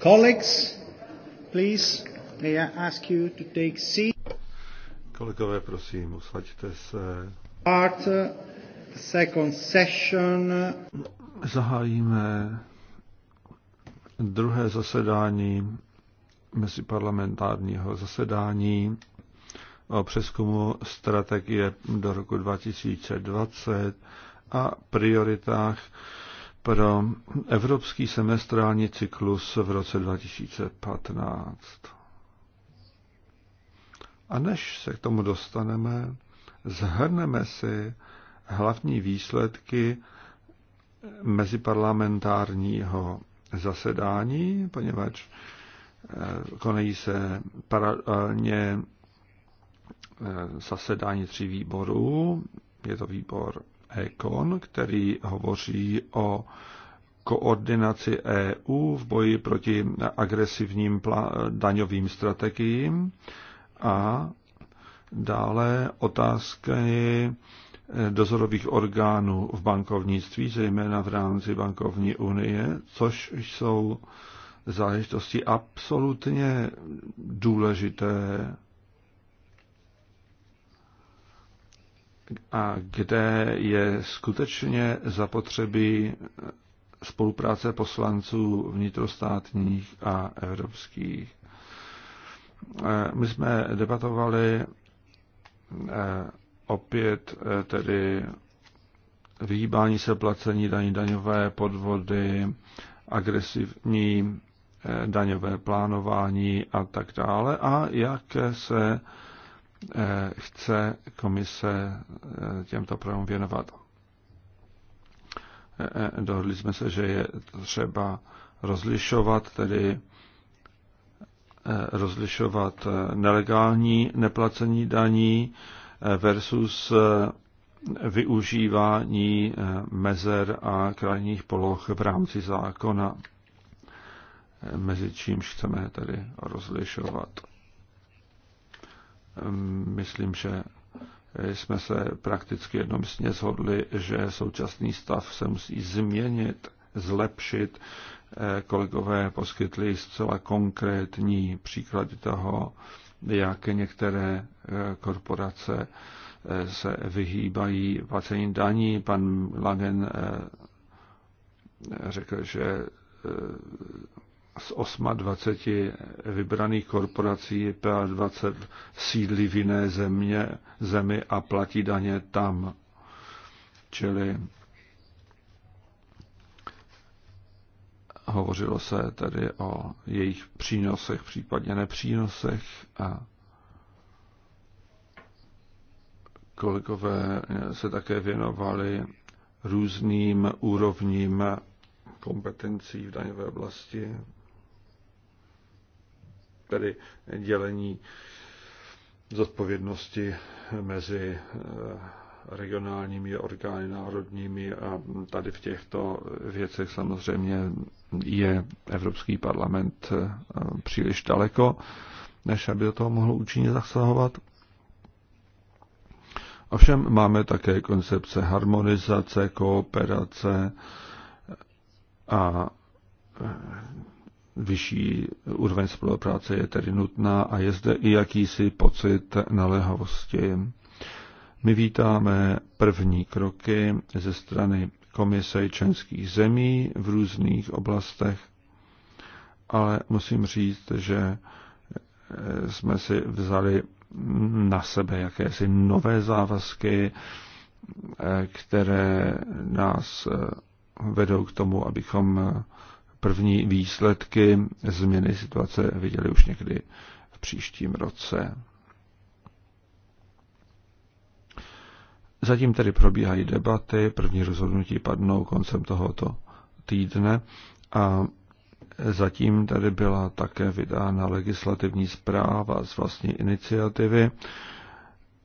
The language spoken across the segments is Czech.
Colleagues, please, may I ask you to take seat? Kolegové, prosím, usaďte se. Part uh, second session. Zahájíme druhé zasedání meziparlamentárního zasedání o přeskumu strategie do roku 2020 a prioritách pro evropský semestrální cyklus v roce 2015. A než se k tomu dostaneme, zhrneme si hlavní výsledky meziparlamentárního zasedání, poněvadž eh, konají se paralelně eh, zasedání tří výborů. Je to výbor ECON, který hovoří o koordinaci EU v boji proti agresivním daňovým strategiím a dále otázky dozorových orgánů v bankovnictví, zejména v rámci bankovní unie, což jsou záležitosti absolutně důležité a kde je skutečně zapotřebí spolupráce poslanců vnitrostátních a evropských. Eh, my jsme debatovali eh, opět eh, tedy vyhýbání se placení daní daňové podvody, agresivní daňové plánování a tak dále a jak se Eh, chce komise eh, těmto problémům věnovat. Eh, dohodli jsme se, že je třeba rozlišovat, tedy rozlišovat nelegální neplacení daní versus využívání mezer a krajních poloh v rámci zákona, mezi čímž chceme tedy rozlišovat. Myslím, že jsme se prakticky jednomyslně shodli, že současný stav se musí změnit, zlepšit. Kolegové poskytli zcela konkrétní příklady toho, jak některé korporace se vyhýbají placení daní. Pan Lagen eh, řekl, že eh, z 28 vybraných korporací PA20 sídlí v jiné země, zemi a platí daně tam. Čili hovořilo se tedy o jejich přínosech, případně nepřínosech a kolegové se také věnovali různým úrovním kompetencí v daňové oblasti tedy dělení zodpovědnosti mezi eh, regionálními orgány národními a tady v těchto věcech samozřejmě je Evropský parlament eh, příliš daleko, než aby do toho mohl účinně zasahovat. Ovšem máme také koncepce harmonizace, kooperace a eh, Vyšší úroveň spolupráce je tedy nutná a je zde i jakýsi pocit naléhavosti. My vítáme první kroky ze strany komise členských zemí v různých oblastech, ale musím říct, že eh, jsme si vzali na sebe jakési nové závazky, eh, které nás eh, vedou k tomu, abychom První výsledky změny situace viděli už někdy v příštím roce. Zatím tedy probíhají debaty, první rozhodnutí padnou koncem tohoto týdne a zatím tady byla také vydána legislativní zpráva z vlastní iniciativy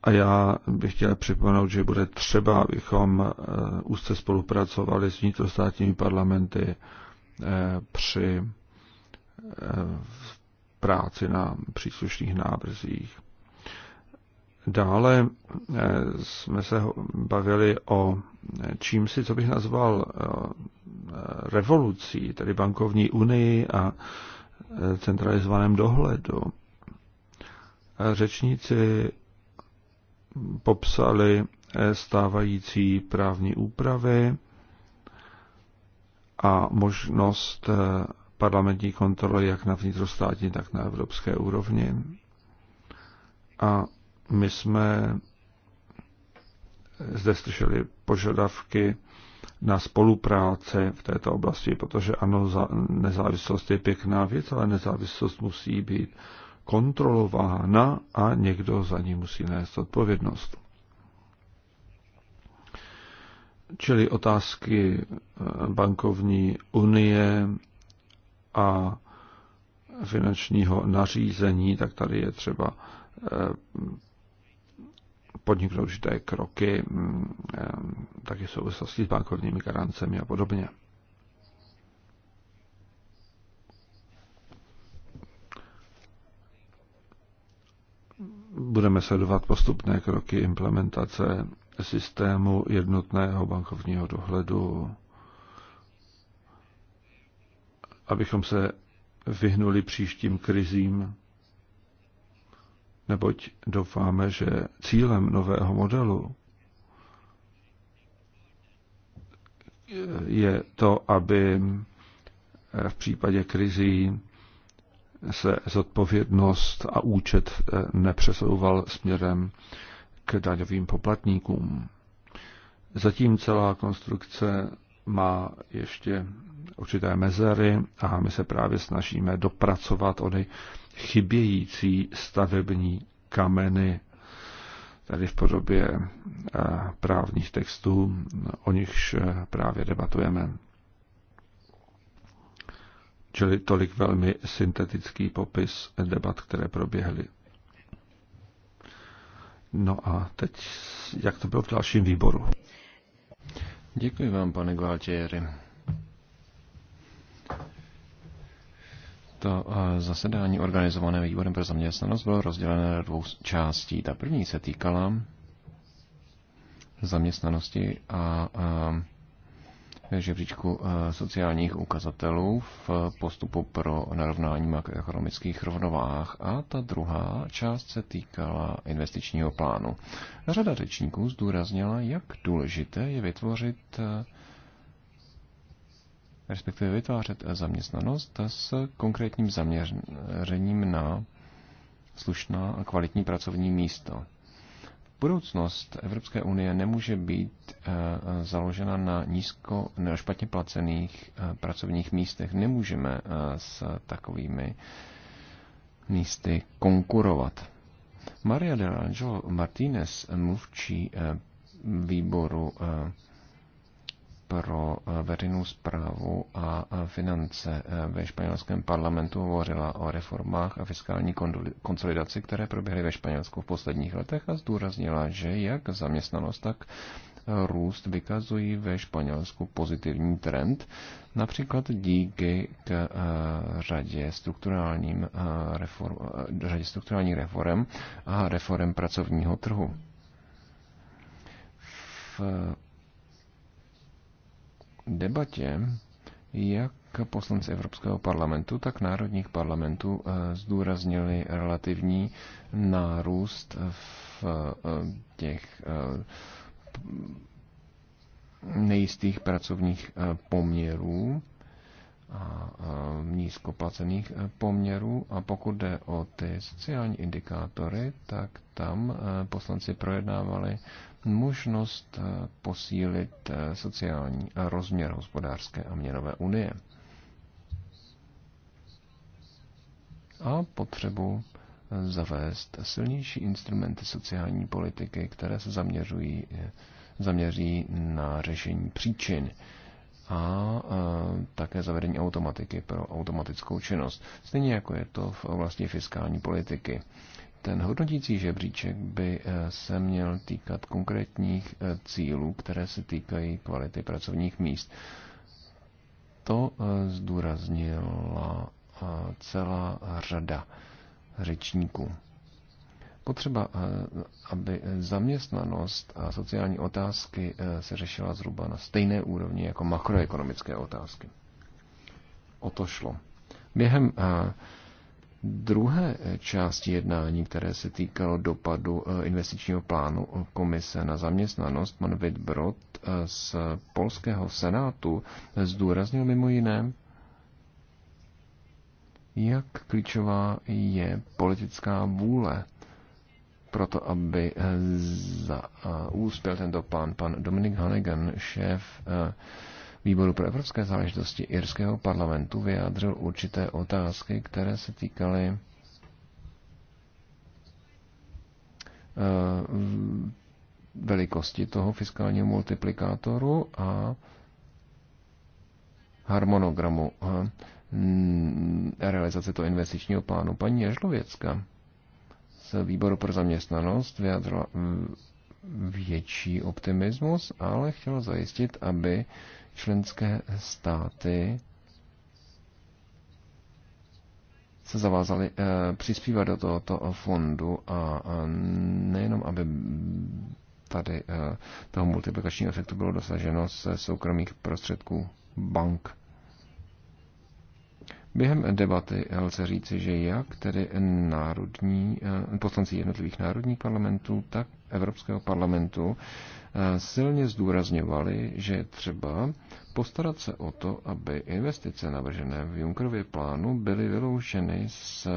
a já bych chtěl připomenout, že bude třeba, abychom eh, úzce spolupracovali s vnitrostátními parlamenty Eh, při eh, práci na příslušných návrzích. Dále eh, jsme se bavili o čím si, co bych nazval revolucí, tedy bankovní unii a centralizovaném dohledu. Řečníci popsali stávající právní úpravy a možnost eh, parlamentní kontroly jak na vnitrostátní, tak na evropské úrovni. A my jsme zde slyšeli požadavky na spolupráce v této oblasti, protože ano, nezávislost je pěkná věc, ale nezávislost musí být kontrolována a někdo za ní musí nést odpovědnost čili otázky eh, bankovní unie a finančního nařízení, tak tady je třeba eh, podniknout určité kroky, mm, eh, taky souvislosti s bankovními garancemi a podobně. Budeme sledovat postupné kroky implementace systému jednotného bankovního dohledu, abychom se vyhnuli příštím krizím, neboť doufáme, že cílem nového modelu je to, aby v případě krizí se zodpovědnost a účet nepřesouval směrem k daňovým poplatníkům. Zatím celá konstrukce má ještě určité mezery a my se právě snažíme dopracovat ony chybějící stavební kameny tady v podobě eh, právních textů, o nichž eh, právě debatujeme. Čili tolik velmi syntetický popis debat, které proběhly. No a teď, jak to bylo v dalším výboru? Děkuji vám, pane Gualtieri. To eh, zasedání organizované výborem pro zaměstnanost bylo rozdělené do dvou částí. Ta první se týkala zaměstnanosti a, a eh, žebříčku eh, sociálních ukazatelů v postupu pro narovnání makroekonomických rovnovách a ta druhá část se týkala investičního plánu. Řada řečníků zdůraznila, jak důležité je vytvořit eh, respektive vytvářet zaměstnanost s konkrétním zaměřením na slušná a kvalitní pracovní místo. Budoucnost Evropské unie nemůže být eh, eh, založena na nízko, nebo špatně placených eh, pracovních místech. Nemůžeme s takovými místy konkurovat. Maria de Angelo Martinez, mluvčí výboru pro eh, veřejnou zprávu a eh, finance eh, ve španělském parlamentu hovořila o reformách a fiskální konsolidaci, které proběhly ve Španělsku v posledních letech a zdůraznila, že jak zaměstnanost, tak růst vykazují ve Španělsku pozitivní trend, například díky k řadě, strukturálním reform, řadě strukturálních reform a reform pracovního trhu. V debatě jak poslanci Evropského parlamentu, tak národních parlamentů eh, zdůraznili relativní nárůst v eh, těch eh, nejistých pracovních poměrů a nízkoplacených poměrů. A pokud jde o ty sociální indikátory, tak tam poslanci projednávali možnost eh, posílit eh, sociální eh, rozměr hospodářské a měnové unie. A potřebu zavést silnější instrumenty sociální politiky, které se zaměřují, zaměří na řešení příčin a také zavedení automatiky pro automatickou činnost, stejně jako je to v oblasti fiskální politiky. Ten hodnotící žebříček by eh, se měl týkat konkrétních eh, cílů, které se týkají kvality pracovních míst. To eh, zdůraznila celá řada řečníků. Potřeba, aby zaměstnanost a sociální otázky se řešila zhruba na stejné úrovni jako makroekonomické otázky. O to šlo. Během druhé eh, části jednání, které se týkalo dopadu eh, investičního plánu eh, Komise na zaměstnanost, pan Wittbrod z polského senátu zdůraznil mimo jiné, jak klíčová je politická vůle proto, aby za úspěl tento plán pan Dominik Hanegan, šéf výboru pro evropské záležitosti irského parlamentu vyjádřil určité otázky, které se týkaly eh, velikosti toho fiskálního multiplikátoru a harmonogramu eh, realizace toho investičního plánu. Paní Ježlověcka z výboru pro zaměstnanost vyjádřila větší optimismus, ale chtěla zajistit, aby členské státy se zavázaly eh, přispívat do tohoto fondu a nejenom, aby tady eh, toho multiplikačního efektu bylo dosaženo ze soukromých prostředků bank. Během debaty lze říci, že jak tedy národní, eh, poslanci jednotlivých národních parlamentů, tak Evropského parlamentu Eh, silně zdůrazňovali, že je třeba postarat se o to, aby investice navržené v Junckerově plánu byly vyloučeny z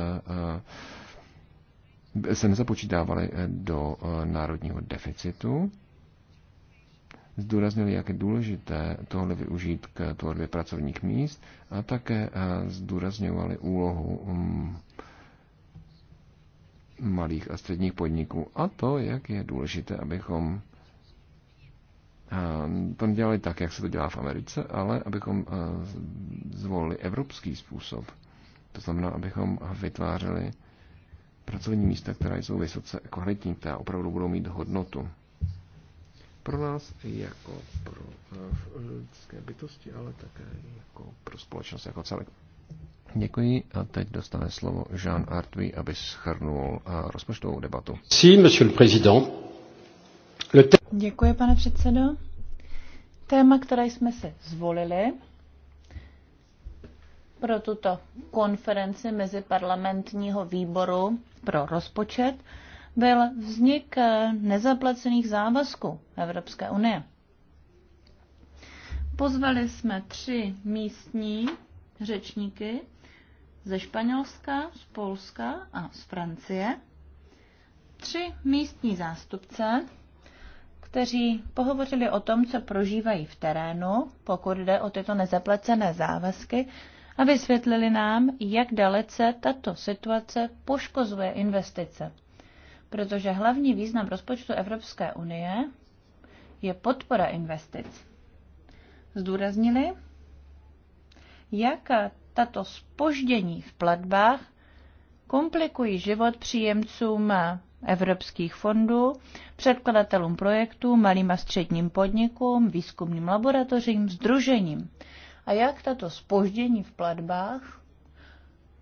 eh, se nezapočítávaly eh, do národního deficitu. Zdůraznili, jak je důležité tohle využít k tvorbě pracovních míst a také zdůrazňovali úlohu mm, malých a středních podniků a to, jak je důležité, abychom to nedělali tak, jak se to dělá v Americe, ale abychom eh, zvolili evropský způsob. To znamená, abychom vytvářeli pracovní místa, která jsou vysoce kvalitní, která opravdu budou mít hodnotu. Pro nás jako pro eh, eh, lidské bytosti, ale také jako pro společnost jako celek. Děkuji a teď dostane slovo Jean Artví, aby schrnul rozpočtovou debatu. Si, monsieur le président. Děkuji, pane předsedo. Téma, které jsme se zvolili pro tuto konferenci parlamentního výboru pro rozpočet, byl vznik eh, nezaplacených závazků Evropské unie. Pozvali jsme tři místní řečníky ze Španělska, z Polska a z Francie, tři místní zástupce kteří pohovořili o tom, co prožívají v terénu, pokud jde o tyto nezaplacené závazky, a vysvětlili nám, jak dalece tato situace poškozuje investice. Protože hlavní význam rozpočtu Evropské unie je podpora investic. Zdůraznili, jak tato spoždění v platbách komplikují život příjemcům evropských fondů, předkladatelům projektů, malým a středním podnikům, výzkumným laboratořím, združením. A jak tato spoždění v platbách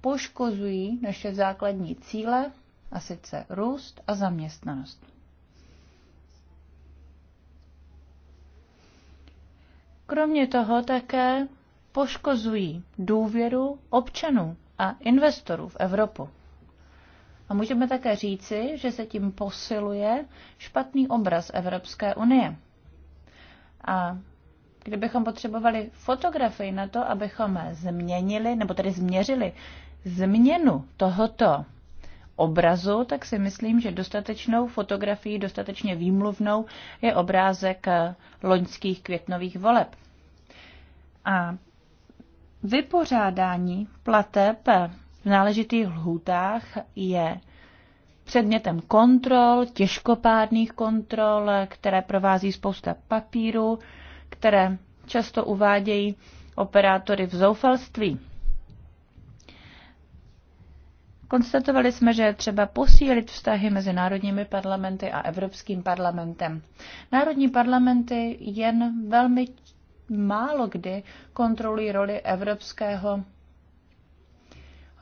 poškozují naše základní cíle, a sice růst a zaměstnanost. Kromě toho také poškozují důvěru občanů a investorů v Evropu. A můžeme také říci, že se tím posiluje špatný obraz Evropské unie. A kdybychom potřebovali fotografii na to, abychom změnili, nebo tedy změřili změnu tohoto obrazu, tak si myslím, že dostatečnou fotografií, dostatečně výmluvnou je obrázek loňských květnových voleb. A vypořádání plateb v náležitých lhůtách je předmětem kontrol, těžkopádných kontrol, které provází spousta papíru, které často uvádějí operátory v zoufalství. Konstatovali jsme, že je třeba posílit vztahy mezi národními parlamenty a Evropským parlamentem. Národní parlamenty jen velmi málo kdy kontrolují roli Evropského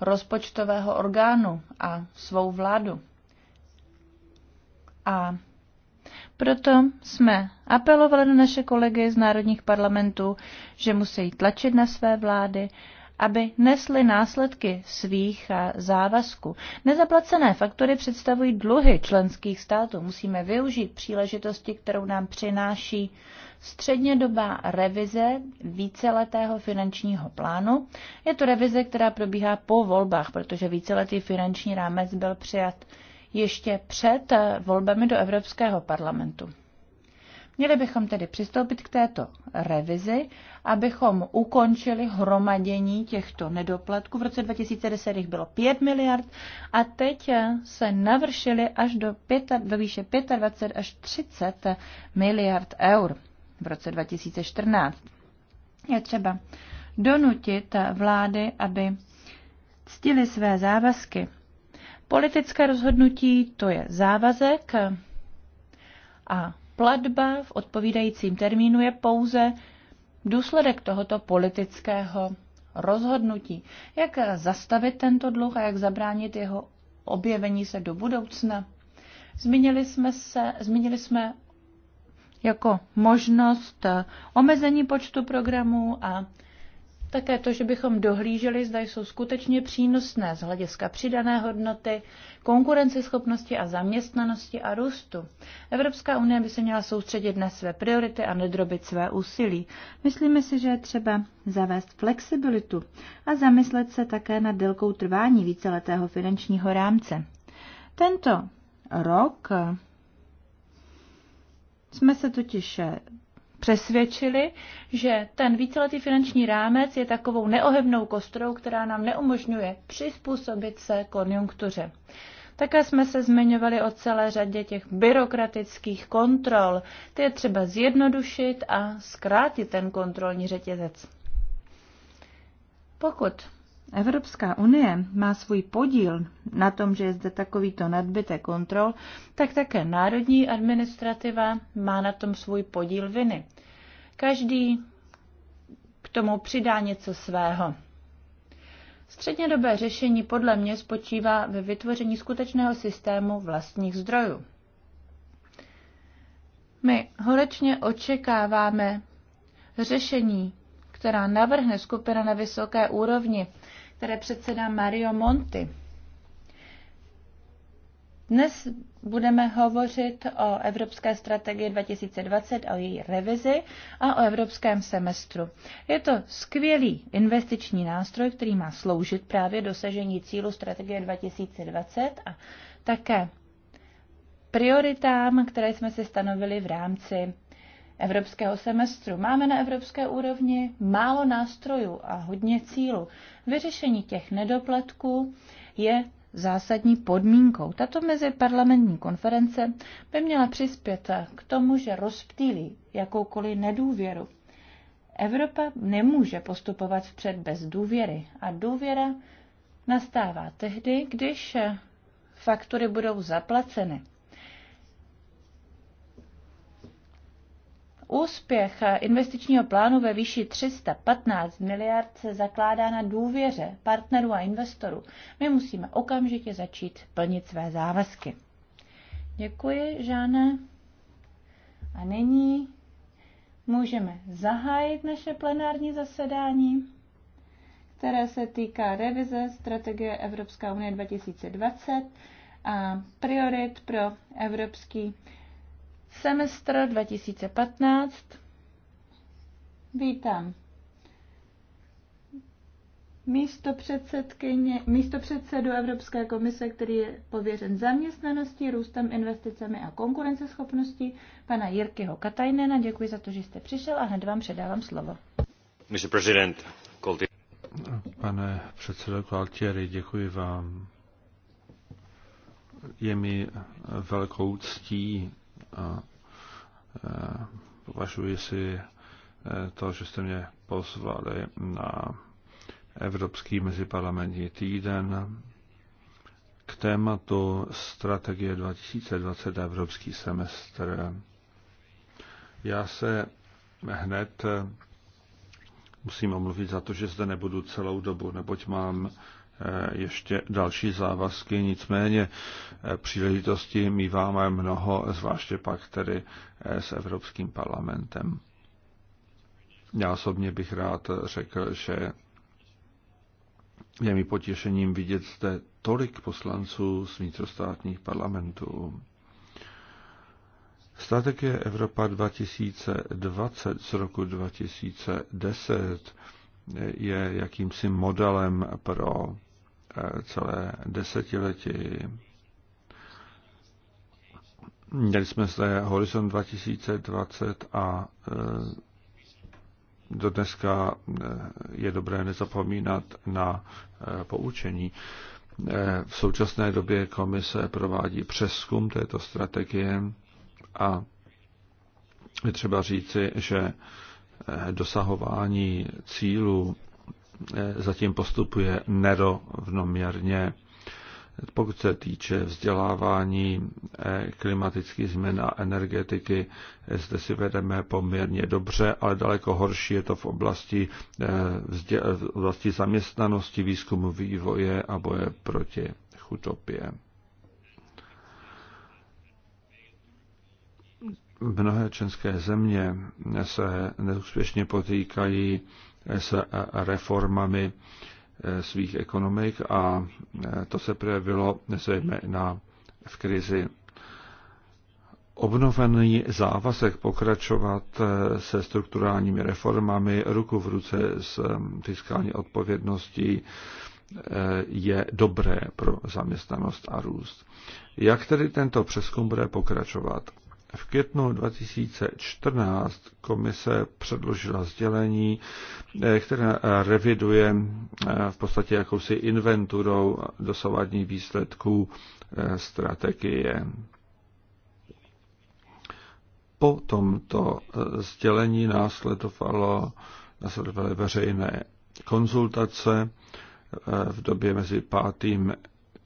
rozpočtového orgánu a svou vládu. A proto jsme apelovali na naše kolegy z národních parlamentů, že musí tlačit na své vlády, aby nesly následky svých eh, závazků. Nezaplacené faktory představují dluhy členských států. Musíme využít příležitosti, kterou nám přináší střednědobá revize víceletého finančního plánu. Je to revize, která probíhá po volbách, protože víceletý finanční rámec byl přijat ještě před eh, volbami do Evropského parlamentu. Měli bychom tedy přistoupit k této revizi, abychom ukončili hromadění těchto nedoplatků. V roce 2010 jich bylo 5 miliard a teď se navršily až do, 5, do výše 25 až 30 miliard eur v roce 2014. Je třeba donutit vlády, aby ctili své závazky. Politické rozhodnutí to je závazek a Platba v odpovídajícím termínu je pouze důsledek tohoto politického rozhodnutí. Jak zastavit tento dluh a jak zabránit jeho objevení se do budoucna? Zmínili jsme, se, zmínili jsme jako možnost omezení počtu programů a také to, že bychom dohlíželi, zda jsou skutečně přínosné z hlediska přidané hodnoty, konkurenceschopnosti a zaměstnanosti a růstu. Evropská unie by se měla soustředit na své priority a nedrobit své úsilí. Myslíme si, že je třeba zavést flexibilitu a zamyslet se také nad délkou trvání víceletého finančního rámce. Tento rok jsme se totiž přesvědčili, že ten víceletý finanční rámec je takovou neohebnou kostrou, která nám neumožňuje přizpůsobit se konjunktuře. Také jsme se zmiňovali o celé řadě těch byrokratických kontrol. Ty je třeba zjednodušit a zkrátit ten kontrolní řetězec. Pokud Evropská unie má svůj podíl na tom, že je zde takovýto nadbytek kontrol, tak také národní administrativa má na tom svůj podíl viny. Každý k tomu přidá něco svého. Střednědobé řešení podle mě spočívá ve vytvoření skutečného systému vlastních zdrojů. My horečně očekáváme řešení, která navrhne skupina na vysoké úrovni, které předsedá Mario Monti. Dnes budeme hovořit o Evropské strategii 2020, o její revizi a o Evropském semestru. Je to skvělý investiční nástroj, který má sloužit právě dosažení cílu strategie 2020 a také prioritám, které jsme si stanovili v rámci evropského semestru. Máme na evropské úrovni málo nástrojů a hodně cílů. Vyřešení těch nedoplatků je zásadní podmínkou. Tato meziparlamentní konference by měla přispět k tomu, že rozptýlí jakoukoliv nedůvěru. Evropa nemůže postupovat vpřed bez důvěry a důvěra nastává tehdy, když faktury budou zaplaceny. Úspěch investičního plánu ve výši 315 miliard se zakládá na důvěře partnerů a investorů. My musíme okamžitě začít plnit své závazky. Děkuji, Žáne. A nyní můžeme zahájit naše plenární zasedání, které se týká revize strategie Evropská unie 2020 a priorit pro Evropský semestr 2015. Vítám místo, předsedkyně, místo předsedu Evropské komise, který je pověřen zaměstnaností, růstem, investicemi a konkurenceschopností, pana Jirkyho Katajnena. Děkuji za to, že jste přišel a hned vám předávám slovo. Mr. President, Pane předsedo Kaltieri, děkuji vám. Je mi velkou ctí E, považuji si e, to, že jste mě pozvali na Evropský meziparlamentní týden k tématu strategie 2020 Evropský semestr. Já se hned musím omluvit za to, že zde nebudu celou dobu, neboť mám Eh, ještě další závazky, nicméně eh, příležitosti míváme mnoho, zvláště pak tedy eh, s Evropským parlamentem. Já osobně bych rád řekl, že je mi potěšením vidět zde tolik poslanců z vnitrostátních parlamentů. Strategie Evropa 2020 z roku 2010 je jakýmsi modelem pro eh, celé desetiletí. Měli jsme zde Horizon 2020 a eh, do dneska eh, je dobré nezapomínat na poučení. V současné době komise provádí přeskum této strategie a je třeba říci, že dosahování cílů eh, zatím postupuje nerovnoměrně. Pokud se týče vzdělávání, eh, klimatických změn a energetiky, eh, zde si vedeme poměrně dobře, ale daleko horší je to v oblasti, v oblasti zaměstnanosti, výzkumu, vývoje a boje proti chutopě. mnohé české země se neúspěšně potýkají s reformami svých ekonomik a to se projevilo zejména v krizi. Obnovený závazek pokračovat se strukturálními reformami ruku v ruce s fiskální odpovědností eh, je dobré pro zaměstnanost a růst. Jak tedy tento přeskum bude pokračovat? V květnu 2014 komise předložila sdělení, eh, které eh, reviduje eh, v podstatě jakousi inventurou dosavadní výsledků strategie. Po tomto sdělení následovalo, následovaly veřejné konzultace v době mezi 5.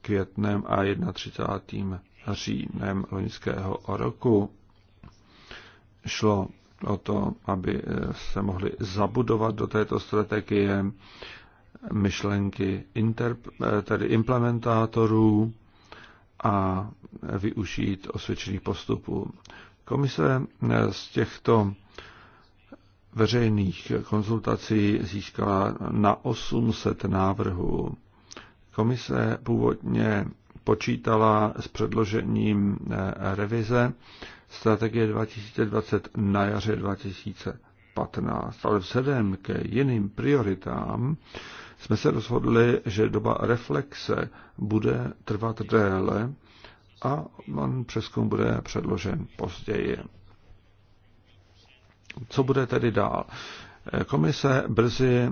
květnem a 31. říjnem loňského roku šlo o to, aby eh, se mohly zabudovat do této strategie myšlenky interp- eh, tedy implementátorů a využít osvědčených postupů. Komise eh, z těchto veřejných konzultací získala na 800 návrhů. Komise původně počítala s předložením revize strategie 2020 na jaře 2015. Ale vzhledem ke jiným prioritám jsme se rozhodli, že doba reflexe bude trvat déle a on přeskum bude předložen později. Co bude tedy dál? Komise brzy eh,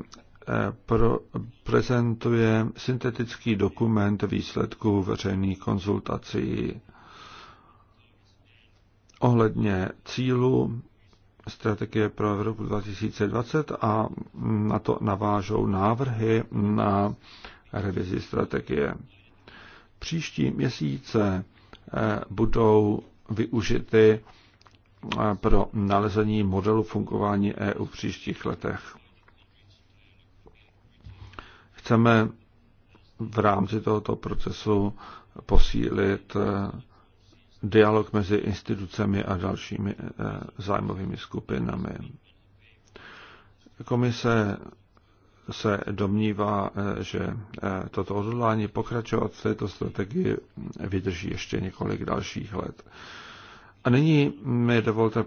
pro, prezentuje syntetický dokument výsledků veřejných konzultací ohledně cílu strategie pro Evropu 2020 a na to navážou návrhy na revizi strategie. Příští měsíce eh, budou využity eh, pro nalezení modelu fungování EU v příštích letech. Chceme v rámci tohoto procesu posílit eh, dialog mezi institucemi a dalšími eh, zájmovými skupinami. Komise se domnívá, eh, že eh, toto odhodlání pokračovat v této strategii vydrží ještě několik dalších let. A nyní mi dovolte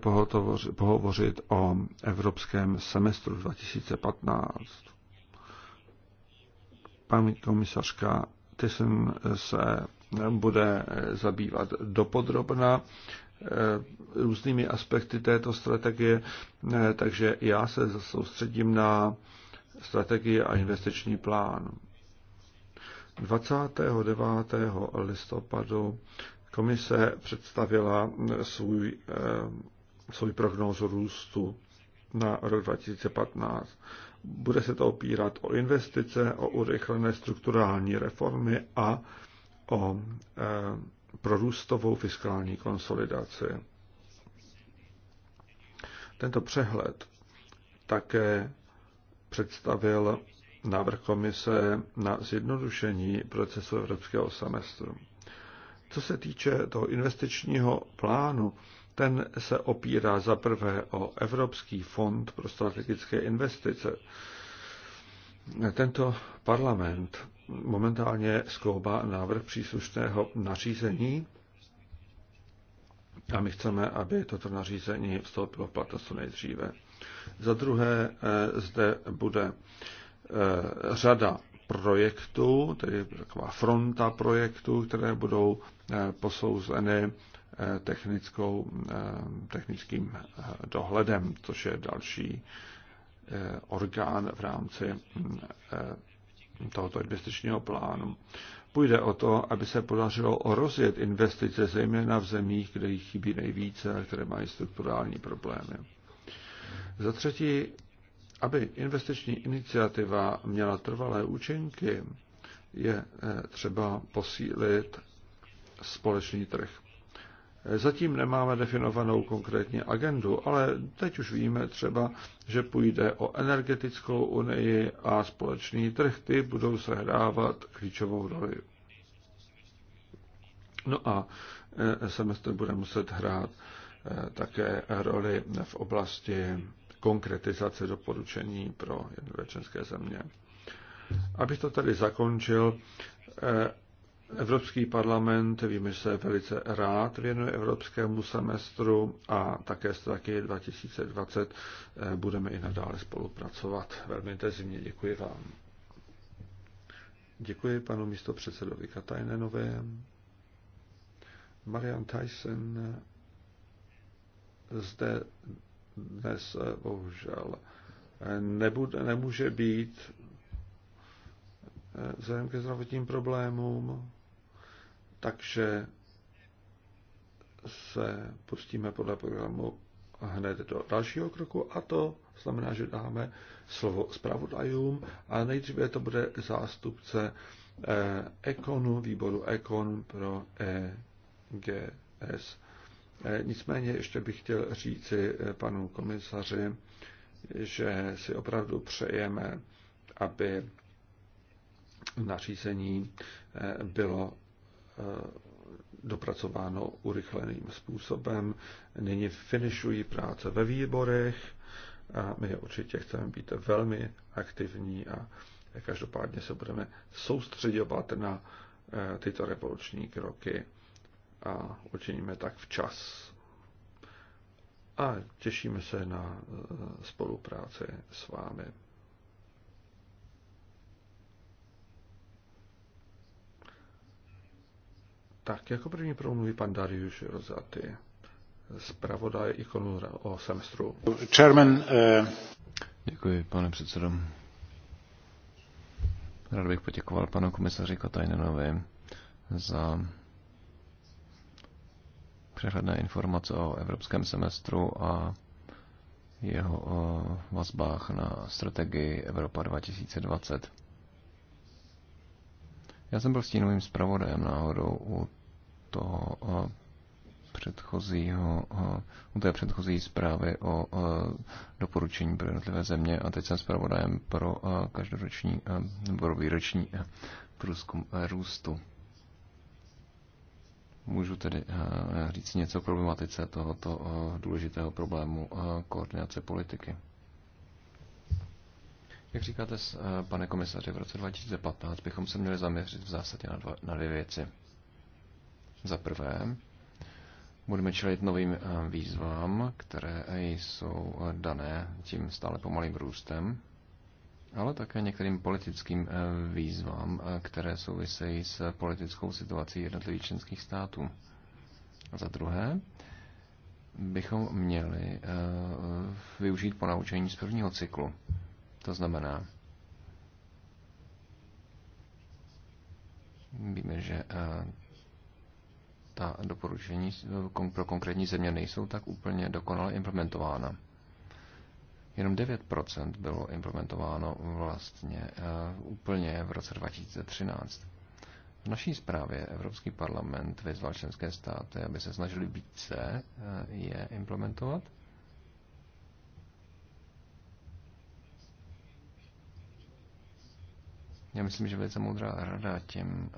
pohovořit o Evropském semestru 2015. Paní komisařka Tyson se bude eh, zabývat dopodrobna eh, různými aspekty této strategie, eh, takže já se soustředím na strategii a investiční plán. 29. listopadu komise představila svůj, svůj prognózu růstu na rok 2015. Bude se to opírat o investice, o urychlené strukturální reformy a o e, prorůstovou fiskální konsolidaci. Tento přehled také představil návrh komise na zjednodušení procesu evropského semestru. Co se týče toho investičního plánu, ten se opírá za prvé o Evropský fond pro strategické investice. Tento parlament momentálně skloubá návrh příslušného nařízení a my chceme, aby toto nařízení vstoupilo v platnost co nejdříve. Za druhé eh, zde bude eh, řada projektů, tedy taková fronta projektů, které budou eh, posouzeny technickou, technickým dohledem, což je další orgán v rámci mm, tohoto investičního plánu. Půjde o to, aby se podařilo rozjet investice zejména v zemích, kde jich chybí nejvíce a které mají strukturální problémy. Za třetí, aby investiční iniciativa měla trvalé účinky, je eh, třeba posílit společný trh. Zatím nemáme definovanou konkrétní agendu, ale teď už víme třeba, že půjde o energetickou unii a společný trh. Ty budou sehrávat klíčovou roli. No a eh, semestr bude muset hrát eh, také roli v oblasti konkretizace doporučení pro jednotlivé země. Abych to tady zakončil, eh, Evropský parlament, víme, že se velice rád věnuje evropskému semestru a také z taky 2020 budeme i nadále spolupracovat. Velmi intenzivně děkuji vám. Děkuji panu místopředsedovi Katajnenovi. Marian Tyson zde dnes eh, bohužel eh, nebude, nemůže být eh, vzhledem ke zdravotním problémům takže se pustíme podle programu hned do dalšího kroku a to znamená, že dáme slovo zpravodajům a nejdříve to bude zástupce eh, Ekonu, výboru Ekon pro EGS. Eh, nicméně ještě bych chtěl říci eh, panu komisaři, že si opravdu přejeme, aby nařízení bylo Eh, dopracováno urychleným způsobem. Nyní finišují práce ve výborech a my určitě chceme být velmi aktivní a každopádně se budeme soustředovat na eh, tyto revoluční kroky a učiníme tak včas. A těšíme se na eh, spolupráci s vámi. Tak, jako první promluví pan Darius Rozaty, zpravodaj ikonu o semestru. Chairman, uh... Děkuji, pane předsedo. Rád bych poděkoval panu komisaři Katajnenovi za přehledné informace o evropském semestru a jeho eh, vazbách na strategii Evropa 2020. Já jsem byl stínovým zpravodajem náhodou u to eh, předchozího, eh, u té předchozí zprávy o eh, doporučení pro jednotlivé země a teď jsem zpravodajem pro každoroční nebo výroční průzkum růstu. Můžu tedy říct něco o problematice tohoto důležitého problému koordinace politiky. Jak říkáte, pane komisaři, v roce 2015 bychom se měli zaměřit v zásadě na, dva, na dvě věci. Za prvé, budeme čelit novým eh, výzvám, které jsou eh, dané tím stále pomalým růstem, ale také některým politickým eh, výzvám, které souvisejí s politickou situací jednotlivých členských států. Za druhé, bychom měli využít ponaučení z prvního cyklu. To znamená, víme, že ta doporučení eh, pro konkrétní země nejsou tak úplně dokonale implementována. Jenom 9% bylo implementováno vlastně eh, úplně v roce 2013. V naší zprávě Evropský parlament vyzval členské státy, aby se snažili více eh, je implementovat. Já myslím, že velice moudrá rada těm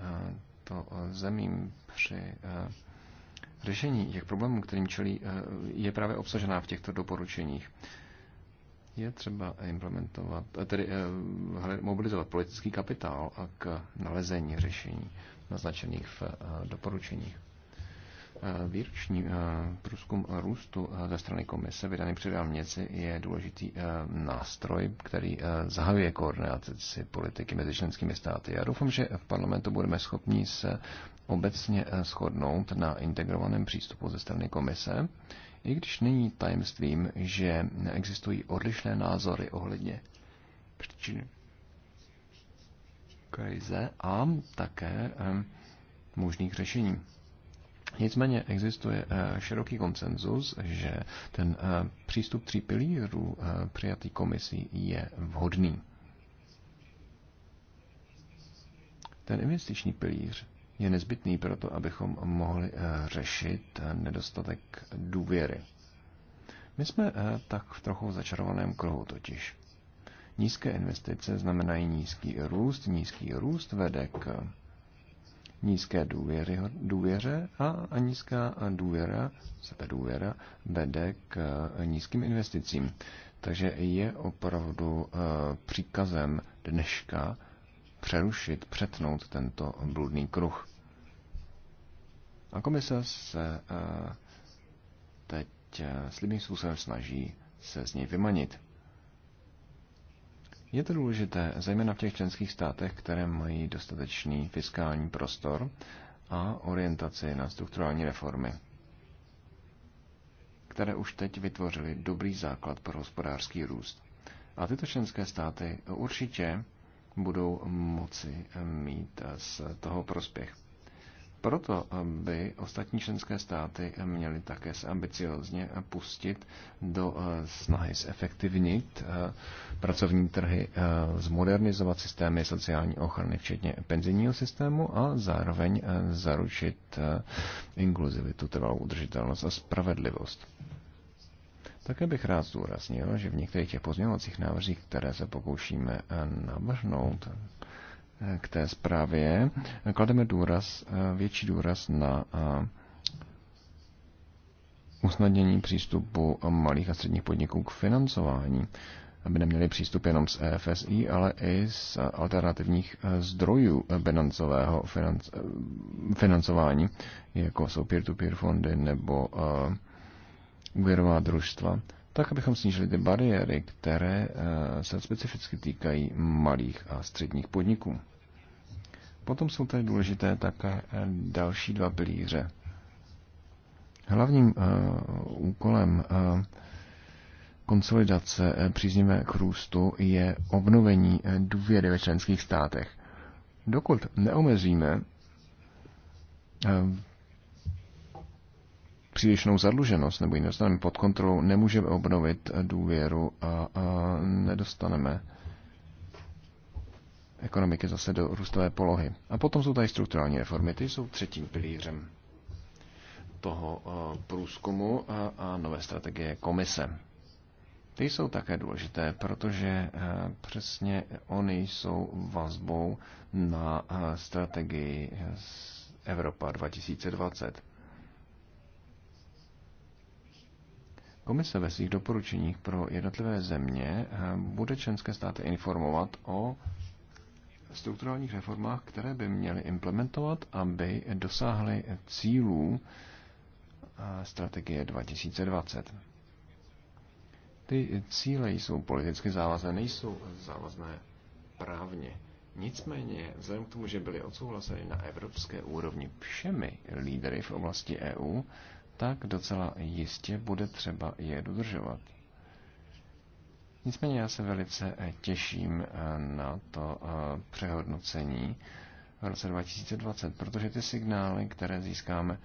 těmto eh, zemím při eh, řešení těch problémů, kterým čelí, eh, je právě obsažená v těchto doporučeních. Je třeba implementovat, tedy mobilizovat politický kapitál k nalezení řešení naznačených v doporučeních. Eh, výroční eh, průzkum růstu eh, ze strany komise vydaný před měci je důležitý nástroj, který zahajuje koordinaci politiky mezi členskými státy. Já doufám, že v parlamentu budeme schopni se obecně shodnout na integrovaném přístupu ze strany komise, i když není tajemstvím, že existují odlišné názory ohledně příčiny krize a také možných řešení. Nicméně existuje eh, široký konsenzus, že ten eh, přístup tří pilířů eh, přijatý komisí je vhodný. Ten investiční pilíř je nezbytný proto, abychom mohli řešit nedostatek důvěry. My jsme tak v trochu začarovaném kruhu totiž. Nízké investice znamenají nízký růst, nízký růst vede k nízké důvěry, důvěře a, a nízká důvěra, sebedůvěra, vede k eh, nízkým investicím. Takže je opravdu eh, příkazem dneška přerušit, přetnout tento bludný kruh. A komise se eh, teď slibným způsobem snaží se z něj vymanit. Je to důležité, zejména v těch členských státech, které mají dostatečný fiskální prostor a orientaci na strukturální reformy, které už teď vytvořily dobrý základ pro hospodářský růst. A tyto členské státy určitě budou moci mít z toho prospěch. Proto by ostatní členské státy měly také se ambiciozně pustit do eh, snahy zefektivnit eh, pracovní trhy, eh, zmodernizovat systémy sociální ochrany, včetně penzijního systému a zároveň zaručit inkluzivitu, trvalou udržitelnost a spravedlivost. Také bych rád zdůraznil, že v některých těch pozměňovacích návrzích, které se pokoušíme navrhnout, k té zprávě klademe důraz, eh, větší důraz na eh, usnadnění přístupu malých a středních podniků k financování, aby neměli přístup jenom z EFSI, ale i z alternativních eh, zdrojů financového financování, jako jsou peer-to-peer -peer fondy nebo úvěrová družstva, tak abychom snížili ty bariéry, které se specificky týkají malých a středních podniků. Potom jsou tady důležité také eh, další dva pilíře. Hlavním eh, úkolem eh, konsolidace příznivé k růstu je obnovení důvěry ve členských státech. Dokud neomezíme přílišnou zadluženost nebo ji nedostaneme pod kontrolu, nemůžeme obnovit důvěru a, a nedostaneme ekonomiky zase do růstové polohy. A potom jsou tady strukturální reformy, ty jsou třetím pilířem toho eh, průzkumu a, a nové strategie komise. Ty jsou také důležité, protože eh, přesně oni jsou vazbou na eh, strategii Evropa 2020. Komise ve svých doporučeních pro jednotlivé země bude členské státy informovat o strukturálních reformách, které by měly implementovat, aby dosáhly cílů eh, strategie 2020. Ty cíle jsou politicky závazné, nejsou závazné právně. Nicméně, vzhledem k tomu, že byly odsouhlaseny na evropské úrovni všemi lídry v oblasti EU, tak docela jistě bude třeba je dodržovat. Nicméně já se velice eh, těším eh, na to eh, přehodnocení v roce 2020, protože ty signály, které získáme,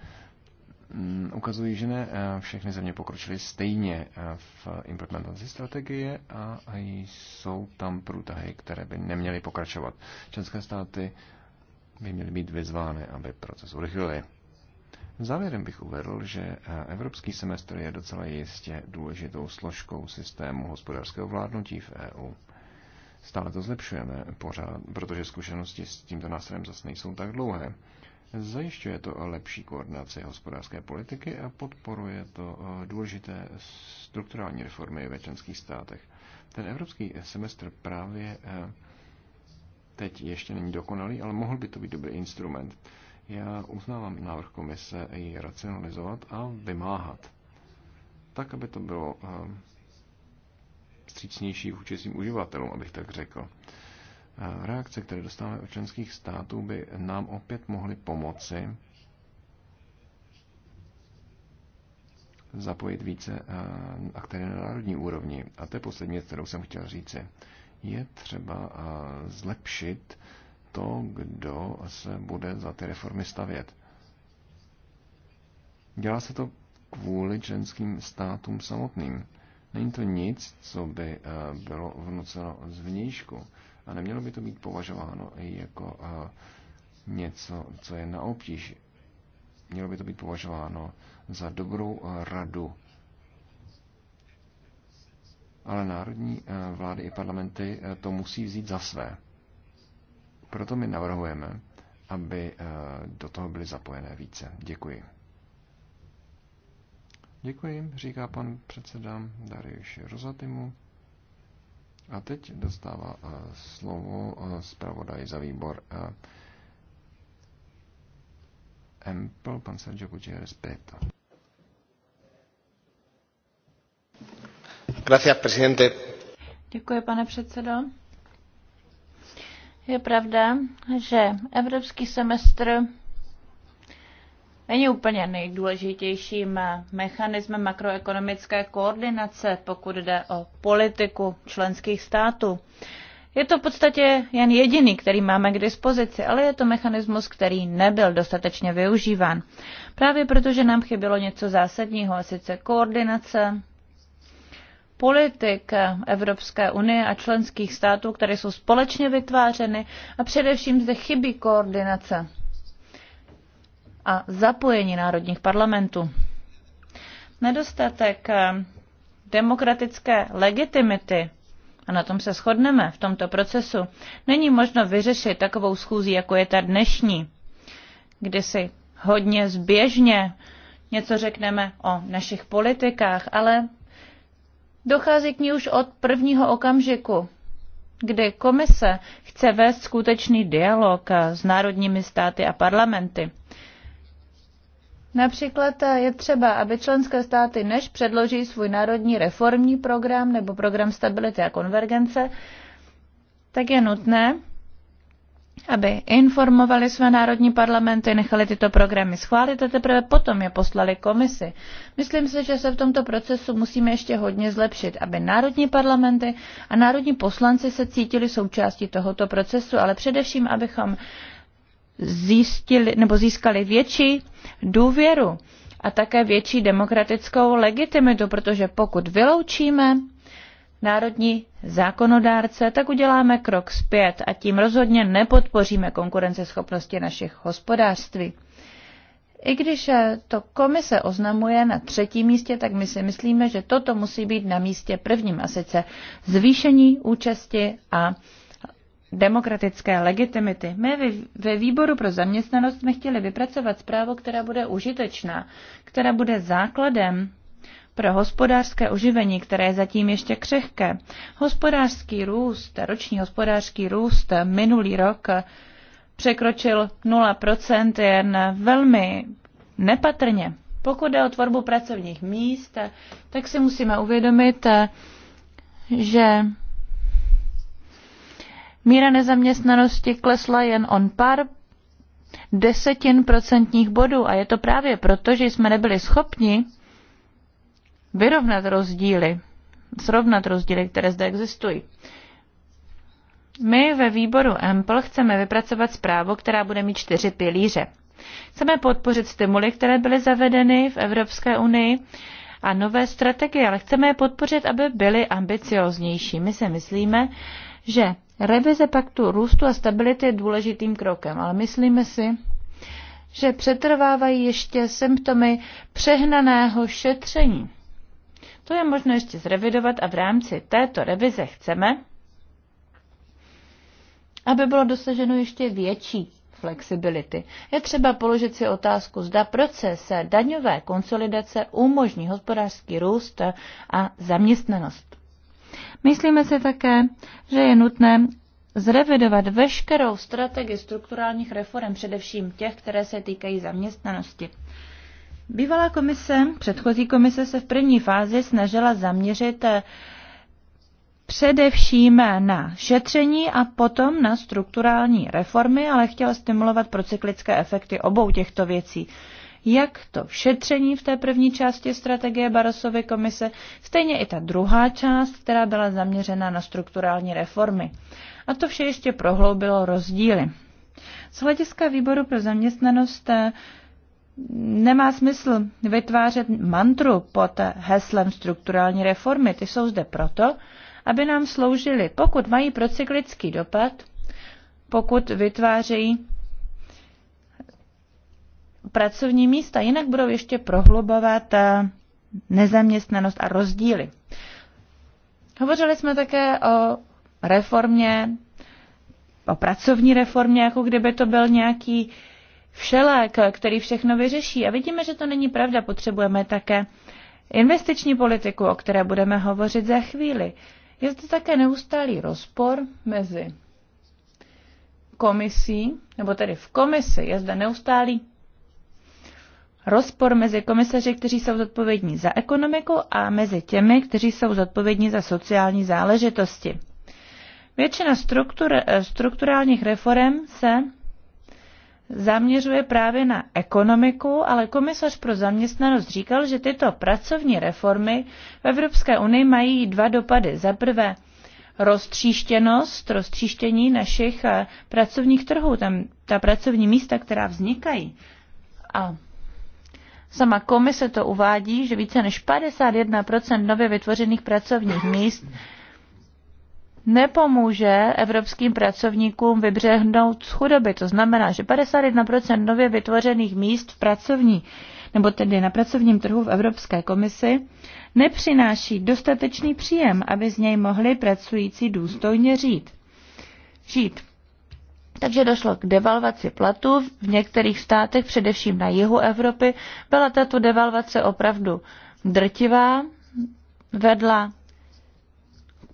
mm, ukazují, že ne všechny země pokročily stejně v implementaci strategie a jsou tam průtahy, které by neměly pokračovat. České státy by měly být vyzvány, aby proces urychlili. Závěrem bych uvedl, že eh, evropský semestr je docela jistě důležitou složkou systému hospodářského vládnutí v EU. Stále to zlepšujeme pořád, protože zkušenosti s tímto nástrojem zase nejsou tak dlouhé. Zajišťuje to lepší koordinaci hospodářské politiky a podporuje to eh, důležité strukturální reformy ve členských státech. Ten evropský semestr právě eh, teď ještě není dokonalý, ale mohl by to být dobrý instrument já uznávám návrh komise ji racionalizovat a vymáhat. Tak, aby to bylo eh, vstřícnější vůči svým uživatelům, abych tak řekl. Eh, reakce, které dostáváme od členských států, by nám opět mohly pomoci zapojit více eh, aktéry na národní úrovni. A to je poslední kterou jsem chtěl říci. Je třeba zlepšit to, kdo se bude za ty reformy stavět. Dělá se to kvůli členským státům samotným. Není to nic, co by eh, bylo vnuceno zvnějšku a nemělo by to být považováno i jako eh, něco, co je na obtíž. Mělo by to být považováno za dobrou eh, radu. Ale národní vlády i parlamenty to musí vzít za své. Proto my navrhujeme, aby eh, do toho byly zapojené více. Děkuji. Děkuji, říká pan předseda Darius Rozatimu. A teď dostává eh, slovo eh, zpravodaj za výbor Empl, pan Sergio Gutierrez Prieto. Gracias, presidente. Děkuji, pane předsedo. Je pravda, že evropský semestr není úplně nejdůležitějším mechanismem makroekonomické koordinace, pokud jde o politiku členských států. Je to v podstatě jen jediný, který máme k dispozici, ale je to mechanismus, který nebyl dostatečně využíván. Právě protože nám chybělo něco zásadního, a sice koordinace politik Evropské unie a členských států, které jsou společně vytvářeny a především zde chybí koordinace a zapojení národních parlamentů. Nedostatek eh, demokratické legitimity, a na tom se shodneme v tomto procesu, není možno vyřešit takovou schůzí, jako je ta dnešní, kdy si hodně zběžně něco řekneme o našich politikách, ale Dochází k ní už od prvního okamžiku, kdy komise chce vést skutečný dialog s národními státy a parlamenty. Například je třeba, aby členské státy, než předloží svůj národní reformní program nebo program stability a konvergence, tak je nutné, aby informovali své národní parlamenty, nechali tyto programy schválit a teprve potom je poslali komisi. Myslím si, že se v tomto procesu musíme ještě hodně zlepšit, aby národní parlamenty a národní poslanci se cítili součástí tohoto procesu, ale především, abychom zjistili, nebo získali větší důvěru a také větší demokratickou legitimitu, protože pokud vyloučíme národní zákonodárce, tak uděláme krok zpět a tím rozhodně nepodpoříme konkurenceschopnosti našich hospodářství. I když eh, to komise oznamuje na třetím místě, tak my si myslíme, že toto musí být na místě prvním, a sice zvýšení účasti a demokratické legitimity. My ve výboru pro zaměstnanost jsme chtěli vypracovat zprávu, která bude užitečná, která bude základem pro hospodářské oživení, které je zatím ještě křehké. Hospodářský růst, roční hospodářský růst minulý rok překročil 0% jen velmi nepatrně. Pokud jde o tvorbu pracovních míst, tak si musíme uvědomit, že míra nezaměstnanosti klesla jen on pár desetin procentních bodů a je to právě proto, že jsme nebyli schopni vyrovnat rozdíly, srovnat rozdíly, které zde existují. My ve výboru EMPL chceme vypracovat zprávu, která bude mít čtyři pilíře. Chceme podpořit stimuly, které byly zavedeny v Evropské unii a nové strategie, ale chceme je podpořit, aby byly ambicioznější. My si myslíme, že revize paktu růstu a stability je důležitým krokem, ale myslíme si, že přetrvávají ještě symptomy přehnaného šetření. To je možno ještě zrevidovat a v rámci této revize chceme, aby bylo dosaženo ještě větší flexibility. Je třeba položit si otázku, zda proces daňové konsolidace umožní hospodářský růst a zaměstnanost. Myslíme si také, že je nutné zrevidovat veškerou strategii strukturálních reform, především těch, které se týkají zaměstnanosti. Bývalá komise, předchozí komise se v první fázi snažila zaměřit eh, především na šetření a potom na strukturální reformy, ale chtěla stimulovat procyklické efekty obou těchto věcí. Jak to šetření v té první části strategie Barosovy komise, stejně i ta druhá část, která byla zaměřena na strukturální reformy. A to vše ještě prohloubilo rozdíly. Z hlediska výboru pro zaměstnanost eh, nemá smysl vytvářet mantru pod heslem strukturální reformy. Ty jsou zde proto, aby nám sloužily, pokud mají procyklický dopad, pokud vytvářejí pracovní místa, jinak budou ještě prohlubovat eh, nezaměstnanost a rozdíly. Hovořili jsme také o reformě, o pracovní reformě, jako kdyby to byl nějaký uh, všelék, který všechno vyřeší. A vidíme, že to není pravda. Potřebujeme také investiční politiku, o které budeme hovořit za chvíli. Je zde také neustálý rozpor mezi komisí, nebo tedy v komisi, je zde neustálý rozpor mezi komisaři, kteří jsou zodpovědní za ekonomiku a mezi těmi, kteří jsou zodpovědní za sociální záležitosti. Většina struktur, strukturálních reform se zaměřuje právě na ekonomiku, ale komisař pro zaměstnanost říkal, že tyto pracovní reformy v Evropské unii mají dva dopady. Za prvé roztříštěnost, roztříštění našich eh, pracovních trhů, tam ta pracovní místa, která vznikají. A sama komise to uvádí, že více než 51% nově vytvořených pracovních míst nepomůže evropským pracovníkům vybřehnout z chudoby. To znamená, že 51% nově vytvořených míst v pracovní nebo tedy na pracovním trhu v Evropské komisi, nepřináší dostatečný příjem, aby z něj mohli pracující důstojně žít. žít. Takže došlo k devalvaci platů. V některých státech, především na jihu Evropy, byla tato devalvace opravdu drtivá, vedla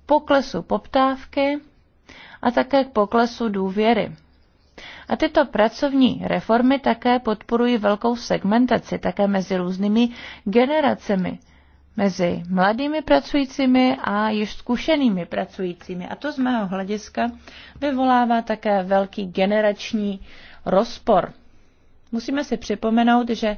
poklesu poptávky a také k poklesu důvěry. A tyto pracovní reformy také podporují velkou segmentaci také mezi různými generacemi, mezi mladými pracujícími a již zkušenými pracujícími. A to z mého hlediska vyvolává také velký generační rozpor. Musíme si připomenout, že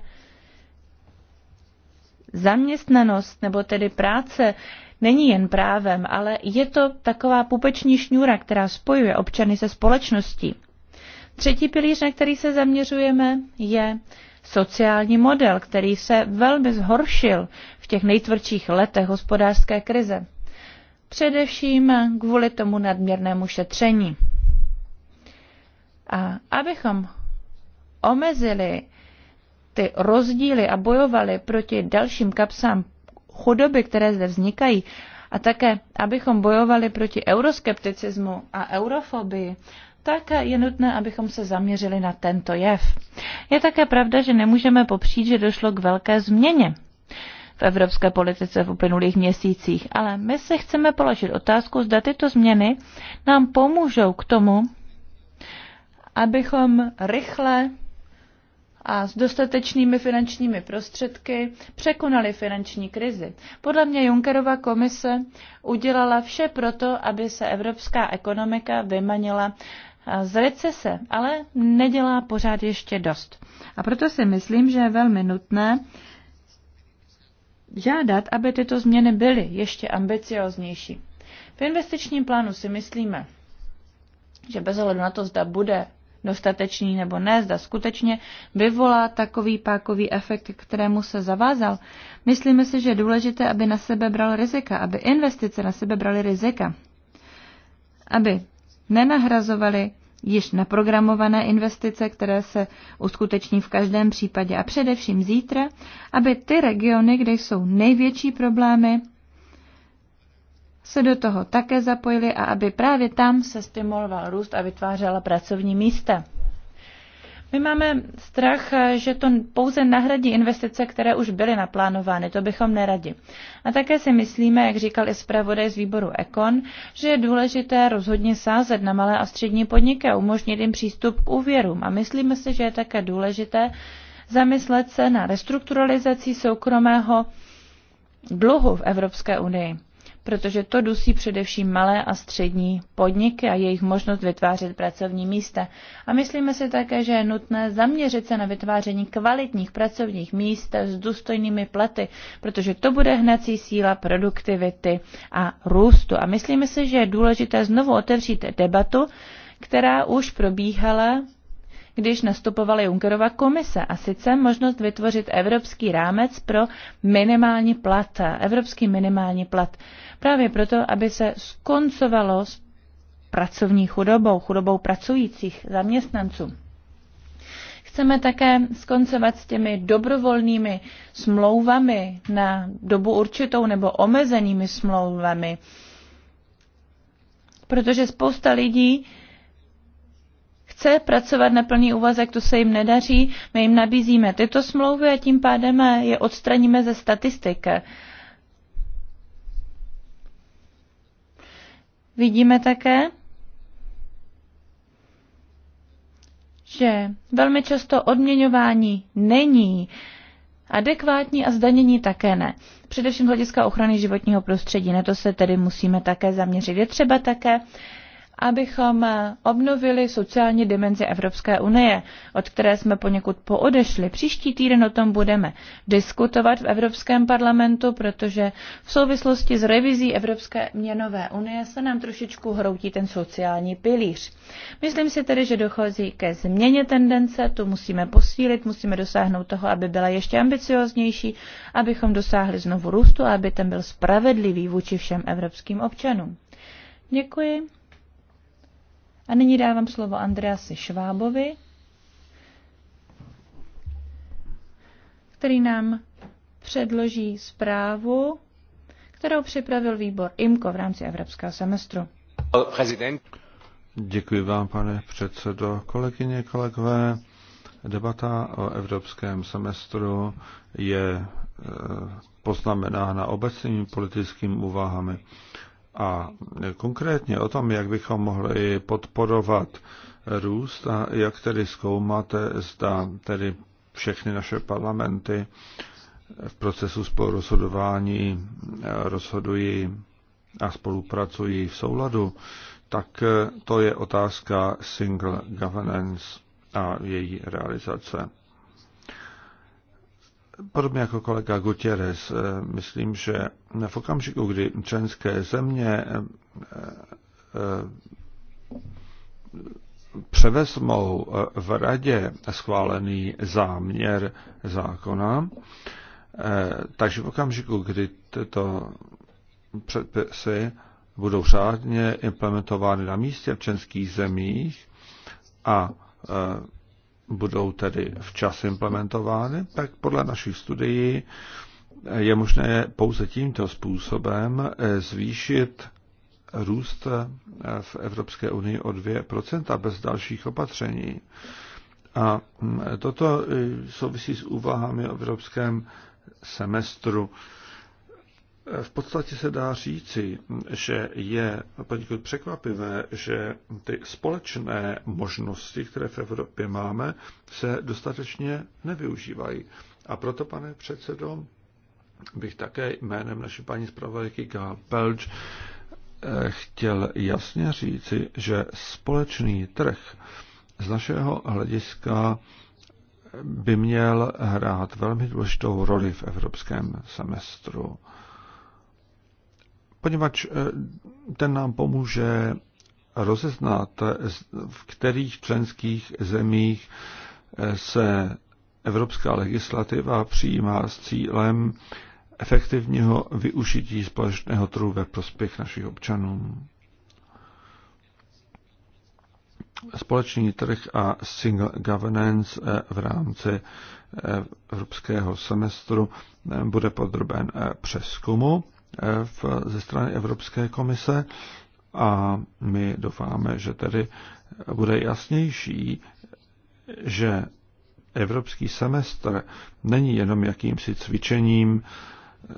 zaměstnanost nebo tedy práce není jen právem, ale je to taková pupeční šňůra, která spojuje občany se společností. Třetí pilíř, na který se zaměřujeme, je sociální model, který se velmi zhoršil v těch nejtvrdších letech hospodářské krize. Především kvůli tomu nadměrnému šetření. A abychom omezili ty rozdíly a bojovali proti dalším kapsám chudoby, které zde vznikají, a také, abychom bojovali proti euroskepticismu a eurofobii, tak je nutné, abychom se zaměřili na tento jev. Je také pravda, že nemůžeme popřít, že došlo k velké změně v evropské politice v uplynulých měsících, ale my se chceme položit otázku, zda tyto změny nám pomůžou k tomu, abychom rychle a s dostatečnými finančními prostředky překonali finanční krizi. Podle mě Junckerova komise udělala vše proto, aby se evropská ekonomika vymanila z recese, ale nedělá pořád ještě dost. A proto si myslím, že je velmi nutné žádat, aby tyto změny byly ještě ambicioznější. V investičním plánu si myslíme, že bez ohledu na to, zda bude dostatečný nebo ne, zda skutečně vyvolá takový pákový efekt, kterému se zavázal. Myslíme si, že je důležité, aby na sebe bral rizika, aby investice na sebe braly rizika, aby nenahrazovaly již naprogramované investice, které se uskuteční v každém případě a především zítra, aby ty regiony, kde jsou největší problémy, se do toho také zapojili a aby právě tam se stimuloval růst a vytvářela pracovní místa. My máme strach, že to pouze nahradí investice, které už byly naplánovány, to bychom neradi. A také si myslíme, jak říkal i zpravodaj z výboru Ekon, že je důležité rozhodně sázet na malé a střední podniky a umožnit jim přístup k úvěrům. A myslíme si, že je také důležité zamyslet se na restrukturalizaci soukromého dluhu v Evropské unii protože to dusí především malé a střední podniky a jejich možnost vytvářet pracovní místa. A myslíme si také, že je nutné zaměřit se na vytváření kvalitních pracovních míst s důstojnými platy, protože to bude hnací síla produktivity a růstu. A myslíme si, že je důležité znovu otevřít debatu, která už probíhala když nastupovala Junckerova komise a sice možnost vytvořit evropský rámec pro minimální plat, evropský minimální plat. Právě proto, aby se skoncovalo s pracovní chudobou, chudobou pracujících zaměstnanců chceme také skoncovat s těmi dobrovolnými smlouvami na dobu určitou nebo omezenými smlouvami. Protože spousta lidí chce pracovat na plný úvazek, to se jim nedaří, my jim nabízíme tyto smlouvy a tím pádem je odstraníme ze statistiky. Vidíme také, že velmi často odměňování není adekvátní a zdanění také ne. Především z hlediska ochrany životního prostředí. Na to se tedy musíme také zaměřit. Je třeba také uh, abychom eh, obnovili sociální dimenzi Evropské unie, od které jsme poněkud poodešli. Příští týden o tom budeme diskutovat v Evropském parlamentu, protože v souvislosti s revizí Evropské měnové unie se nám trošičku hroutí ten sociální pilíř. Myslím si tedy, že dochází ke změně tendence, tu musíme posílit, musíme dosáhnout toho, aby byla ještě ambicioznější, abychom dosáhli znovu růstu a aby ten byl spravedlivý vůči všem evropským občanům. Děkuji. A nyní dávám slovo Andreasi Švábovi, který nám předloží zprávu, kterou připravil výbor IMCO v rámci Evropského semestru. Děkuji vám, pane předsedo. Kolegyně, kolegové, debata o evropském semestru je eh, poznamenána obecnými politickými úvahami a konkrétně o tom, jak bychom mohli podporovat růst a jak tedy zkoumat, zda tedy všechny naše parlamenty v procesu spolurozhodování eh, rozhodují a spolupracují v souladu, tak eh, to je otázka single governance a její realizace. Podobně jako kolega Gutierrez, eh, myslím, že v okamžiku, kdy členské země eh, eh, převezmou v radě schválený záměr zákona, takže v okamžiku, kdy tyto předpisy budou řádně implementovány na místě v členských zemích a budou tedy včas implementovány, tak podle našich studií je možné pouze tímto způsobem eh, zvýšit růst eh, v Evropské unii o 2% bez dalších opatření. A mm, toto eh, souvisí s úvahami o evropském semestru. V podstatě se dá říci, že je poněkud překvapivé, že ty společné možnosti, které v Evropě máme, se dostatečně nevyužívají. A proto, pane předsedo, bych také jménem naší paní zpravodajky K. Pelč eh, chtěl jasně říci, že společný trh z našeho hlediska by měl hrát velmi důležitou roli v evropském semestru poněvadž eh, ten nám pomůže rozeznat, eh, v kterých členských zemích eh, se evropská legislativa přijímá s cílem efektivního využití společného trhu ve prospěch našich občanů. Společný trh a single governance v rámci evropského semestru bude podroben přeskumu v, ze strany Evropské komise a my doufáme, že tedy bude jasnější, že evropský semestr není jenom jakýmsi cvičením eh,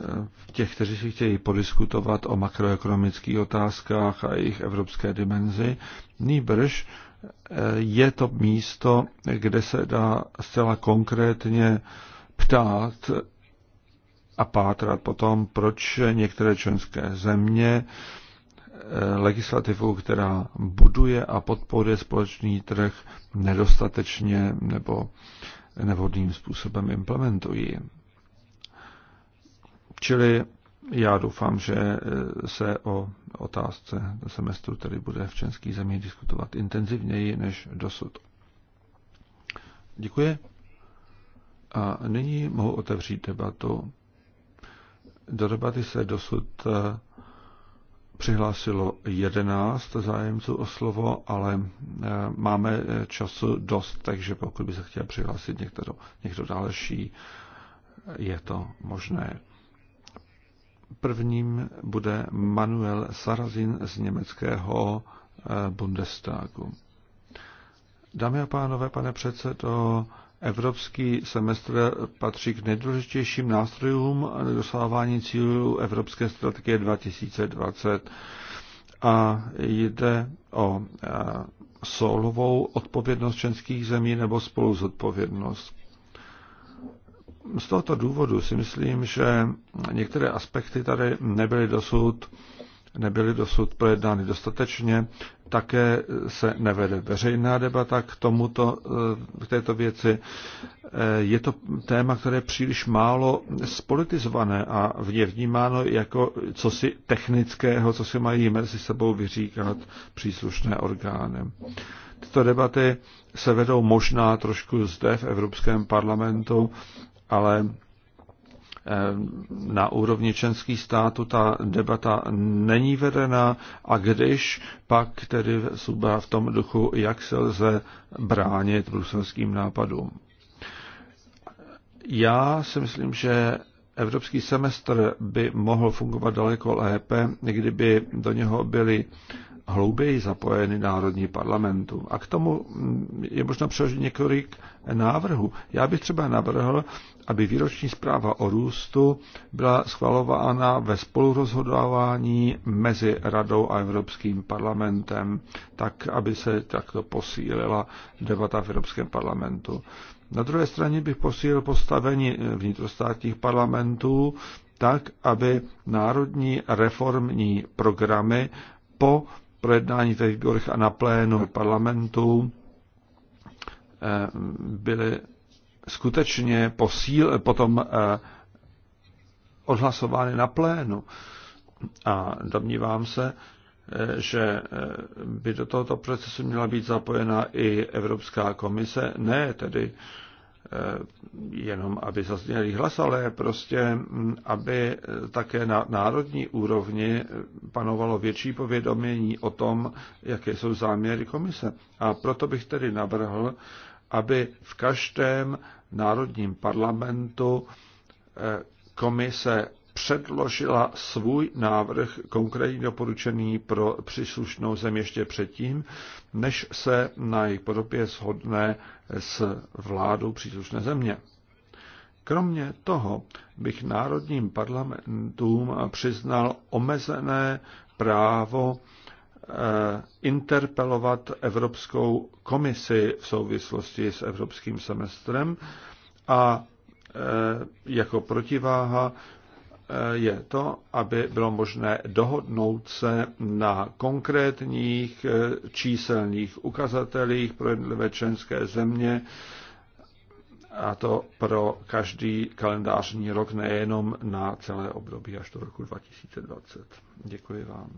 těch, kteří si chtějí podiskutovat o makroekonomických otázkách a jejich evropské dimenzi. Nýbrž eh, je to místo, kde se dá zcela konkrétně ptát a pátrat potom, proč některé členské země eh, legislativu, která buduje a podporuje společný trh, nedostatečně nebo nevhodným způsobem implementují. Čili já doufám, že eh, se o otázce semestru tedy bude v českých zemích diskutovat intenzivněji než dosud. Děkuji. A nyní mohu otevřít debatu. Do debaty se dosud eh, přihlásilo 11 zájemců o slovo, ale eh, máme eh, času dost, takže pokud by se chtěl přihlásit někdo, někdo další, je to možné. Prvním bude Manuel Sarazin z německého Bundestagu. Dámy a pánové, pane předsedo, Evropský semestr patří k nejdůležitějším nástrojům dosávání cílů Evropské strategie 2020 a jde o solovou odpovědnost členských zemí nebo spolu zodpovědnost. Z tohoto důvodu si myslím, že některé aspekty tady nebyly dosud, nebyly dosud projednány dostatečně také se nevede veřejná debata k tomuto, eh, k této věci. Eh, je to téma, které je příliš málo spolitizované a je vnímáno jako cosi technického, co si mají mezi sebou vyříkat příslušné orgány. Tyto debaty se vedou možná trošku zde v Evropském parlamentu, ale Eh, na úrovni členských států ta debata není vedena a když pak tedy suba v tom duchu, jak se lze bránit bruselským nápadům. Já si myslím, že evropský semestr by mohl fungovat daleko lépe, kdyby do něho byly hlouběji zapojeny národní parlamentu. A k tomu je možná přeložit několik návrhů. Já bych třeba navrhl, aby výroční zpráva o růstu byla schvalována ve spolurozhodování mezi Radou a Evropským parlamentem, tak aby se takto posílila debata v Evropském parlamentu. Na druhé straně bych posílil postavení vnitrostátních parlamentů tak, aby národní reformní programy po projednání ve výborech a na plénu parlamentu eh, byly skutečně posíl, potom eh, odhlasovány na plénu. A domnívám se, eh, že eh, by do tohoto procesu měla být zapojena i Evropská komise, ne tedy jenom, aby zazněli hlas, ale prostě, hm, aby také na národní úrovni panovalo větší povědomění o tom, jaké jsou záměry komise. A proto bych tedy navrhl, aby v každém národním parlamentu eh, komise předložila svůj návrh konkrétně doporučený pro příslušnou zem ještě předtím, než se na jejich podobě shodne s vládou příslušné země. Kromě toho bych národním parlamentům přiznal omezené právo Eh, interpelovat Evropskou komisi v souvislosti s evropským semestrem a eh, jako protiváha eh, je to, aby bylo možné dohodnout se na konkrétních číselných ukazatelích pro jednotlivé členské země, a to pro každý kalendářní rok, nejenom na celé období až do roku 2020. Děkuji vám.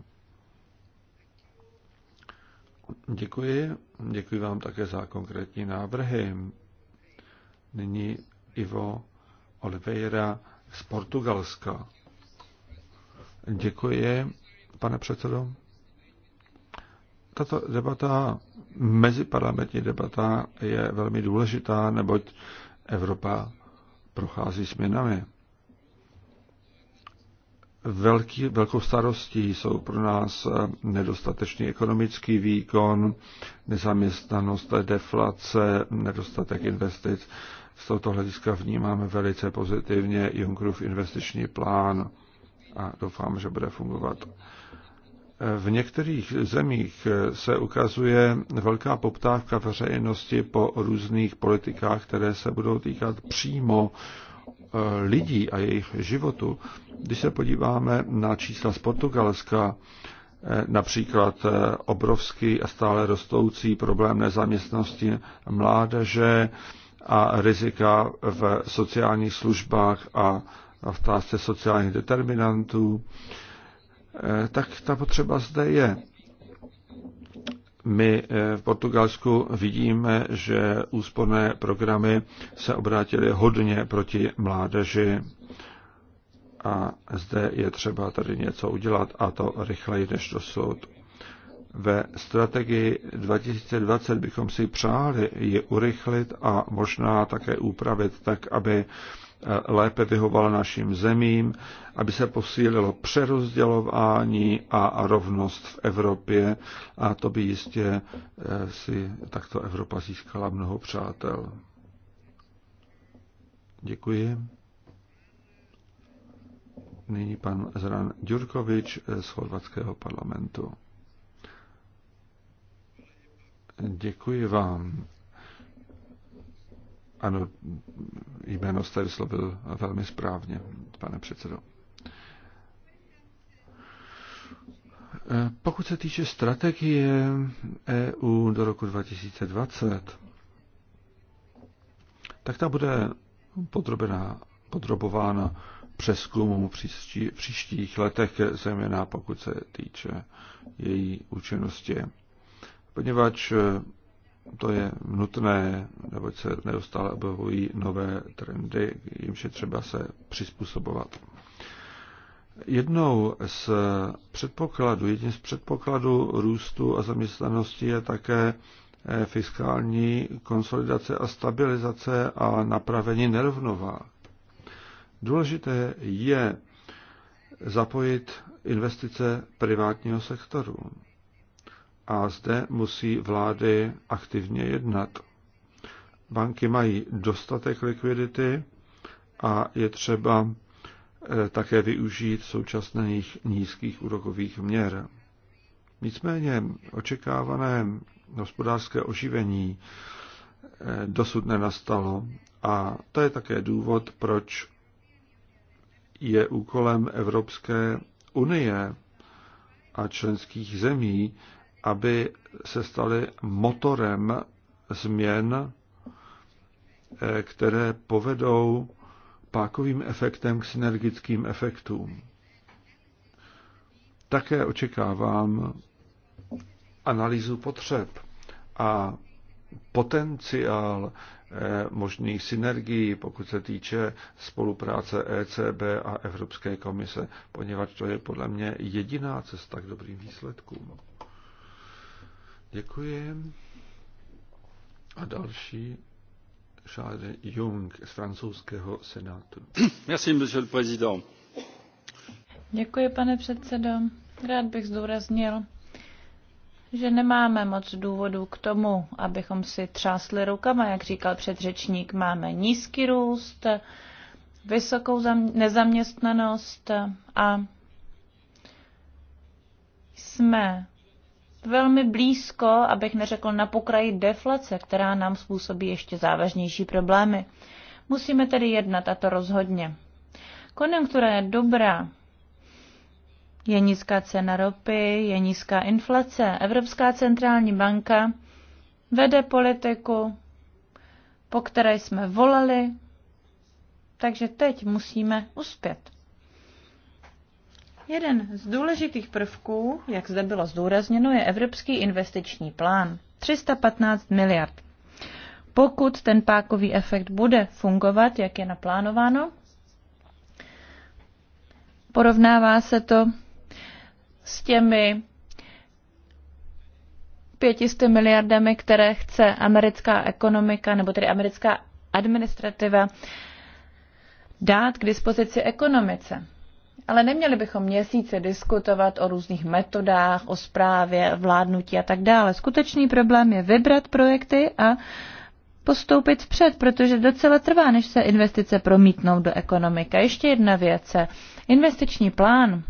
Děkuji. Děkuji vám také za konkrétní návrhy. Nyní Ivo Oliveira z Portugalska. Děkuji, pane předsedo. Tato debata, meziparlamentní debata, je velmi důležitá, neboť Evropa prochází změnami. Velký, velkou starostí jsou pro nás eh, nedostatečný ekonomický výkon, nezaměstnanost, deflace, nedostatek investic. Z tohoto hlediska vnímáme velice pozitivně Junckerův investiční plán a doufám, že bude fungovat. V některých zemích eh, se ukazuje velká poptávka veřejnosti po různých politikách, které se budou týkat přímo Eh, lidí a jejich životu, když se podíváme na čísla z Portugalska, eh, například eh, obrovský a stále rostoucí problém nezaměstnosti mládeže a rizika v sociálních službách a v tázce sociálních determinantů, tak ta potřeba zde je my eh, v Portugalsku vidíme, že úsporné programy se obrátily hodně proti mládeži a zde je třeba tady něco udělat a to rychleji než dosud. Ve strategii 2020 bychom si přáli ji urychlit a možná také upravit tak, aby Eh, lépe vyhovala našim zemím, aby se posílilo přerozdělování a rovnost v Evropě a to by jistě eh, si takto Evropa získala mnoho přátel. Děkuji. Nyní pan Zran Djurkovič eh, z chorvatského parlamentu. Děkuji vám. Ano, jméno jste vyslovil velmi správně, pane předsedo. Pokud se týče strategie EU do roku 2020, tak ta bude podrobená, podrobována přeskumu příští, příštích letech, zejména pokud se týče její účinnosti. Poněvadž to je nutné, neboť se neustále objevují nové trendy, jimž je třeba se přizpůsobovat. Jednou z předpokladů, jedním z předpokladů růstu a zaměstnanosti je také eh, fiskální konsolidace a stabilizace a napravení nerovnová. Důležité je zapojit investice privátního sektoru a zde musí vlády aktivně jednat. Banky mají dostatek likvidity a je třeba eh, také využít současných nízkých úrokových měr. Nicméně očekávané hospodářské oživení eh, dosud nenastalo a to je také důvod, proč je úkolem Evropské unie a členských zemí aby se staly motorem změn, eh, které povedou pákovým efektem k synergickým efektům. Také očekávám analýzu potřeb a potenciál eh, možných synergií, pokud se týče spolupráce ECB a Evropské komise, poněvadž to je podle mě jediná cesta k dobrým výsledkům. Děkuji. A další Charles Jung z francouzského senátu. Merci, monsieur le président. Děkuji, pane předsedo. Rád bych zdůraznil, že nemáme moc důvodů k tomu, abychom si třásli rukama, jak říkal předřečník. Máme nízký růst, vysokou nezaměstnanost a jsme velmi blízko, abych neřekl na pokraji deflace, která nám způsobí ještě závažnější problémy. Musíme tedy jednat a to rozhodně. Konjunktura je dobrá. Je nízká cena ropy, je nízká inflace. Evropská centrální banka vede politiku, po které jsme volali, takže teď musíme uspět. Jeden z důležitých prvků, jak zde bylo zdůrazněno, je Evropský investiční plán. 315 miliard. Pokud ten pákový efekt bude fungovat, jak je naplánováno, porovnává se to s těmi 500 miliardami, které chce americká ekonomika, nebo tedy americká administrativa dát k dispozici ekonomice. Ale neměli bychom měsíce diskutovat o různých metodách, o správě, vládnutí a tak dále. Skutečný problém je vybrat projekty a postoupit vpřed, protože docela trvá, než se investice promítnou do ekonomiky. Ještě jedna věc. Investiční plán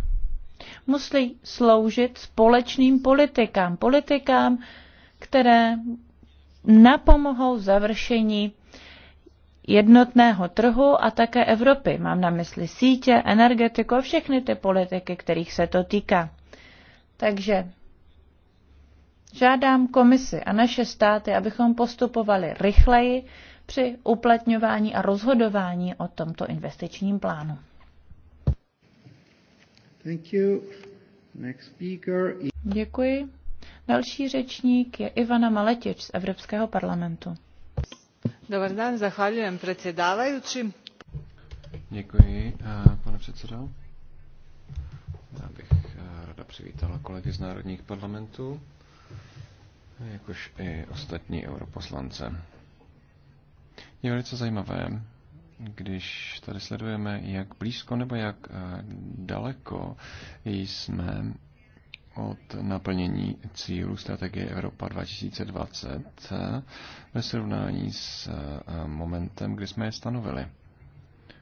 musí sloužit společným politikám, politikám, které napomohou završení jednotného trhu a také Evropy. Mám na mysli sítě, energetiku a všechny ty politiky, kterých se to týká. Takže žádám komisi a naše státy, abychom postupovali rychleji při uplatňování a rozhodování o tomto investičním plánu. Thank you. Next speaker is... Děkuji. Další řečník je Ivana Maletič z Evropského parlamentu. Dobrý den, zahvaljujem předsedávající. Eh, pane předsedo. Já bych eh, ráda přivítala kolegy z národních parlamentů, jakož i ostatní europoslance. Je velice zajímavé, když tady sledujeme, jak blízko nebo jak eh, daleko jsme od naplnění cílů strategie Evropa 2020 ve srovnání s eh, momentem, kdy jsme je stanovili.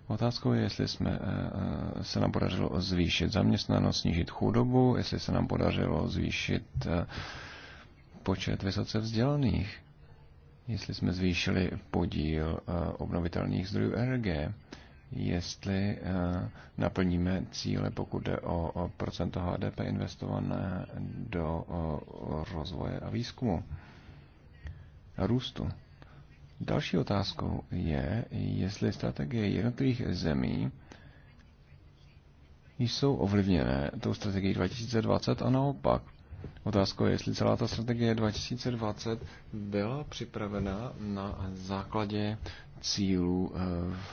Otázkou je, jestli jsme, eh, eh, se nám podařilo zvýšit zaměstnanost, snížit chudobu, jestli se nám podařilo zvýšit počet vysoce vzdělaných, jestli jsme zvýšili podíl obnovitelných zdrojů energie, jestli eh, naplníme cíle, pokud jde o procento HDP investované do rozvoje a výzkumu a růstu. Další otázkou je, jestli strategie jednotlivých zemí jsou ovlivněné tou strategií 2020 a naopak. Otázkou je, jestli celá ta strategie 2020 byla připravena na základě cílů eh,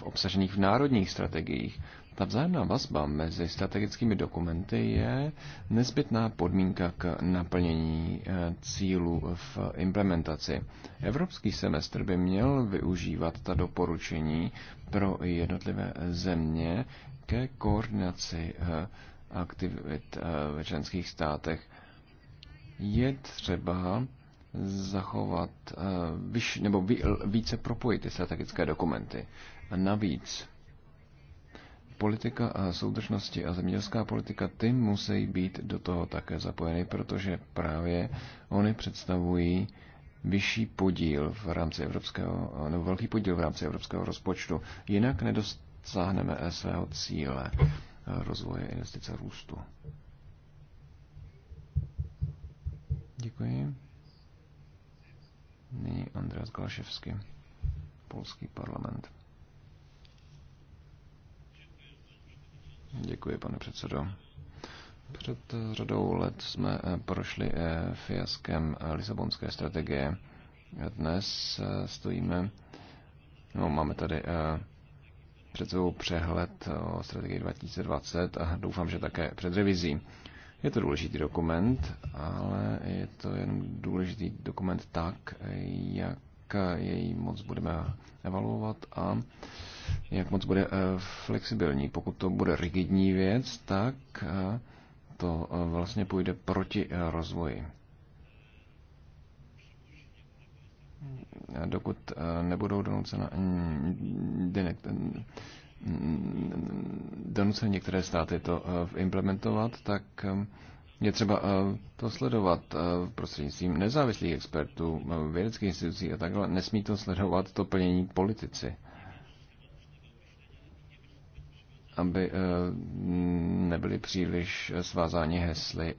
obsažených v národních strategiích. Ta vzájemná vazba mezi strategickými dokumenty je nezbytná podmínka k naplnění eh, cílů v implementaci. Evropský semestr by měl využívat ta doporučení pro jednotlivé země ke koordinaci eh, aktivit ve členských státech. Je třeba zachovat, eh, vyš, nebo ví, více propojit ty strategické dokumenty. A navíc politika a eh, soudržnosti a zemědělská politika, ty musí být do toho také zapojeny, protože právě oni představují vyšší podíl v rámci evropského, eh, nebo velký podíl v rámci evropského rozpočtu. Jinak nedosáhneme svého cíle rozvoje investice růstu. Děkuji. Nyní Andreas Galaševský, polský parlament. Děkuji, pane předsedo. Před řadou let jsme eh, prošli eh, fiaskem eh, Lisabonské strategie. Dnes stojíme, no, máme tady před sebou přehled o strategii 2020 a doufám, že také před revizí. Je to důležitý dokument, ale je to jen důležitý dokument tak, jak jej moc budeme evaluovat a jak moc bude eh, flexibilní. Pokud to bude rigidní věc, tak eh, to eh, vlastně půjde proti rozvoji. Dokud nebudou donucena donuceny některé státy to eh, implementovat, tak eh, je třeba eh, to sledovat prostřednictvím nezávislých expertů, vědeckých institucí a takhle. Nesmí to sledovat to plnění politici. Aby nebyly příliš svázáni hesly,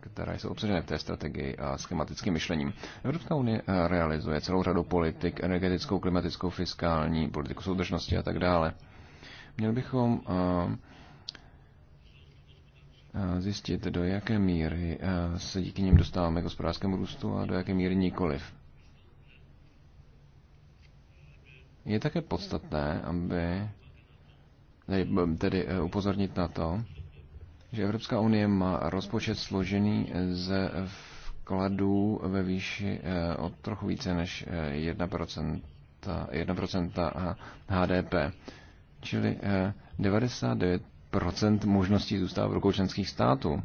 které jsou obsažené v té strategii a schematickým myšlením. Evropská unie realizuje celou řadu politik, energetickou, klimatickou, fiskální, politiku soudržnosti a tak dále. Měli bychom eh, eh, zjistit, do jaké míry eh, se díky nim dostáváme k hospodářskému růstu a do jaké míry nikoliv. Je také podstatné, aby tedy upozornit na to, že Evropská unie má rozpočet složený ze vkladů ve výši od trochu více než 1%, 1 HDP. Čili 99% eh, možností zůstává v rukou členských států.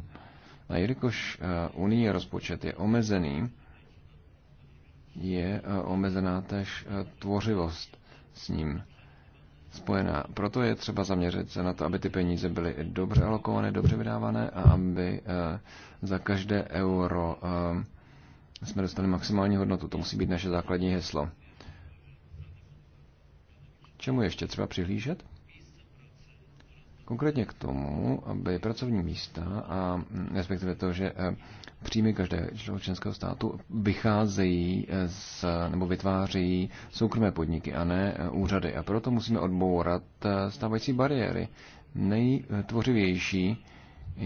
A jelikož eh, unijní rozpočet je omezený, je eh, omezená tež tvořivost s ním spojená. Proto je třeba zaměřit se na to, aby ty peníze byly dobře alokované, dobře vydávané a aby za každé euro jsme dostali maximální hodnotu. To musí být naše základní heslo čemu ještě třeba přihlížet? Konkrétně k tomu, aby pracovní místa a mm, respektive to, že eh, příjmy každého členského státu vycházejí eh, z, nebo vytvářejí soukromé podniky a ne eh, úřady. A proto musíme odbourat stávající bariéry. Nejtvořivější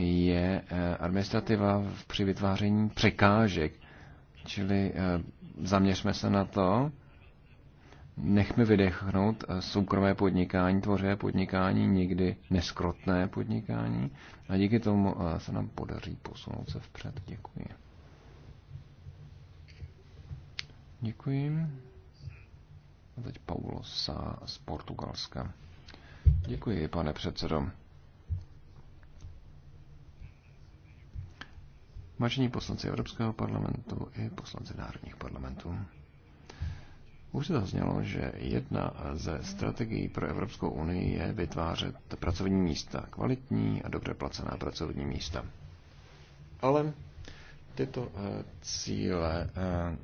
je administrativa při vytváření překážek, čili zaměřme se na to, nechme vydechnout eh, soukromé podnikání, tvořivé podnikání, někdy neskrotné podnikání a díky tomu eh, se nám podaří posunout se vpřed. Děkuji. Děkuji. A teď Paulo Sá z Portugalska. Děkuji, pane předsedo. Vážení poslanci Evropského parlamentu i poslanci národních parlamentů. Už se zaznělo, že jedna ze strategií pro Evropskou unii je vytvářet pracovní místa, kvalitní a dobře placená pracovní místa. Ale tyto eh, cíle eh,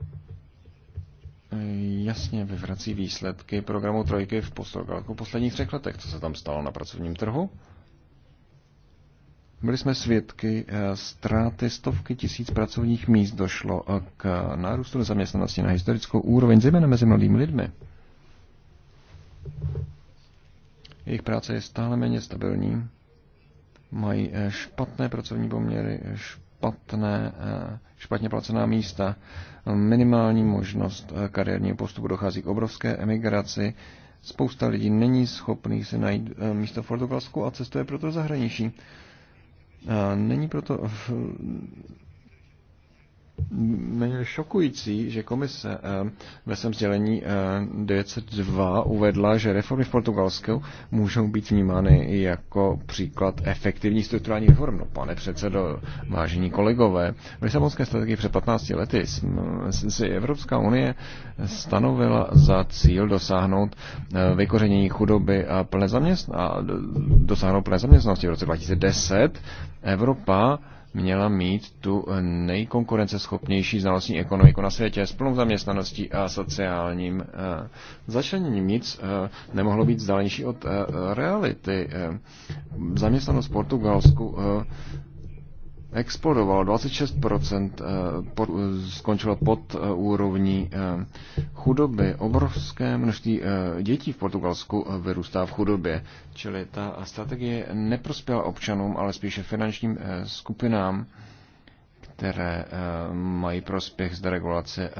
jasně vyvrací výsledky programu Trojky jako v posledních třech letech, co se tam stalo na pracovním trhu byli jsme svědky eh, ztráty stovky tisíc pracovních míst došlo eh, k nárůstu nezaměstnanosti na historickou úroveň, zejména mezi mladými lidmi. Jejich práce je stále méně stabilní, mají eh, špatné pracovní poměry, špatné, špatně placená místa, minimální možnost kariérního postupu, dochází k obrovské emigraci, spousta lidí není schopných si najít místo v Portugalsku a cestuje proto zahraničí. Není proto méně šokující, že komise eh, ve svém sdělení 902 eh, uvedla, že reformy v Portugalsku můžou být vnímány jako příklad efektivní strukturální reform. No, pane předsedo, vážení kolegové, v Lisabonské strategii před 15 lety si Evropská unie stanovila za cíl dosáhnout eh, vykořenění chudoby a, plné zaměstn- a dosáhnout plné zaměstnanosti. V roce 2010 Evropa měla mít tu eh, nejkonkurenceschopnější znalostní ekonomiku na světě s plnou zaměstnaností a sociálním eh, začleněním. Nic eh, nemohlo být vzdálenější od reality. Zaměstnanost v Portugalsku Explodovalo 26% eh, eh, skončilo pod eh, úrovní chudoby. Obrovské množství dětí v Portugalsku vyrůstá v chudobě. Čili ta strategie neprospěla občanům, ale spíše finančním skupinám, které mají prospěch z deregulace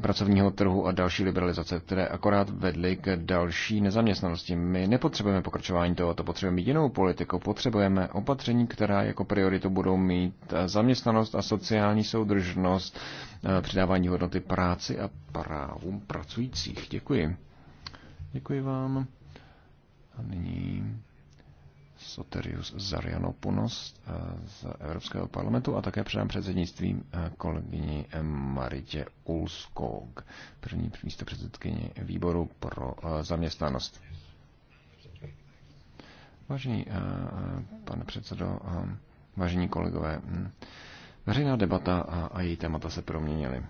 pracovního trhu a další liberalizace, které akorát vedly k další nezaměstnanosti. My nepotřebujeme pokračování toho, to potřebujeme jinou politiku, potřebujeme opatření, která jako prioritu budou mít zaměstnanost a sociální soudržnost, eh, přidávání hodnoty práci a právům pracujících. Děkuji. Děkuji vám. A nyní Soterius Zarianopunos eh, z Evropského parlamentu a také předám předsednictvím eh, kolegyni Maritě Ulskog, první místo předsedkyni výboru pro eh, zaměstnanost. Vážený pane předsedo, vážení kolegové, hm, veřejná debata a její témata se proměnily.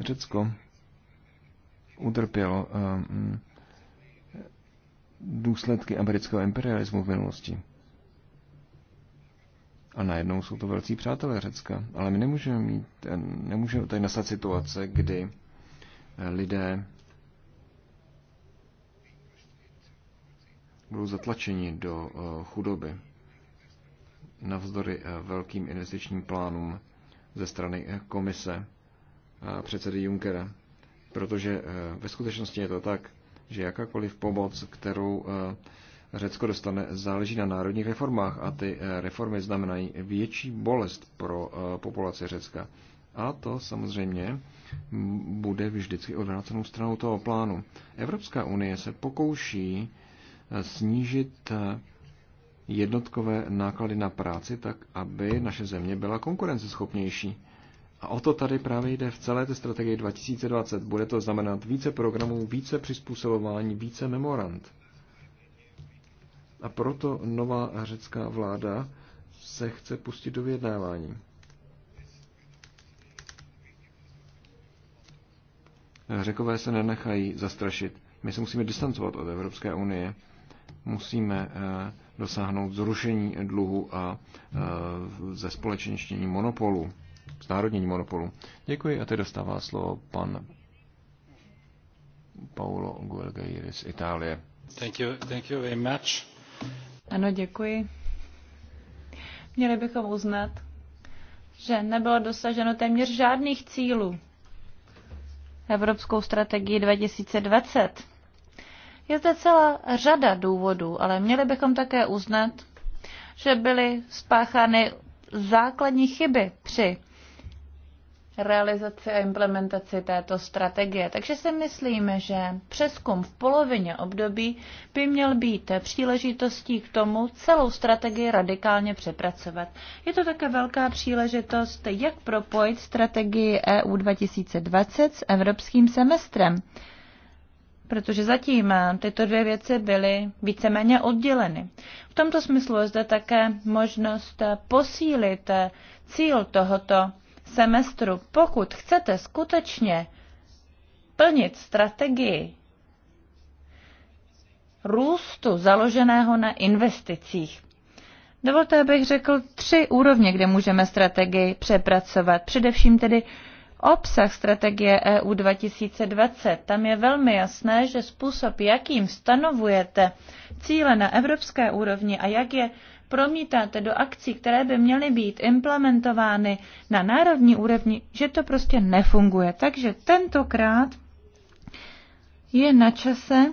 Řecko utrpěl um, důsledky amerického imperialismu v minulosti. A najednou jsou to velcí přátelé Řecka. Ale my nemůžeme mít, nemůžeme tady nastat situace, kdy eh, lidé budou zatlačeni do eh, chudoby navzdory eh, velkým investičním plánům ze strany komise předsedy Junckera. Protože eh, ve skutečnosti je to tak, že jakákoliv pomoc, kterou eh, Řecko dostane, záleží na národních reformách a ty eh, reformy znamenají větší bolest pro populaci Řecka. A to samozřejmě bude vždycky odvrácenou stranou toho plánu. Evropská unie se pokouší snížit jednotkové náklady na práci tak, aby naše země byla konkurenceschopnější. A o to tady právě jde v celé té strategii 2020. Bude to znamenat více programů, více přizpůsobování, více memorand. A proto nová řecká vláda se chce pustit do vyjednávání. Řekové se nenechají zastrašit. My se musíme distancovat od Evropské unie. Musíme eh, dosáhnout zrušení dluhu a eh, ze společenštění monopolu znárodnění monopolu. Děkuji a teď dostává slovo pan Paolo Guelgeiri z Itálie. Thank you, thank you very much. Ano, děkuji. Měli bychom uznat, že nebylo dosaženo téměř žádných cílů Evropskou strategii 2020. Je zde celá řada důvodů, ale měli bychom také uznat, že byly spáchány základní chyby při realizaci a implementaci této strategie. Takže si myslíme, že přeskum v polovině období by měl být příležitostí k tomu celou strategii radikálně přepracovat. Je to také velká příležitost, jak propojit strategii EU 2020 s evropským semestrem. Protože zatím tyto dvě věci byly víceméně odděleny. V tomto smyslu je zde také možnost posílit cíl tohoto semestru. Pokud chcete skutečně plnit strategii růstu založeného na investicích, dovolte, abych řekl tři úrovně, kde můžeme strategii přepracovat. Především tedy obsah strategie EU 2020. Tam je velmi jasné, že způsob, jakým stanovujete cíle na evropské úrovni a jak je promítáte do akcí, které by měly být implementovány na národní úrovni, že to prostě nefunguje. Takže tentokrát je na čase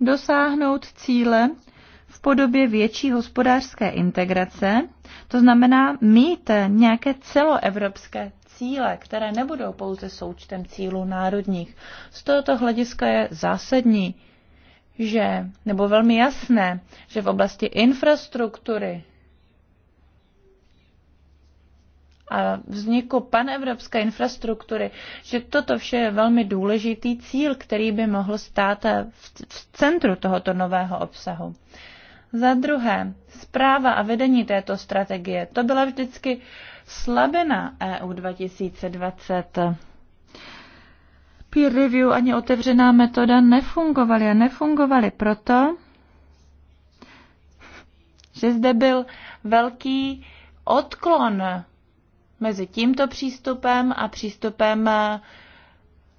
dosáhnout cíle v podobě větší hospodářské integrace, to znamená mít nějaké celoevropské cíle, které nebudou pouze součtem cílů národních. Z tohoto hlediska je zásadní že, nebo velmi jasné, že v oblasti infrastruktury a vzniku panevropské infrastruktury, že toto vše je velmi důležitý cíl, který by mohl stát v centru tohoto nového obsahu. Za druhé, zpráva a vedení této strategie, to byla vždycky slabina EU 2020 peer review ani otevřená metoda nefungovaly a nefungovaly proto, že zde byl velký odklon mezi tímto přístupem a přístupem eh,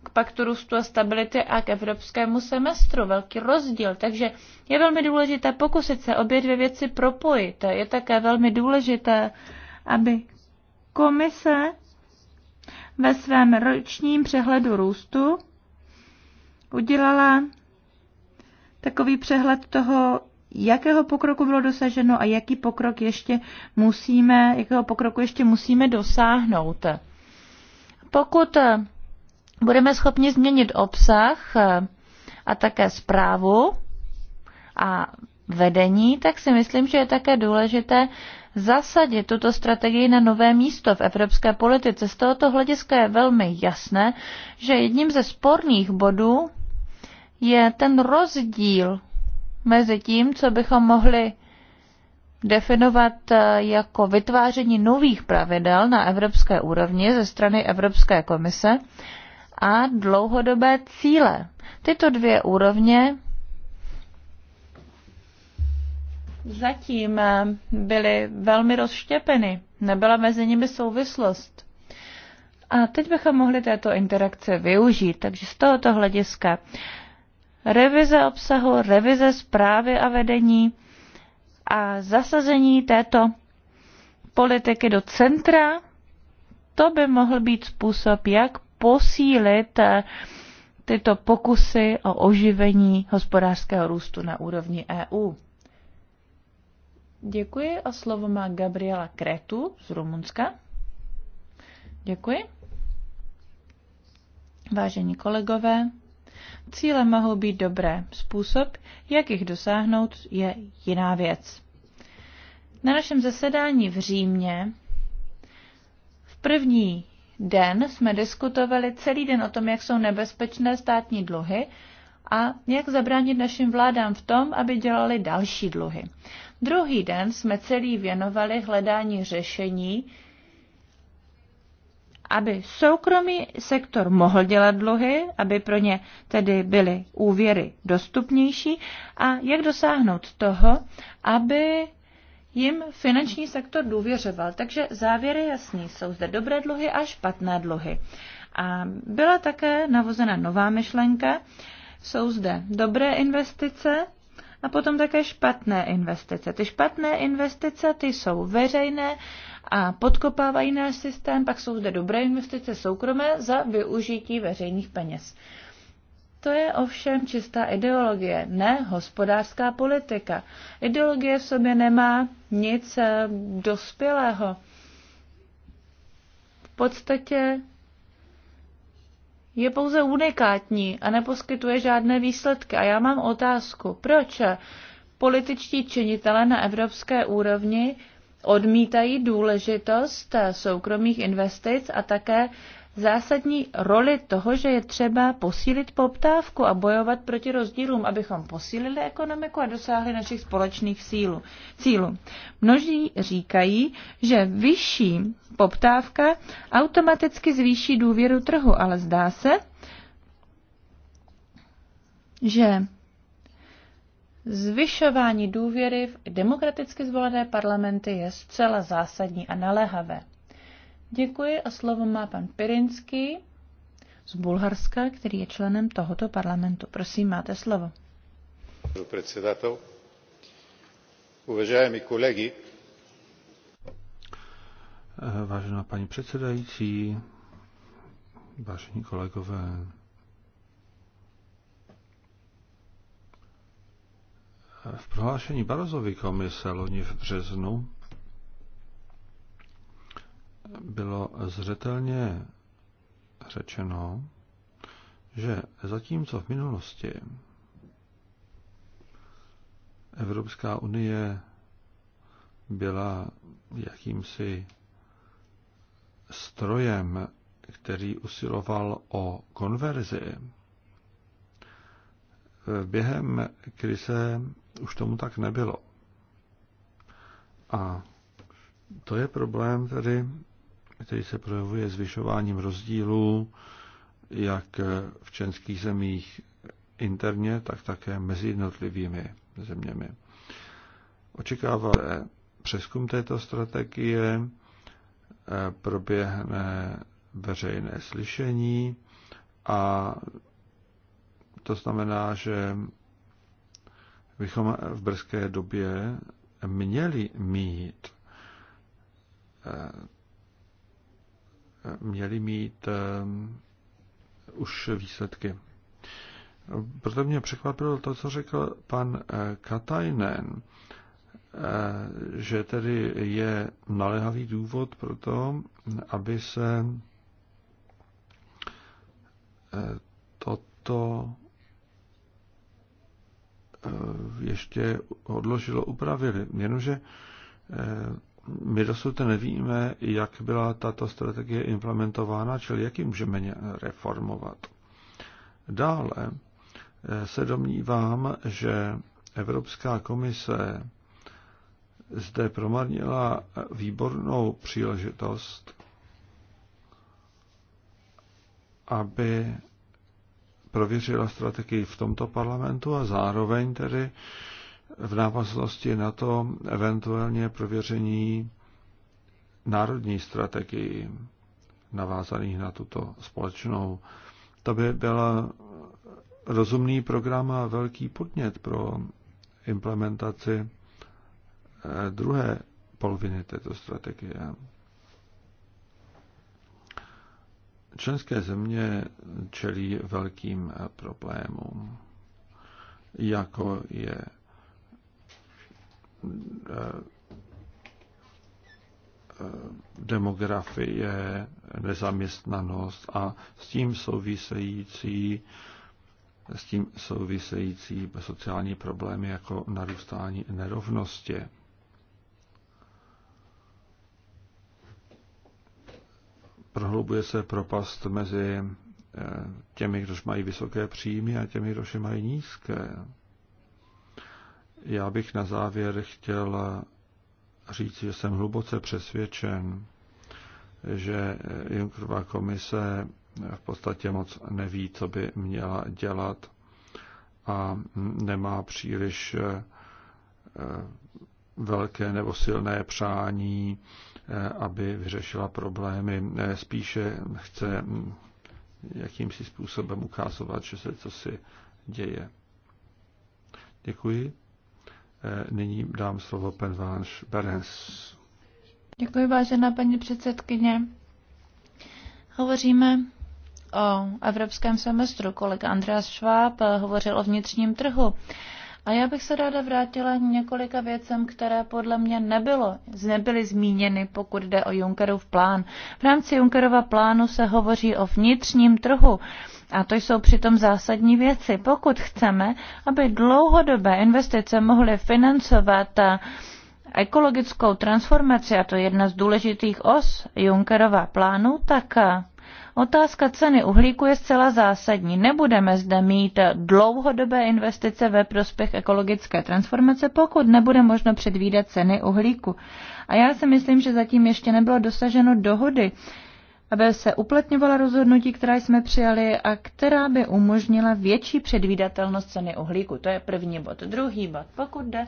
k paktu růstu a stability a k evropskému semestru. Velký rozdíl. Takže je velmi důležité pokusit se obě dvě věci propojit. Je také velmi důležité, aby komise ve svém ročním přehledu růstu udělala takový přehled toho, jakého pokroku bylo dosaženo a jaký pokrok ještě musíme, jakého pokroku ještě musíme dosáhnout. Pokud budeme schopni změnit obsah a také zprávu a vedení, tak si myslím, že je také důležité zasadit tuto strategii na nové místo v evropské politice. Z tohoto hlediska je velmi jasné, že jedním ze sporných bodů je ten rozdíl mezi tím, co bychom mohli definovat eh, jako vytváření nových pravidel na evropské úrovni ze strany Evropské komise a dlouhodobé cíle. Tyto dvě úrovně zatím eh, byly velmi rozštěpeny. Nebyla mezi nimi souvislost. A teď bychom mohli této interakce využít. Takže z tohoto hlediska revize obsahu, revize zprávy a vedení a zasazení této politiky do centra, to by mohl být způsob, jak posílit eh, tyto pokusy o oživení hospodářského růstu na úrovni EU. Děkuji a slovo má Gabriela Kretu z Rumunska. Děkuji. Vážení kolegové, cíle mohou být dobré. Způsob, jak jich dosáhnout, je jiná věc. Na našem zasedání v Římě v první den jsme diskutovali celý den o tom, jak jsou nebezpečné státní dluhy a jak zabránit našim vládám v tom, aby dělali další dluhy. Druhý den jsme celý věnovali hledání řešení, aby soukromý sektor mohl dělat dluhy, aby pro ně tedy byly úvěry dostupnější a jak dosáhnout toho, aby jim finanční sektor důvěřoval. Takže závěry jasný, jsou zde dobré dluhy a špatné dluhy. A byla také navozena nová myšlenka, jsou zde dobré investice a potom také špatné investice. Ty špatné investice, ty jsou veřejné a podkopávají náš systém, pak jsou zde dobré investice soukromé za využití veřejných peněz. To je ovšem čistá ideologie, ne hospodářská politika. Ideologie v sobě nemá nic eh, dospělého. V podstatě je pouze unikátní a neposkytuje žádné výsledky. A já mám otázku, proč političtí činitele na evropské úrovni odmítají důležitost soukromých investic a také zásadní roli toho, že je třeba posílit poptávku a bojovat proti rozdílům, abychom posílili ekonomiku a dosáhli našich společných sílu, cílů. Množí říkají, že vyšší poptávka automaticky zvýší důvěru trhu, ale zdá se, že Zvyšování důvěry v demokraticky zvolené parlamenty je zcela zásadní a naléhavé. Děkuji a slovo má pan Pirinský z Bulharska, který je členem tohoto parlamentu. Prosím, máte slovo. Předsedatel, uvažajeme kolegy. Vážená paní předsedající, vážení kolegové, v prohlášení Barozovy komise loni v březnu bylo zřetelně řečeno, že zatímco v minulosti Evropská unie byla jakýmsi strojem, který usiloval o konverzi, během krize už tomu tak nebylo. A to je problém tedy který se projevuje zvyšováním rozdílů, jak v členských zemích interně, tak také mezi jednotlivými zeměmi. Očekáváme přeskum této strategie, eh, proběhne veřejné slyšení a to znamená, že bychom v brzké době měli mít eh, měli mít eh, už výsledky. Proto mě překvapilo to, co řekl pan eh, Katajnen, eh, že tedy je naléhavý důvod pro to, aby se toto ještě odložilo, upravili. Jenomže my dosud nevíme, jak byla tato strategie implementována, čili jak ji můžeme reformovat. Dále eh, se domnívám, že Evropská komise zde promarnila výbornou příležitost, aby prověřila strategii v tomto parlamentu a zároveň tedy v návaznosti na to eventuálně prověření národní strategii navázaných na tuto společnou. To by byl rozumný program a velký podnět pro implementaci eh, druhé poloviny této strategie. Členské země čelí velkým problémům, jako je Eh, eh, demografie, nezaměstnanost a s tím související s tím související sociální problémy jako narůstání nerovnosti. Prohlubuje se propast mezi eh, těmi, kdož mají vysoké příjmy a těmi, kdož mají nízké. Já bych na závěr chtěl říct, že jsem hluboce přesvědčen, že Junckerova komise v podstatě moc neví, co by měla dělat a nemá příliš eh, velké nebo silné přání, eh, aby vyřešila problémy. Eh, spíše chce hm, jakýmsi způsobem ukázovat, že se co si děje. Děkuji. Eh, nyní dám slovo Vánš Berens. Děkuji, vážená paní předsedkyně. Hovoříme o evropském semestru. Kolega Andreas Schwab eh, hovořil o vnitřním trhu. A já bych se ráda vrátila k několika věcem, které podle mě nebylo, nebyly zmíněny, pokud jde o Junckerův plán. V rámci Junckerova plánu se hovoří o vnitřním trhu. A to jsou přitom zásadní věci. Pokud chceme, aby dlouhodobé investice mohly financovat eh, ekologickou transformaci, a to je jedna z důležitých os Junckerova plánu, tak eh, Otázka ceny uhlíku je zcela zásadní. Nebudeme zde mít dlouhodobé investice ve prospěch ekologické transformace, pokud nebude možno předvídat ceny uhlíku. A já si myslím, že zatím ještě nebylo dosaženo dohody aby se uplatňovala rozhodnutí, která jsme přijali a která by umožnila větší předvídatelnost ceny uhlíku. To je první bod. Druhý bod, pokud jde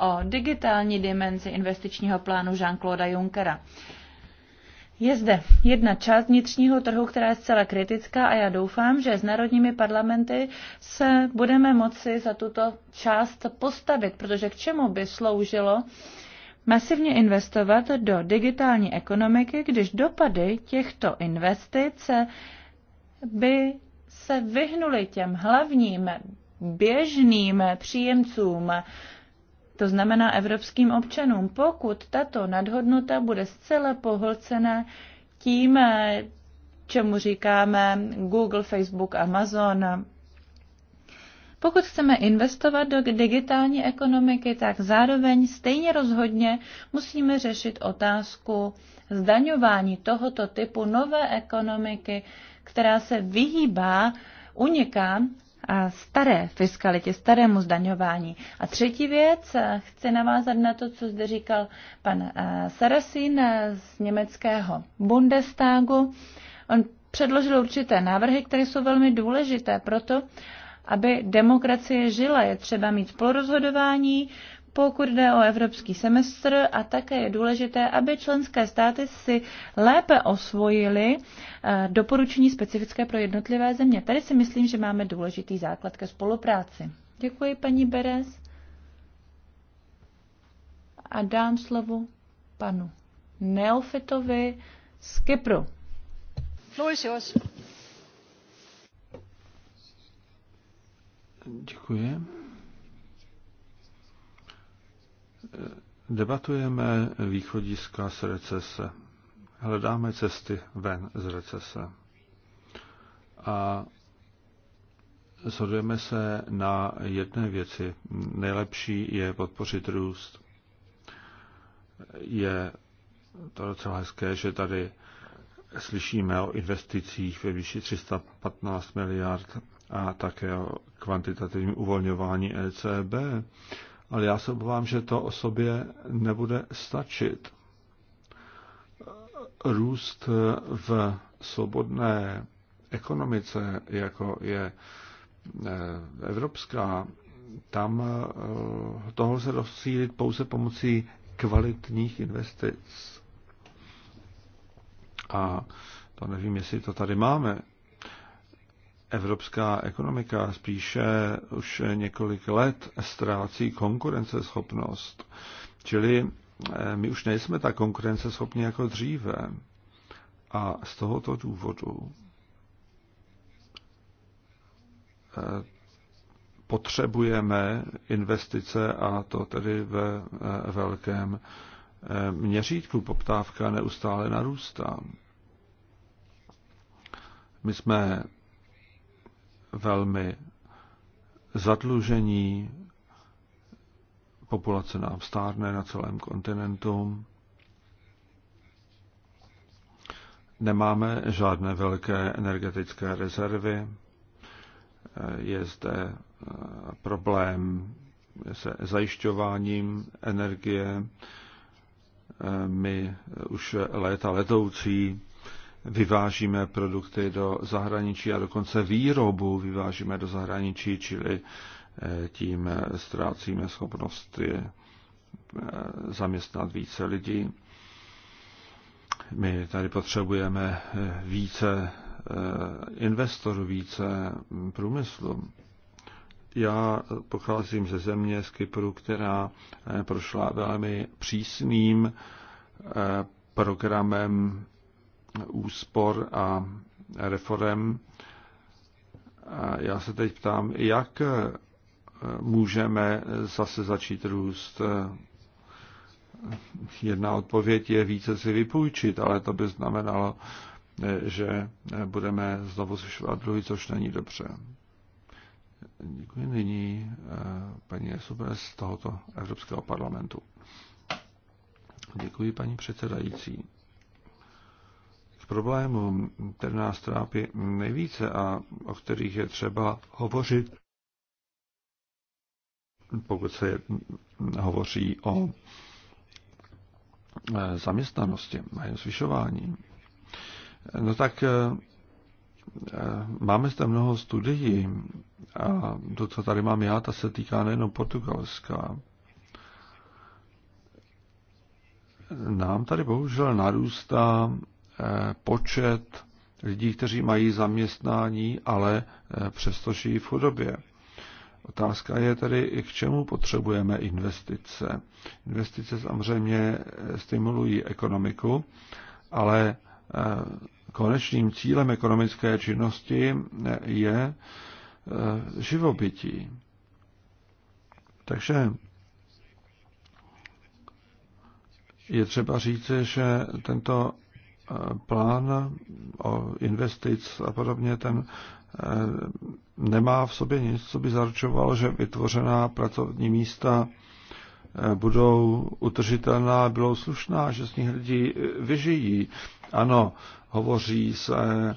o digitální dimenzi investičního plánu Jean-Claude Junckera. Je zde jedna část vnitřního trhu, která je zcela kritická a já doufám, že s národními parlamenty se budeme moci za tuto část postavit, protože k čemu by sloužilo uh, masivně investovat do digitální ekonomiky, když dopady těchto investic by se vyhnuly těm hlavním běžným příjemcům, to znamená evropským občanům, pokud tato nadhodnota bude zcela pohlcena tím, čemu říkáme Google, Facebook, Amazon pokud chceme investovat do digitální ekonomiky, tak zároveň stejně rozhodně musíme řešit otázku zdaňování tohoto typu nové ekonomiky, která se vyhýbá, uniká a staré fiskalitě, starému zdaňování. A třetí věc, chci navázat na to, co zde říkal pan eh, Sarasin eh, z německého Bundestagu. On předložil určité návrhy, které jsou velmi důležité proto, aby demokracie žila, je třeba mít spolurozhodování, pokud jde o evropský semestr a také je důležité, aby členské státy si lépe osvojili eh, doporučení specifické pro jednotlivé země. Tady si myslím, že máme důležitý základ ke spolupráci. Děkuji, paní Beres. A dám slovo panu Neofitovi z Kypru. Floor is yours. Děkuji. Debatujeme východiska z recese. Hledáme cesty ven z recese. A shodujeme se na jedné věci. Nejlepší je podpořit růst. Je to docela hezké, že tady slyšíme o investicích ve výši 315 miliard a také o kvantitativním uvolňování ECB, ale já se obávám, že to o sobě nebude stačit. Růst v svobodné ekonomice, jako je e, evropská, tam e, toho se rozsílit pouze pomocí kvalitních investic. A to nevím, jestli to tady máme evropská ekonomika spíše už několik let ztrácí konkurenceschopnost. Čili eh, my už nejsme tak konkurenceschopní jako dříve. A z tohoto důvodu eh, potřebujeme investice a to tedy ve eh, velkém měřítku. Poptávka neustále narůstá. My jsme velmi zadlužení, populace nám stárne na celém kontinentu. Nemáme žádné velké energetické rezervy. Je zde eh, problém se zajišťováním energie. Eh, my už léta letoucí vyvážíme produkty do zahraničí a dokonce výrobu vyvážíme do zahraničí, čili eh, tím eh, ztrácíme schopnost eh, zaměstnat více lidí. My tady potřebujeme více investorů, více hm, průmyslu. Já pocházím ze země z Kypru, která prošla velmi přísným programem úspor a reform. A já se teď ptám, jak eh, můžeme zase začít růst. Jedna odpověď je více si vypůjčit, ale to by znamenalo, eh, že eh, budeme znovu zvyšovat dluhy, což není dobře. Děkuji nyní paní Subres z tohoto Evropského parlamentu. Děkuji paní předsedající problémů, které nás trápí nejvíce a o kterých je třeba hovořit, pokud se hovoří o eh, zaměstnanosti a jeho zvyšování, no tak eh, eh, máme zde mnoho studií a to, co tady mám já, ta se týká nejenom Portugalska. Nám tady bohužel narůstá Eh, počet lidí, kteří mají zaměstnání, ale eh, přesto žijí v chudobě. Otázka je tedy, k čemu potřebujeme investice. Investice samozřejmě eh, stimulují ekonomiku, ale konečným cílem ekonomické činnosti je živobytí. Takže je třeba říci, že tento plán o investic a podobně, ten eh, nemá v sobě nic, co by zaručovalo, že vytvořená pracovní místa eh, budou utržitelná, budou slušná, že z nich lidi eh, vyžijí. Ano, hovoří se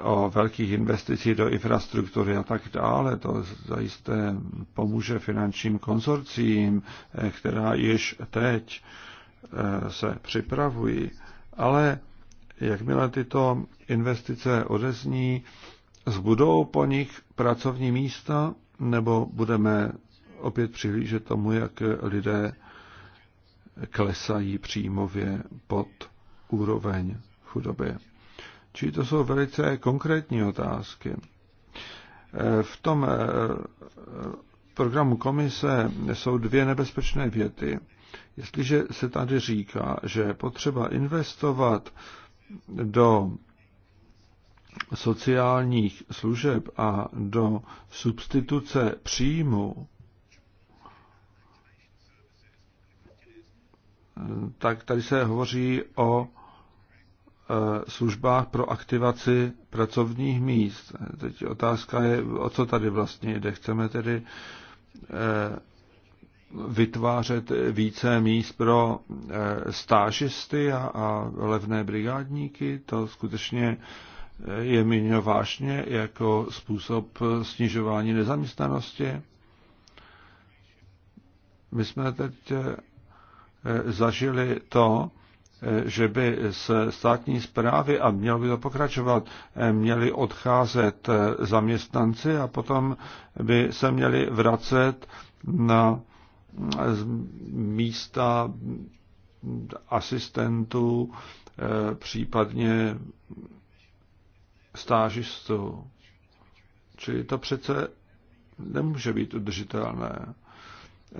o velkých investicích do infrastruktury a tak dále. To zajisté pomůže finančním konzorcím, která již teď se připravují ale jakmile tyto investice odezní, zbudou po nich pracovní místa nebo budeme opět přihlížet tomu, jak lidé klesají příjmově pod úroveň chudoby. Čili to jsou velice konkrétní otázky. V tom programu komise jsou dvě nebezpečné věty. Jestliže se tady říká, že je potřeba investovat do sociálních služeb a do substituce příjmu, tak tady se hovoří o e, službách pro aktivaci pracovních míst. Teď otázka je, o co tady vlastně jde. Chceme tedy e, vytvářet více míst pro eh, stážisty a, a levné brigádníky. To skutečně eh, je míněno vážně jako způsob eh, snižování nezaměstnanosti. My jsme teď zažili to, že by z státní zprávy, a mělo by to pokračovat, měli odcházet zaměstnanci a potom by se měli vracet na místa asistentů, eh, případně stážistů. Čili to přece nemůže být udržitelné.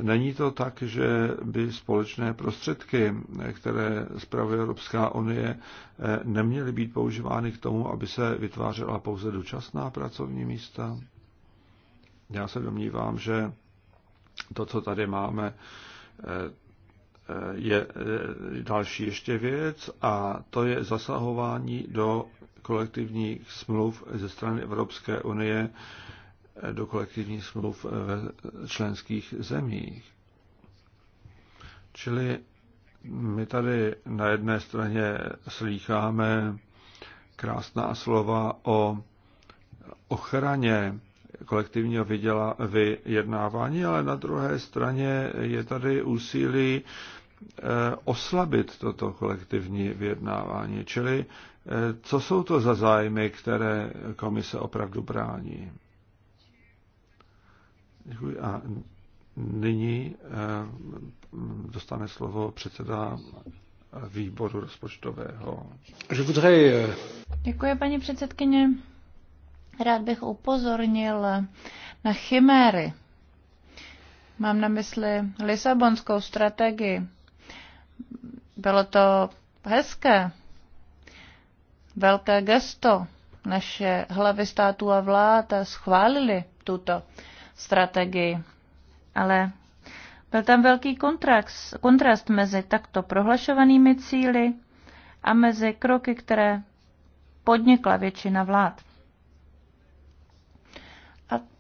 Není to tak, že by společné prostředky, které zpravuje Evropská unie, eh, neměly být používány k tomu, aby se vytvářela pouze dočasná pracovní místa? Já se domnívám, že to, co tady máme, eh, je eh, další ještě věc a to je zasahování do kolektivních smluv ze strany Evropské unie eh, do kolektivních smluv ve členských zemích. Čili my tady na jedné straně slýcháme krásná slova o ochraně kolektivního vyděla, vyjednávání, ale na druhé straně je tady úsilí eh, oslabit toto kolektivní vyjednávání. Čili eh, co jsou to za zájmy, které komise opravdu brání? Děkuji. A nyní eh, dostane slovo předseda výboru rozpočtového. Děkuji, paní předsedkyně. Rád bych upozornil na chiméry. Mám na mysli Lisabonskou strategii. Bylo to hezké, velké gesto. Naše hlavy států a vlád schválili tuto strategii. Ale byl tam velký kontrast, kontrast mezi takto prohlašovanými cíly a mezi kroky, které podnikla většina vlád.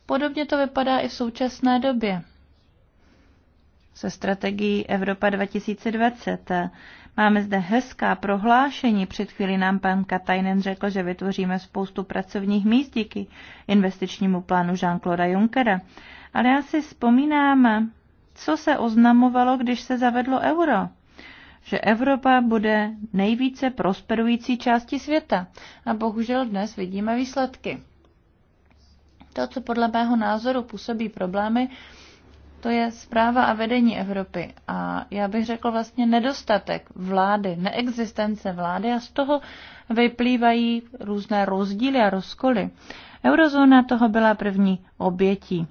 Podobně to vypadá i v současné době se strategií Evropa 2020. Máme zde hezká prohlášení. Před chvíli nám pan Katajnen řekl, že vytvoříme spoustu pracovních míst díky investičnímu plánu Jean-Claude Junckera. Ale já si vzpomínám, co se oznamovalo, když se zavedlo euro. Že Evropa bude nejvíce prosperující části světa. A bohužel dnes vidíme výsledky. To, co podle mého názoru působí problémy, to je zpráva a vedení Evropy. A já bych řekl vlastně nedostatek vlády, neexistence vlády a z toho vyplývají různé rozdíly a rozkoly. Eurozóna toho byla první obětí.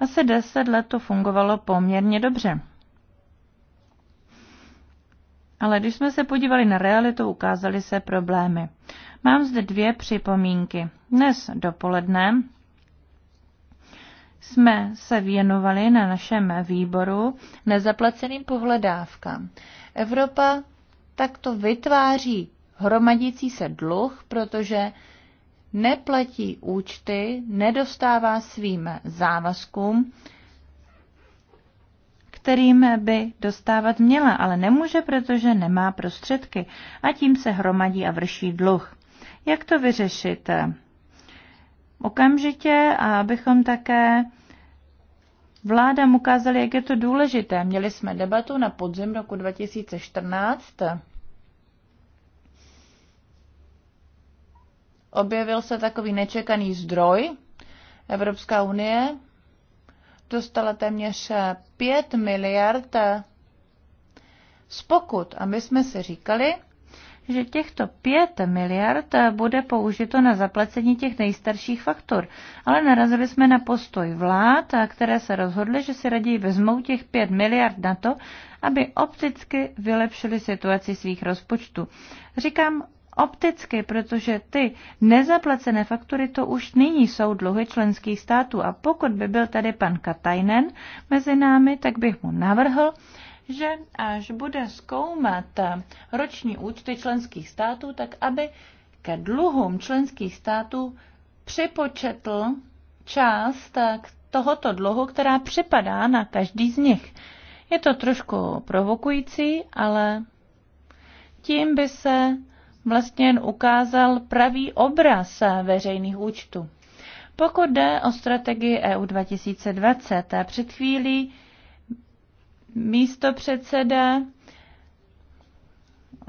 Asi deset let to fungovalo poměrně dobře. Ale když jsme se podívali na realitu, ukázaly se problémy. Mám zde dvě připomínky. Dnes dopoledne jsme se věnovali na našem výboru nezaplaceným pohledávkám. Evropa takto vytváří hromadící se dluh, protože neplatí účty, nedostává svým závazkům kterým by dostávat měla, ale nemůže, protože nemá prostředky a tím se hromadí a vrší dluh. Jak to vyřešit? Okamžitě a abychom také vládám ukázali, jak je to důležité. Měli jsme debatu na podzim roku 2014. Objevil se takový nečekaný zdroj. Evropská unie dostala téměř 5 miliard z pokut. A my jsme si říkali, že těchto 5 miliard bude použito na zaplacení těch nejstarších faktur. Ale narazili jsme na postoj vlád, které se rozhodly, že si raději vezmou těch 5 miliard na to, aby opticky vylepšili situaci svých rozpočtů. Říkám opticky, protože ty nezaplacené faktury to už nyní jsou dluhy členských států a pokud by byl tady pan Katajnen mezi námi, tak bych mu navrhl, že až bude zkoumat roční účty členských států, tak aby ke dluhům členských států připočetl část tohoto dluhu, která připadá na každý z nich. Je to trošku provokující, ale tím by se vlastně jen ukázal pravý obraz veřejných účtů. Pokud jde o strategii EU 2020, před chvílí místo předseda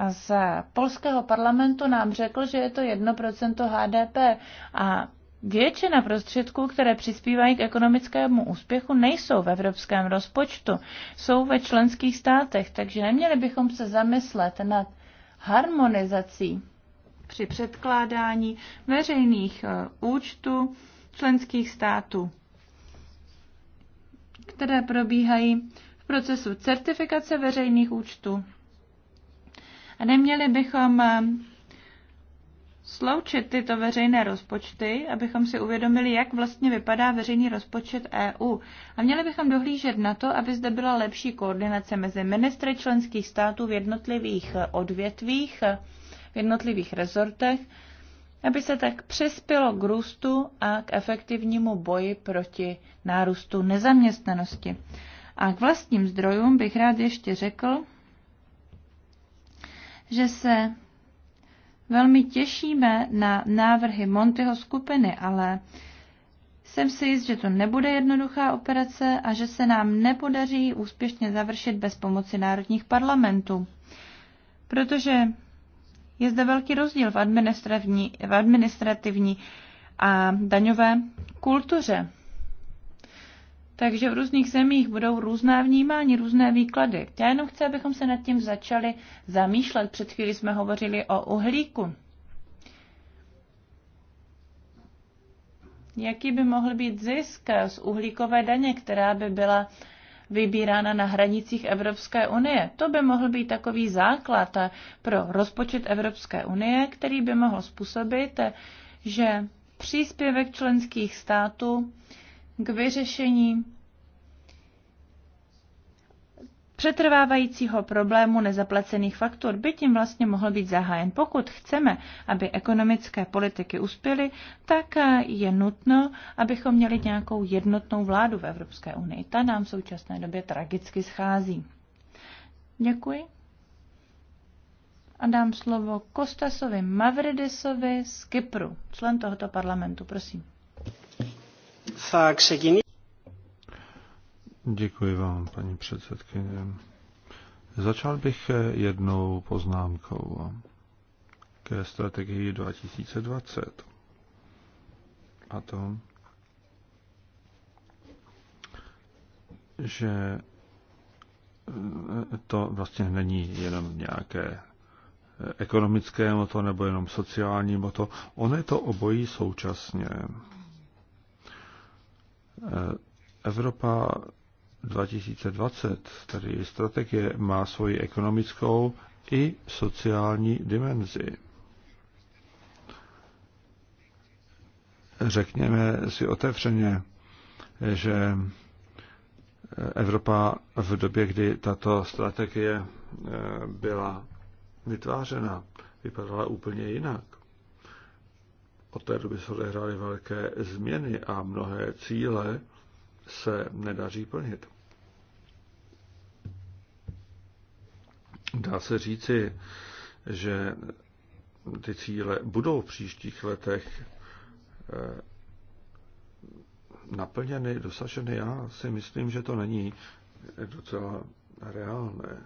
z polského parlamentu nám řekl, že je to 1% HDP a Většina prostředků, které přispívají k ekonomickému úspěchu, nejsou v evropském rozpočtu, jsou ve členských státech, takže neměli bychom se zamyslet nad harmonizací při předkládání veřejných eh, účtů členských států, které probíhají v procesu certifikace veřejných účtů. A neměli bychom eh, sloučit tyto veřejné rozpočty, abychom si uvědomili, jak vlastně vypadá veřejný rozpočet EU. A měli bychom dohlížet na to, aby zde byla lepší koordinace mezi ministry členských států v jednotlivých eh, odvětvích, eh, v jednotlivých rezortech, aby se tak přispělo k růstu a k efektivnímu boji proti nárůstu nezaměstnanosti. A k vlastním zdrojům bych rád ještě řekl, že se velmi těšíme na návrhy Montyho skupiny, ale jsem si jist, že to nebude jednoduchá operace a že se nám nepodaří úspěšně završit bez pomoci národních parlamentů. Protože je zde velký rozdíl v administrativní, v administrativní a daňové kultuře. Takže v různých zemích budou různá vnímání, různé výklady. Já jenom chci, abychom se nad tím začali zamýšlet. Před chvíli jsme hovořili o uhlíku. Jaký by mohl být zisk z uhlíkové daně, která by byla vybírána na hranicích Evropské unie. To by mohl být takový základ pro rozpočet Evropské unie, který by mohl způsobit, že příspěvek členských států k vyřešení přetrvávajícího problému nezaplacených faktur by tím vlastně mohl být zahájen. Pokud chceme, aby ekonomické politiky uspěly, tak eh, je nutno, abychom měli nějakou jednotnou vládu v Evropské unii. Ta nám v současné době tragicky schází. Děkuji. A dám slovo Kostasovi Mavridisovi z Kypru, člen tohoto parlamentu. Prosím. Θα Děkuji vám, paní předsedkyně. Začal bych jednou poznámkou ke strategii 2020. A to, že to vlastně není jenom nějaké ekonomické moto nebo jenom sociální moto. Ono je to obojí současně. Eh, Evropa 2020, tedy strategie, má svoji ekonomickou i sociální dimenzi. Řekněme si otevřeně, že Evropa v době, kdy tato strategie eh, byla vytvářena, vypadala úplně jinak. Od té doby se odehrály velké změny a mnohé cíle se nedaří plnit. Dá se říci, že ty cíle budou v příštích letech eh, naplněny, dosaženy. Já si myslím, že to není docela reálné.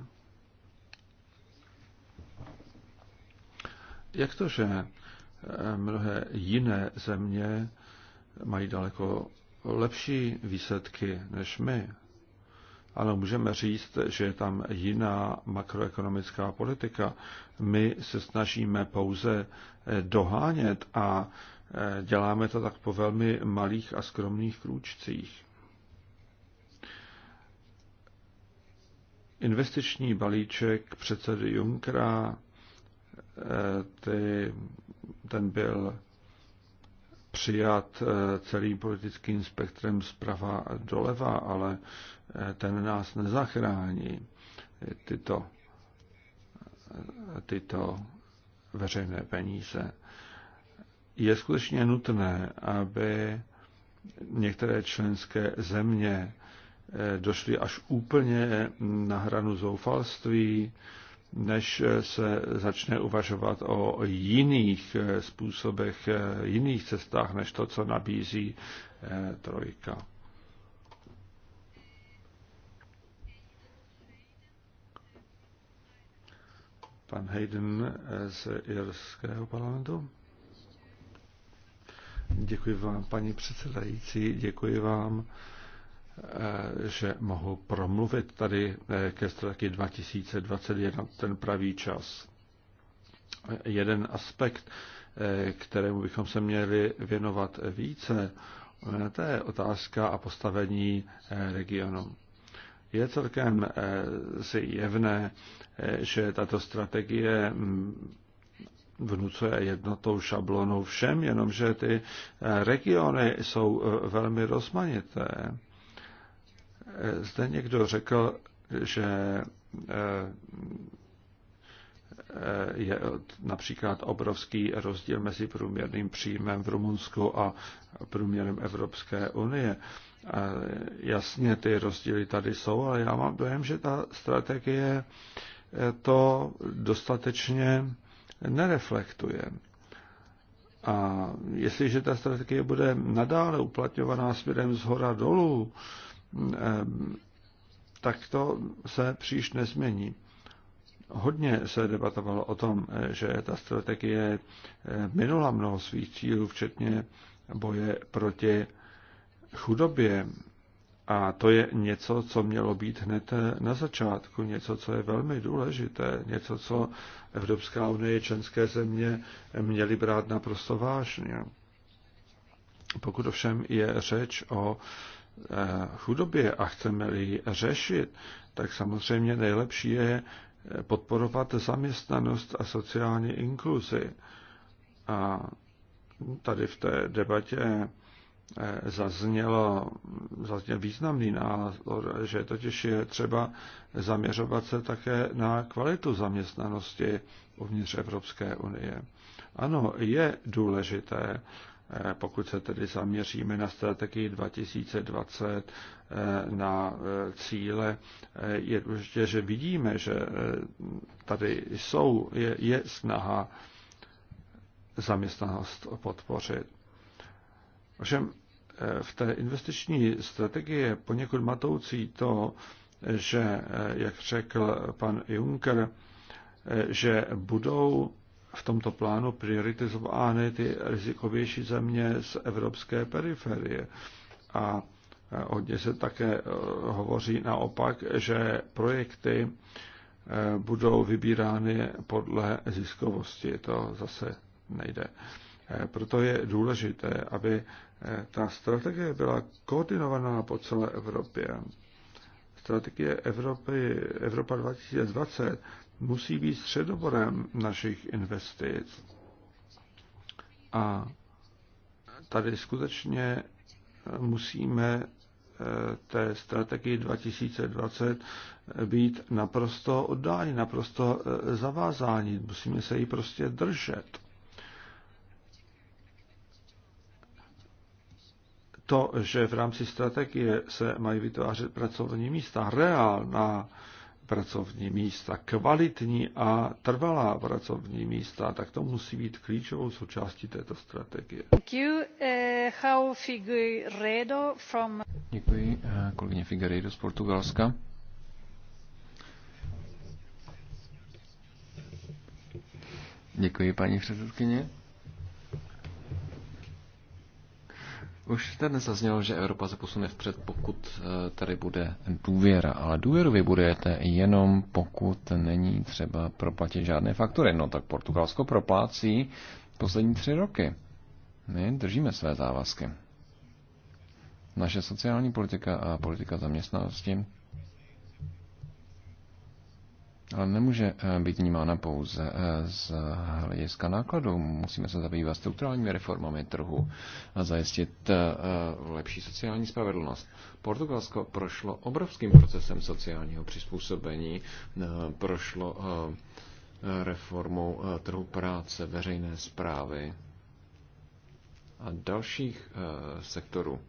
Jak to, že Eh, mnohé jiné země mají daleko lepší výsledky než my. Ale můžeme říct, že je tam jiná makroekonomická politika. My se snažíme pouze eh, dohánět a eh, děláme to tak po velmi malých a skromných krůčcích. Investiční balíček předsedy Junkera ty ten byl přijat eh, celým politickým spektrem zprava doleva, ale eh, ten nás nezachrání. Tyto, eh, tyto veřejné peníze. Je skutečně nutné, aby některé členské země došly až úplně na hranu zoufalství, než se začne uvažovat o jiných způsobech, jiných cestách, než to, co nabízí eh, trojka. Pan Hayden eh, z Irského parlamentu. Děkuji vám, paní předsedající, děkuji vám Eh, že mohu promluvit tady eh, ke strategii 2021 ten pravý čas. Jeden aspekt, eh, kterému bychom se měli věnovat více, to je otázka a postavení regionu. Je celkem jevné, že tato strategie mm, vnucuje jednotou šablonou všem, jenomže ty regiony jsou velmi rozmanité zde někdo řekl, že eh, je například obrovský rozdíl mezi průměrným příjmem v Rumunsku a průměrem Evropské unie. Jasně, ty rozdíly tady jsou, ale já mám dojem, že ta strategie to dostatečně nereflektuje. A jestliže ta strategie bude nadále uplatňovaná směrem z hora dolů, Ehm, tak to se příliš nezmění. Hodně se debatovalo o tom, eh, že ta strategie eh, minula mnoho svých cílů, včetně boje proti chudobě. A to je něco, co mělo být hned eh, na začátku, něco, co je velmi důležité, něco, co Evropská unie členské země měly brát naprosto vážně. Pokud ovšem je řeč o Eh, chudobě a chceme-li ji řešit, tak samozřejmě nejlepší je eh, podporovat zaměstnanost a sociální inkluzi. A tady v té debatě eh, zaznělo, zazněl významný názor, že totiž je třeba zaměřovat se také na kvalitu zaměstnanosti uvnitř Evropské unie. Ano, je důležité, Eh, pokud se tedy zaměříme na strategii 2020, eh, na eh, cíle, je důležité, že vidíme, že tady jsou, je, je snaha zaměstnanost podpořit. Ovšem v té investiční strategii je poněkud matoucí to, že, jak řekl pan Juncker, že budou v tomto plánu prioritizovány ty rizikovější země z evropské periferie. A e, hodně se také e, hovoří naopak, že projekty e, budou vybírány podle ziskovosti. To zase nejde. Proto je důležité, aby ta strategie byla koordinovaná po celé Evropě. Strategie Evropy, Evropa 2020 musí být středoborem našich investic. A tady skutečně eh, musíme eh, té strategii 2020 eh, být naprosto oddáni, naprosto zavázáni. Musíme se jí prostě držet. To, že v rámci strategie se mají vytvářet pracovní místa, reálná pracovní místa, kvalitní a trvalá pracovní místa, tak to musí být klíčovou součástí této strategie. Eh, Děkuji, eh, kolegyně Figueiredo z Portugalska. Děkuji, paní předsedkyně. Už tady zaznělo, že Evropa se posune vpřed, pokud eh, tady bude důvěra, ale důvěru vybudujete jenom, pokud není třeba proplatit žádné faktury. No tak Portugalsko proplácí poslední tři roky. My držíme své závazky. Naše sociální politika a politika zaměstnanosti ale nemůže eh, být vnímána pouze eh, z hlediska nákladů. Musíme se zabývat strukturálními reformami trhu a zajistit eh, lepší sociální spravedlnost. Portugalsko prošlo obrovským procesem sociálního přizpůsobení, prošlo reformou trhu práce, veřejné zprávy a dalších sektorů.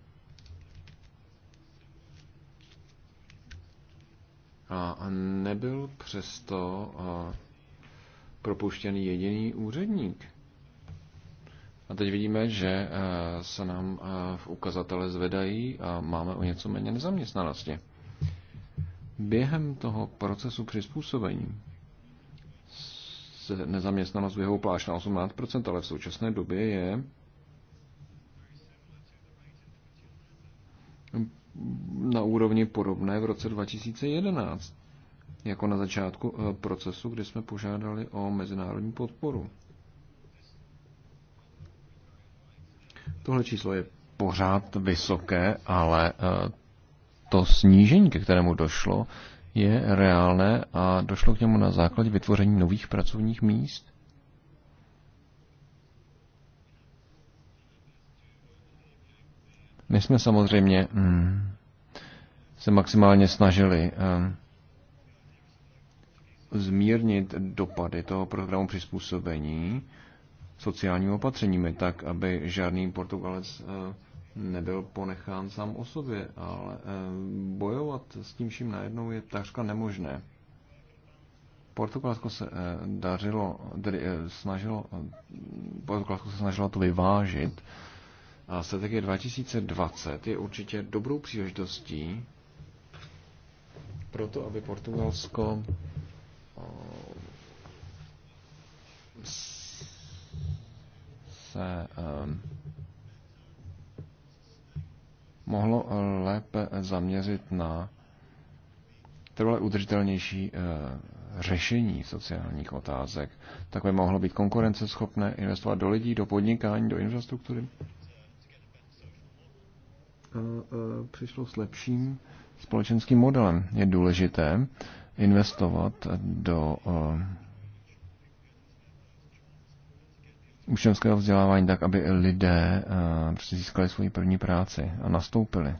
A nebyl přesto propuštěný jediný úředník. A teď vidíme, že se nám v ukazatele zvedají a máme o něco méně nezaměstnanosti. Během toho procesu přizpůsobení se nezaměstnanost vyhoupláš na 18%, ale v současné době je na úrovni podobné v roce 2011, jako na začátku eh, procesu, kdy jsme požádali o mezinárodní podporu. Tohle číslo je pořád vysoké, ale eh, to snížení, ke kterému došlo, je reálné a došlo k němu na základě vytvoření nových pracovních míst. My jsme samozřejmě hmm, se maximálně snažili hmm, zmírnit dopady toho programu přizpůsobení sociálním opatřeními, tak aby žádný Portugalec eh, nebyl ponechán sám o sobě, ale eh, bojovat s tím vším najednou je takřka nemožné. Portugalsko se eh, dařilo, tedy snažilo, Portugalsko se snažilo to vyvážit a strategie 2020 je určitě dobrou příležitostí pro to, aby Portugalsko se mohlo eh, lépe zaměřit na trvale udržitelnější eh, řešení sociálních otázek. Takové mohlo být konkurenceschopné investovat do lidí, do podnikání, do infrastruktury. Eh, eh, přišlo s lepším společenským modelem. Je důležité investovat do eh, učňovského vzdělávání tak, aby lidé prostě získali svoji první práci a nastoupili.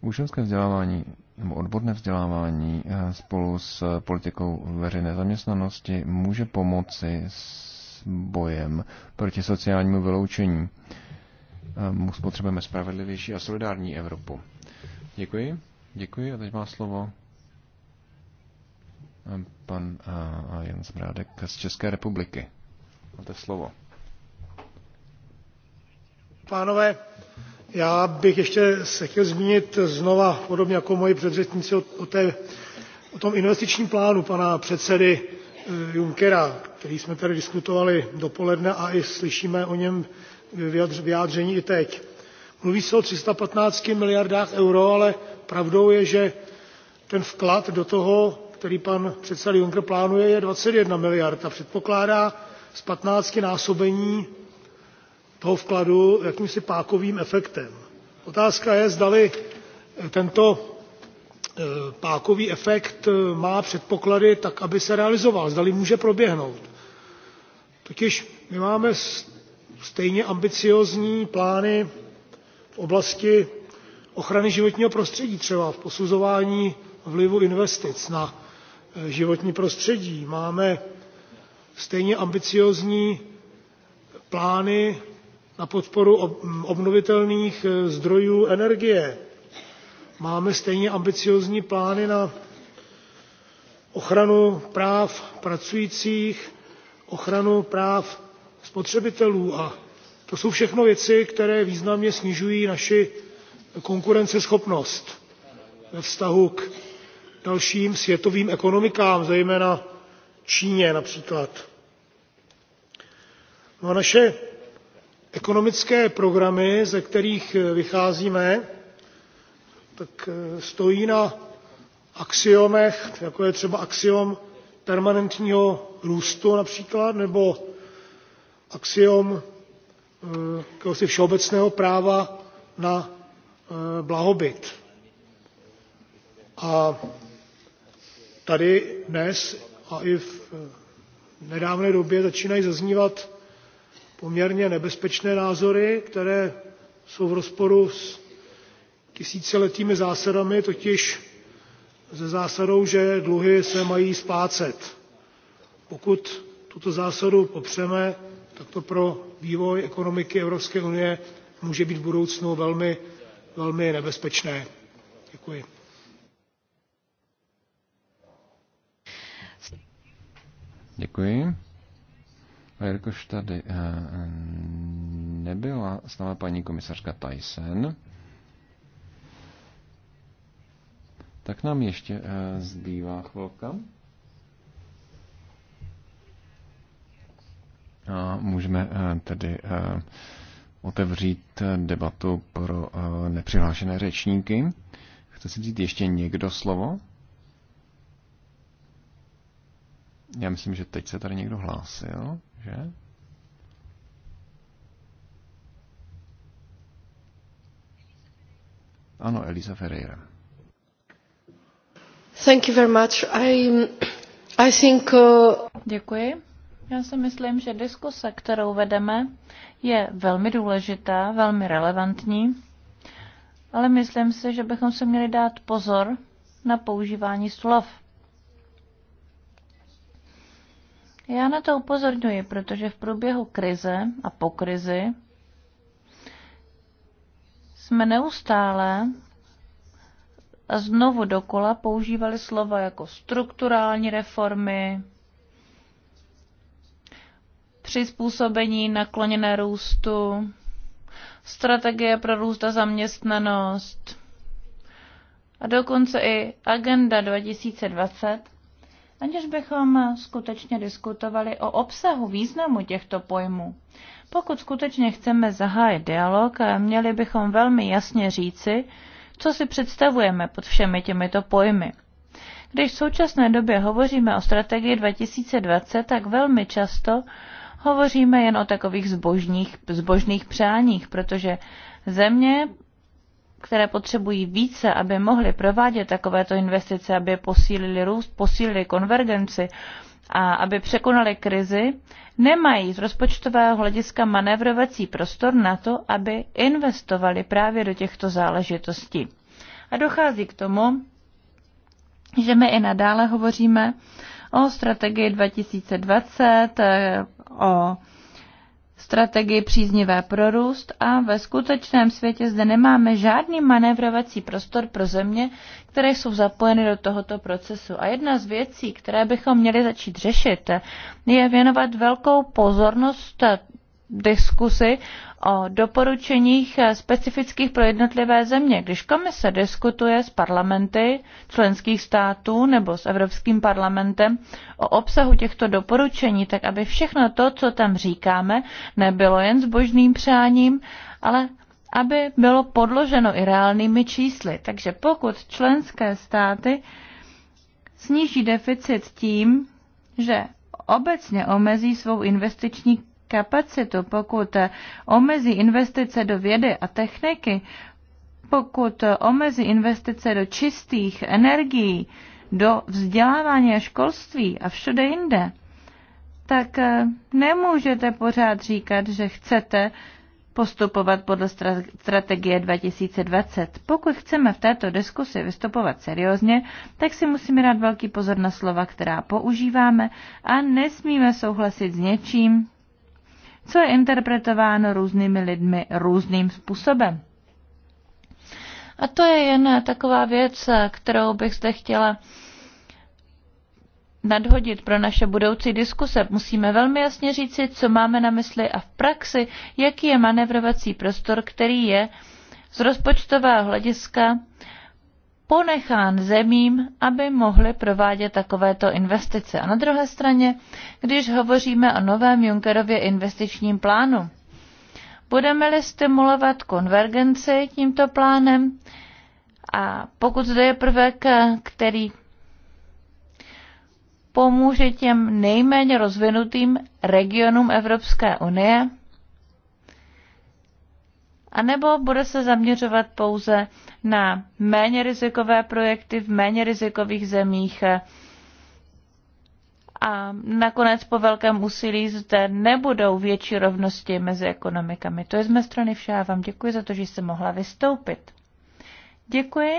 Učňovské vzdělávání nebo odborné vzdělávání spolu s politikou veřejné zaměstnanosti může pomoci s bojem proti sociálnímu vyloučení. Ehm, potřebujeme spravedlivější a solidární Evropu. Děkuji. Děkuji a teď má slovo ehm, pan Jan Zmrádek z České republiky. Máte slovo. Pánové, já bych ještě se chtěl zmínit znova, podobně jako moji předřečníci, o, té, o tom investičním plánu pana předsedy eh, Junckera, který jsme tady diskutovali dopoledne a i slyšíme o něm vyjádření i teď. Mluví se o 315 miliardách euro, ale pravdou je, že ten vklad do toho, který pan předseda Juncker plánuje, je 21 miliard a předpokládá z 15 násobení toho vkladu jakýmsi pákovým efektem. Otázka je, zdali eh, tento eh, pákový efekt eh, má předpoklady tak, aby se realizoval, zdali může proběhnout. Totiž my máme stejně ambiciózní plány v oblasti ochrany životního prostředí třeba v posuzování vlivu investic na e, životní prostředí máme stejně ambiciózní plány na podporu obnovitelných e, zdrojů energie máme stejně ambiciózní plány na ochranu práv pracujících ochranu práv spotřebitelů a to jsou všechno věci které významně snižují naši konkurenceschopnost ve vztahu k dalším světovým ekonomikám zejména číně například. No a naše ekonomické programy ze kterých vycházíme tak eh, stojí na axiomech jako je třeba axiom permanentního růstu například nebo axiom eh, jakéhosi všeobecného práva na eh, blahobyt. A tady dnes a i v eh, nedávné době začínají zaznívat poměrně nebezpečné názory, které jsou v rozporu s tisíciletými zásadami, totiž se zásadou, že dluhy se mají splácet. Pokud tuto zásadu popřeme, tak to pro vývoj ekonomiky Evropské unie může být v budoucnu velmi, velmi nebezpečné. Děkuji. Děkuji. A jelikož tady eh, nebyla s námi paní komisařka Tyson, tak nám ještě eh, zbývá chvilka. A můžeme eh, tedy eh, otevřít eh, debatu pro nepřihlášené řečníky. Chce si vzít ještě někdo slovo? Já myslím, že teď se tady někdo hlásil, že? Ano, Elisa Ferreira. Thank you very much. I, I think, uh... Děkuji. Já si myslím, že diskuse, kterou vedeme, je velmi důležitá, velmi relevantní, ale myslím si, že bychom se měli dát pozor na používání slov. Já na to upozorňuji, protože v průběhu krize a po krizi jsme neustále a znovu dokola používali slova jako strukturální reformy, přizpůsobení nakloněné růstu, strategie pro růst a zaměstnanost a dokonce i Agenda 2020, aniž bychom skutečně diskutovali o obsahu významu těchto pojmů. Pokud skutečně chceme zahájit dialog, měli bychom velmi jasně říci, co si představujeme pod všemi těmito pojmy. Když v současné době hovoříme o strategii 2020, tak velmi často hovoříme jen o takových zbožných, zbožných přáních, protože země, které potřebují více, aby mohly provádět takovéto investice, aby posílili růst, posílili konvergenci a aby překonali krizi, nemají z rozpočtového hlediska manévrovací prostor na to, aby investovali právě do těchto záležitostí. A dochází k tomu, že my i nadále hovoříme o strategii 2020, eh, o strategii příznivé pro růst a ve skutečném světě zde nemáme žádný manévrovací prostor pro země, které jsou zapojeny do tohoto procesu. A jedna z věcí, které bychom měli začít řešit, je věnovat velkou pozornost diskusi o doporučeních eh, specifických pro jednotlivé země. Když komise diskutuje s parlamenty členských států nebo s Evropským parlamentem o obsahu těchto doporučení, tak aby všechno to, co tam říkáme, nebylo jen zbožným přáním, ale aby bylo podloženo i reálnými čísly. Takže pokud členské státy sníží deficit tím, že obecně omezí svou investiční kapacitu, pokud omezí investice do vědy a techniky, pokud omezí investice do čistých energií, do vzdělávání a školství a všude jinde, tak eh, nemůžete pořád říkat, že chcete postupovat podle strategie 2020. Pokud chceme v této diskusi vystupovat seriózně, tak si musíme dát velký pozor na slova, která používáme a nesmíme souhlasit s něčím, co je interpretováno různými lidmi různým způsobem. A to je jen taková věc, kterou bych zde chtěla nadhodit pro naše budoucí diskuse. Musíme velmi jasně říci, co máme na mysli a v praxi, jaký je manevrovací prostor, který je z rozpočtového hlediska ponechán zemím, aby mohly provádět takovéto investice. A na druhé straně, když hovoříme o novém Junckerově investičním plánu, budeme-li stimulovat konvergenci tímto plánem a pokud zde je prvek, který pomůže těm nejméně rozvinutým regionům Evropské unie, anebo bude se zaměřovat pouze na méně rizikové projekty v méně rizikových zemích. A nakonec po velkém úsilí zde nebudou větší rovnosti mezi ekonomikami. To je z mé strany vše. Já vám děkuji za to, že jsem mohla vystoupit. Děkuji.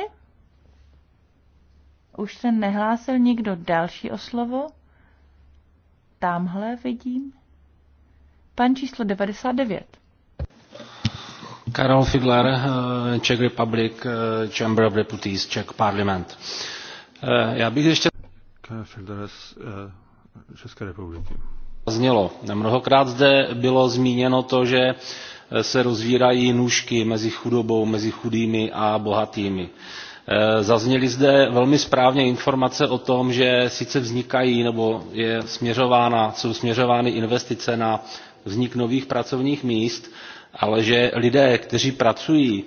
Už se nehlásil nikdo další o slovo? Tamhle vidím. Pan číslo 99. Karol Fidler, eh, Czech Republic, eh, Chamber of Deputies, Czech Parliament. Eh, já bych ještě... Karol Fidler z České republiky. Znělo. Mnohokrát zde bylo zmíněno to, že se rozvírají nůžky mezi chudobou, mezi chudými a bohatými. Zazněly zde velmi správně informace o tom, že sice vznikají nebo je směřována, jsou směřovány investice na vznik nových pracovních míst, ale že lidé, kteří pracují,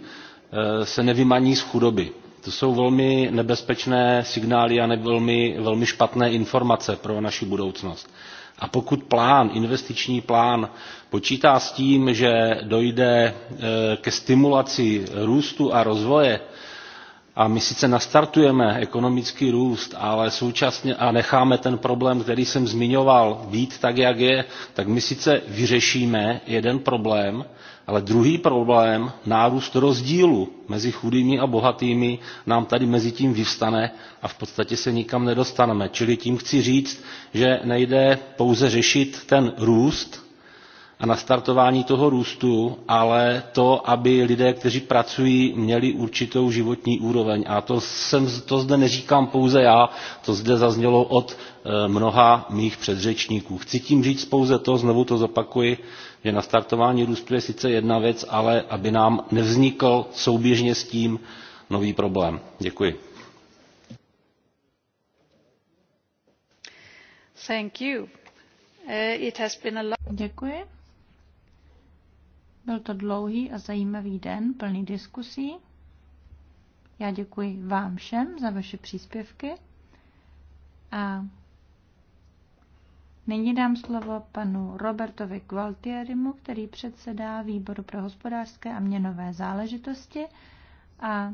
eh, se nevymaní z chudoby. To jsou velmi nebezpečné signály a velmi, velmi špatné informace pro naši budoucnost. A pokud plán, investiční plán počítá s tím, že dojde eh, ke stimulaci růstu a rozvoje, a my sice nastartujeme ekonomický růst, ale současně a necháme ten problém, který jsem zmiňoval, být tak, jak je, tak my sice vyřešíme jeden problém, ale druhý problém, nárůst rozdílu mezi chudými a bohatými, nám tady mezi tím vyvstane a v podstatě se nikam nedostaneme. Čili tím chci říct, že nejde pouze řešit ten růst, a nastartování toho růstu, ale to, aby lidé, kteří pracují, měli určitou životní úroveň. A to, jsem, to zde neříkám pouze já, to zde zaznělo od eh, mnoha mých předřečníků. Chci tím říct pouze to, znovu to zopakuji, že nastartování růstu je sice jedna věc, ale aby nám nevznikl souběžně s tím nový problém. Děkuji. Thank you. Eh, it has been a lot... Děkuji. Byl to dlouhý a zajímavý den, plný diskusí. Já děkuji vám všem za vaše příspěvky a nyní dám slovo panu Robertovi Gualtierimu, který předsedá Výboru pro hospodářské a měnové záležitosti a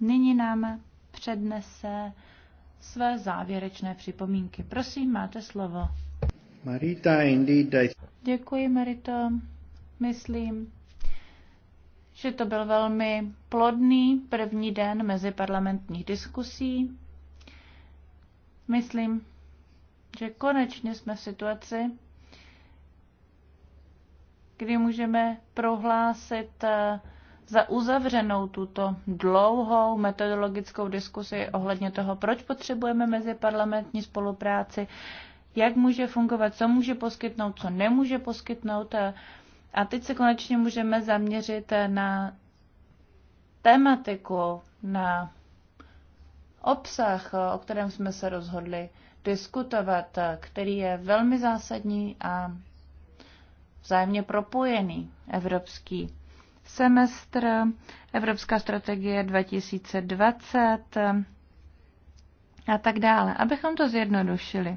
nyní nám přednese své závěrečné připomínky. Prosím, máte slovo. Marita, indeed, I... Děkuji, Marita. Myslím, že to byl velmi plodný první den mezi parlamentních diskusí. Myslím, že konečně jsme v situaci, kdy můžeme prohlásit eh, za uzavřenou tuto dlouhou metodologickou diskusi ohledně toho, proč potřebujeme meziparlamentní spolupráci, jak může fungovat, co může poskytnout, co nemůže poskytnout. Eh, a teď se konečně můžeme zaměřit eh, na tematiku, na obsah, eh, o kterém jsme se rozhodli diskutovat, který je velmi zásadní a vzájemně propojený evropský semestr, Evropská strategie 2020, a tak dále. Abychom to zjednodušili,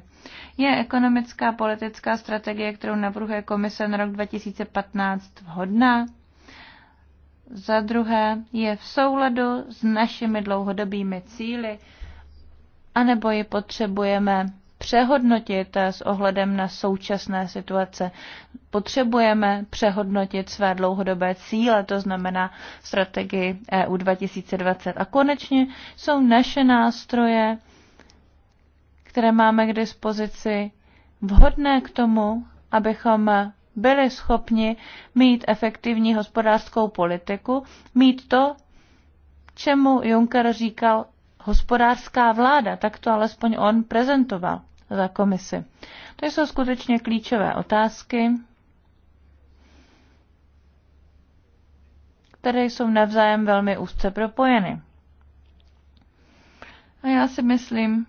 je ekonomická politická strategie, kterou navrhuje komise na rok 2015 vhodná? Za druhé, je v souladu s našimi dlouhodobými cíly, anebo ji potřebujeme přehodnotit s ohledem na současné situace. Potřebujeme přehodnotit své dlouhodobé cíle, to znamená strategii EU 2020. A konečně jsou naše nástroje které máme k dispozici, vhodné k tomu, abychom byli schopni mít efektivní hospodářskou politiku, mít to, čemu Juncker říkal hospodářská vláda, tak to alespoň on prezentoval za komisi. To jsou skutečně klíčové otázky, které jsou navzájem velmi úzce propojeny. A já si myslím,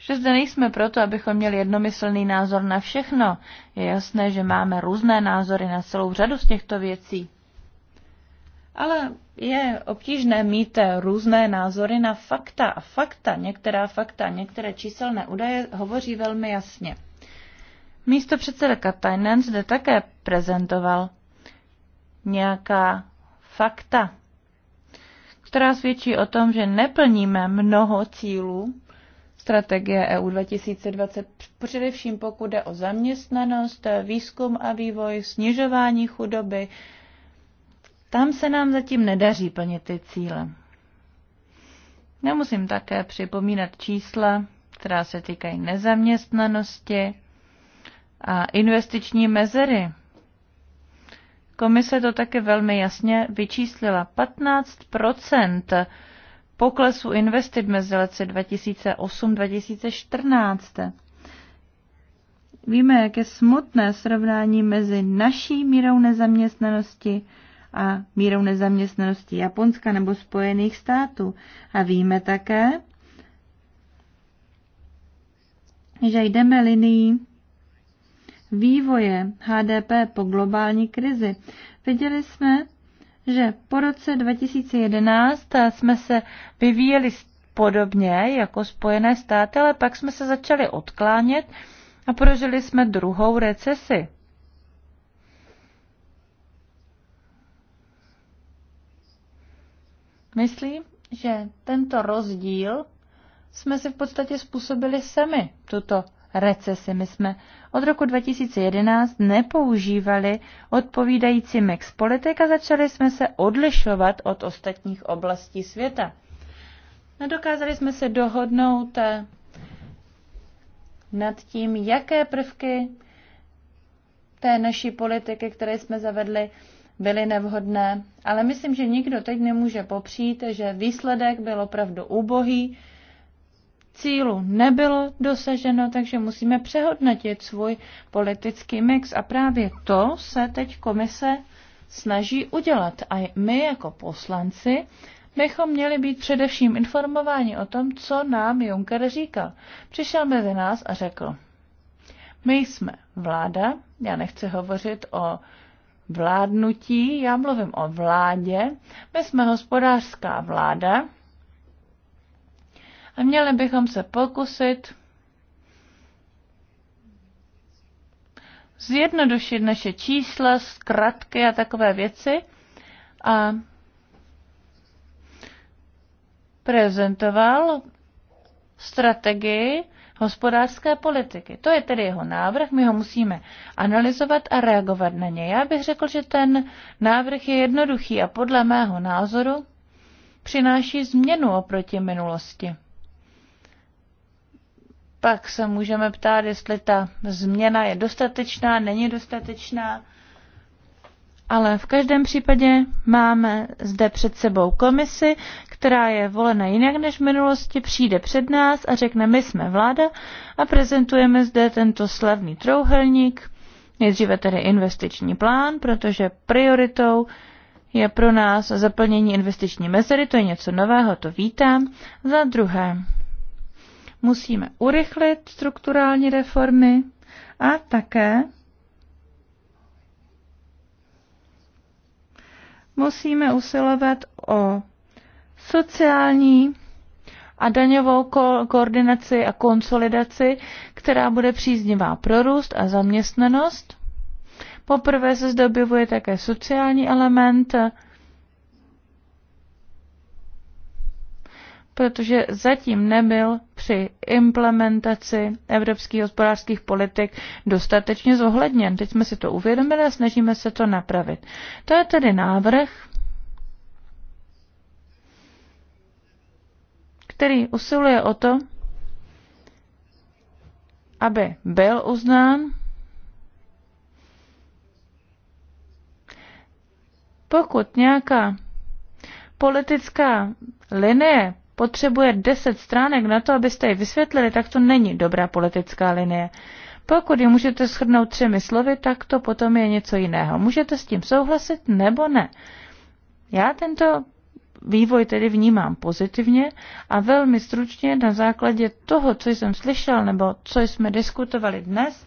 že zde nejsme proto, abychom měli jednomyslný názor na všechno. Je jasné, že máme různé názory na celou řadu z těchto věcí. Ale je obtížné mít různé názory na fakta a fakta, některá fakta, některé číselné údaje hovoří velmi jasně. Místo předseda Katajnen zde také prezentoval nějaká fakta, která svědčí o tom, že neplníme mnoho cílů, strategie EU 2020, především pokud jde o zaměstnanost, výzkum a vývoj, snižování chudoby. Tam se nám zatím nedaří plnit ty cíle. Nemusím také připomínat čísla, která se týkají nezaměstnanosti a investiční mezery. Komise to také velmi jasně vyčíslila. 15 poklesu investit mezi lety 2008-2014. Víme, jak je smutné srovnání mezi naší mírou nezaměstnanosti a mírou nezaměstnanosti Japonska nebo Spojených států. A víme také, že jdeme linií vývoje HDP po globální krizi. Viděli jsme, že po roce 2011 jsme se vyvíjeli podobně jako Spojené státy, ale pak jsme se začali odklánět a prožili jsme druhou recesi. Myslím, že tento rozdíl jsme si v podstatě způsobili sami, tuto recesi. My jsme od roku 2011 nepoužívali odpovídající mix e politik a začali jsme se odlišovat od ostatních oblastí světa. Nedokázali jsme se dohodnout eh, nad tím, jaké prvky té naší politiky, které jsme zavedli, byly nevhodné. Ale myslím, že nikdo teď nemůže popřít, že výsledek byl opravdu úbohý cílu nebylo dosaženo, takže musíme přehodnotit svůj politický mix. A právě to se teď komise snaží udělat. A my jako poslanci bychom měli být především informováni o tom, co nám Juncker říkal. Přišel mezi nás a řekl, my jsme vláda, já nechci hovořit o vládnutí, já mluvím o vládě, my jsme hospodářská vláda, a měli bychom se pokusit zjednodušit naše čísla, zkratky a takové věci a prezentoval strategii hospodářské politiky. To je tedy jeho návrh, my ho musíme analyzovat a reagovat na ně. Já bych řekl, že ten návrh je jednoduchý a podle mého názoru přináší změnu oproti minulosti pak se můžeme ptát, jestli ta změna je dostatečná, není dostatečná. Ale v každém případě máme zde před sebou komisi, která je volena jinak než v minulosti, přijde před nás a řekne, my jsme vláda a prezentujeme zde tento slavný trouhelník, nejdříve tedy investiční plán, protože prioritou je pro nás zaplnění investiční mezery, to je něco nového, to vítám. Za druhé, Musíme urychlit strukturální reformy a také musíme usilovat o sociální a daňovou ko- koordinaci a konsolidaci, která bude příznivá pro růst a zaměstnanost. Poprvé se zde objevuje také sociální element, protože zatím nebyl při implementaci evropských hospodářských politik dostatečně zohledněn. Teď jsme si to uvědomili a snažíme se to napravit. To je tedy návrh, který usiluje o to, aby byl uznán pokud nějaká politická linie potřebuje deset stránek na to, abyste ji vysvětlili, tak to není dobrá politická linie. Pokud ji můžete shrnout třemi slovy, tak to potom je něco jiného. Můžete s tím souhlasit nebo ne. Já tento vývoj tedy vnímám pozitivně a velmi stručně na základě toho, co jsem slyšel nebo co jsme diskutovali dnes,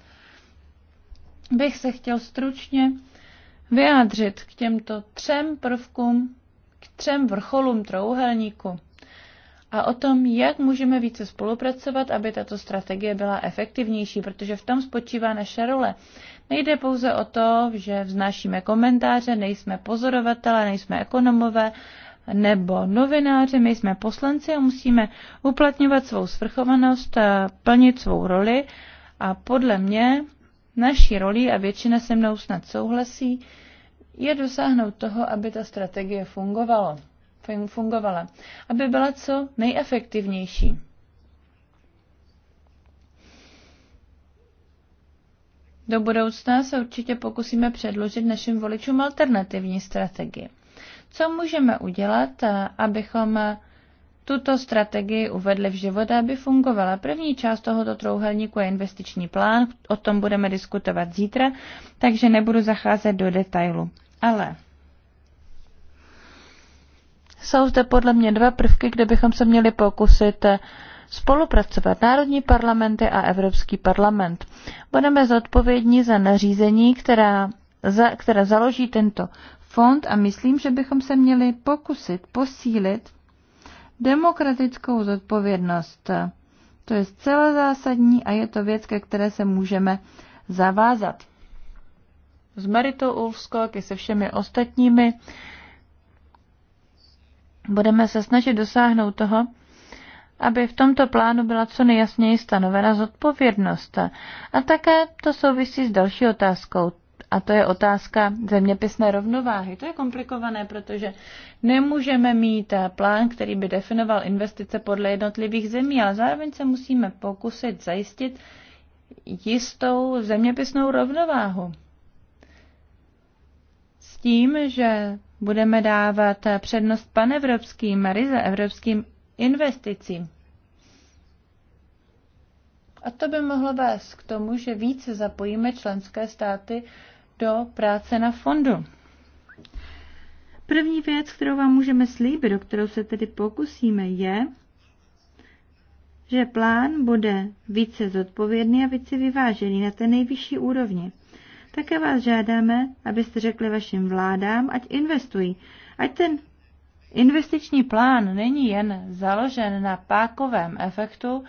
bych se chtěl stručně vyjádřit k těmto třem prvkům, k třem vrcholům trouhelníku a o tom, jak můžeme více spolupracovat, aby tato strategie byla efektivnější, protože v tom spočívá naše role. Nejde pouze o to, že vznášíme komentáře, nejsme pozorovatele, nejsme ekonomové nebo novináři, my jsme poslanci a musíme uplatňovat svou svrchovanost, eh, plnit svou roli a podle mě naší roli, a většina se mnou snad souhlasí, je dosáhnout toho, aby ta strategie fungovala fungovala, aby byla co nejefektivnější. Do budoucna se určitě pokusíme předložit našim voličům alternativní strategii. Co můžeme udělat, eh, abychom eh, tuto strategii uvedli v život, aby fungovala. První část tohoto trouhelníku je investiční plán, o tom budeme diskutovat zítra, takže nebudu zacházet do detailu. Ale jsou zde podle mě dva prvky, kde bychom se měli pokusit eh, spolupracovat národní parlamenty a Evropský parlament. Budeme zodpovědní za nařízení, která, za, která založí tento fond a myslím, že bychom se měli pokusit posílit demokratickou zodpovědnost. To je zcela zásadní a je to věc, ke které se můžeme zavázat. S Maritou Ulfskok i se všemi ostatními Budeme se snažit dosáhnout toho, aby v tomto plánu byla co nejjasněji stanovena zodpovědnost. A také to souvisí s další otázkou, a to je otázka zeměpisné rovnováhy. To je komplikované, protože nemůžeme mít plán, který by definoval investice podle jednotlivých zemí, ale zároveň se musíme pokusit zajistit jistou zeměpisnou rovnováhu. S tím, že budeme dávat přednost panevropským, ryze evropským investicím. A to by mohlo vést k tomu, že více zapojíme členské státy do práce na fondu. První věc, kterou vám můžeme slíbit, o kterou se tedy pokusíme, je, že plán bude více zodpovědný a více vyvážený na té nejvyšší úrovni. Také vás žádáme, abyste řekli vašim vládám, ať investují. Ať ten investiční plán není jen založen na pákovém efektu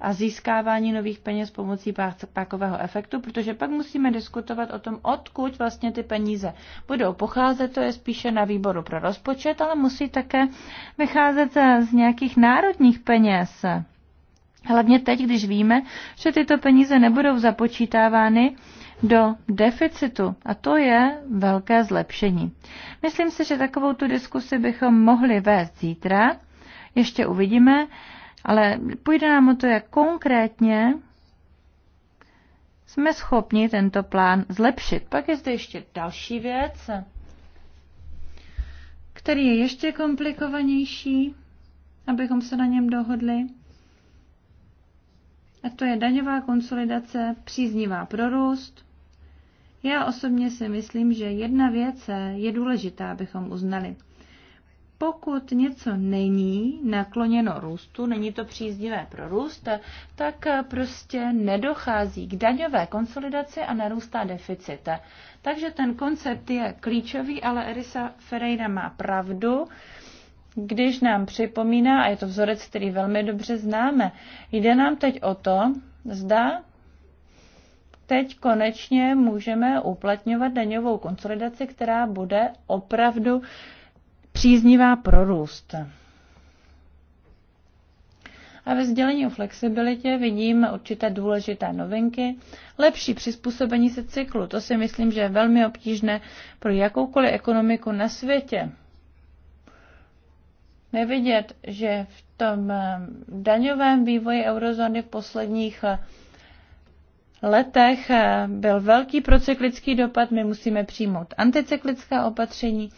a získávání nových peněz pomocí pákového efektu, protože pak musíme diskutovat o tom, odkud vlastně ty peníze budou pocházet. To je spíše na výboru pro rozpočet, ale musí také vycházet z nějakých národních peněz. Hlavně teď, když víme, že tyto peníze nebudou započítávány do deficitu. A to je velké zlepšení. Myslím si, že takovou tu diskusi bychom mohli vést zítra. Ještě uvidíme, ale půjde nám o to, jak konkrétně jsme schopni tento plán zlepšit. Pak je zde ještě další věc, který je ještě komplikovanější, abychom se na něm dohodli. A to je daňová konsolidace příznivá pro růst. Já osobně si myslím, že jedna věc je důležitá, abychom uznali. Pokud něco není nakloněno růstu, není to příznivé pro růst, tak prostě nedochází k daňové konsolidaci a narůstá deficit. Takže ten koncept je klíčový, ale Erisa Ferreira má pravdu když nám připomíná, a je to vzorec, který velmi dobře známe, jde nám teď o to, zda teď konečně můžeme uplatňovat daňovou konsolidaci, která bude opravdu příznivá pro růst. A ve sdělení o flexibilitě vidím určité důležité novinky. Lepší přizpůsobení se cyklu, to si myslím, že je velmi obtížné pro jakoukoliv ekonomiku na světě. Nevidět, že v tom eh, daňovém vývoji eurozóny v posledních eh, letech eh, byl velký procyklický dopad, my musíme přijmout anticyklická opatření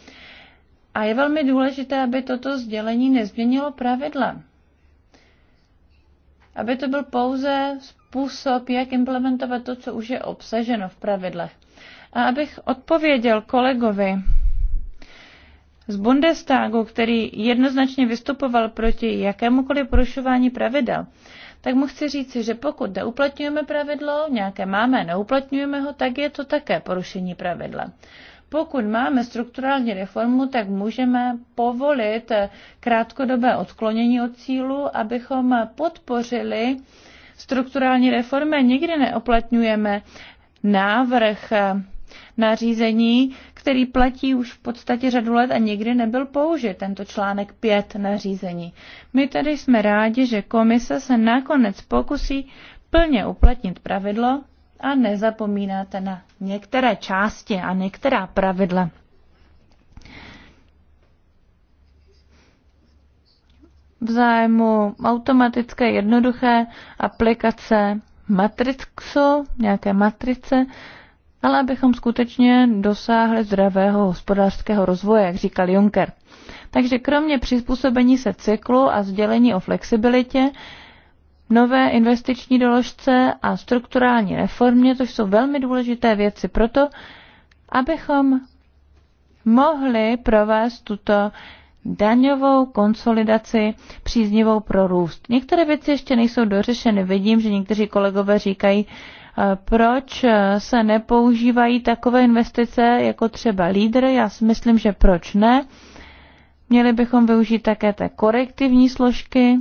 a je velmi důležité, aby toto sdělení nezměnilo pravidla. Aby to byl pouze způsob, jak implementovat to, co už je obsaženo v pravidlech. A abych odpověděl kolegovi z Bundestagu, který jednoznačně vystupoval proti jakémukoliv porušování pravidel, tak mu chci říci, že pokud neuplatňujeme pravidlo, nějaké máme, neuplatňujeme ho, tak je to také porušení pravidla. Pokud máme strukturální reformu, tak můžeme povolit eh, krátkodobé odklonění od cílu, abychom podpořili strukturální reformy. Nikdy neoplatňujeme návrh eh, nařízení, který platí už v podstatě řadu let a nikdy nebyl použit, tento článek 5 nařízení. My tedy jsme rádi, že komise se nakonec pokusí plně uplatnit pravidlo a nezapomínáte na některé části a některá pravidla. v zájmu automatické, jednoduché aplikace matrixu, nějaké matrice, ale abychom skutečně dosáhli zdravého hospodářského rozvoje, jak říkal Juncker. Takže kromě přizpůsobení se cyklu a sdělení o flexibilitě, nové investiční doložce a strukturální reformě, to jsou velmi důležité věci proto, abychom mohli provést tuto daňovou konsolidaci příznivou pro růst. Některé věci ještě nejsou dořešeny. Vidím, že někteří kolegové říkají, proč se nepoužívají takové investice jako třeba lídr. Já si myslím, že proč ne. Měli bychom využít také té korektivní složky.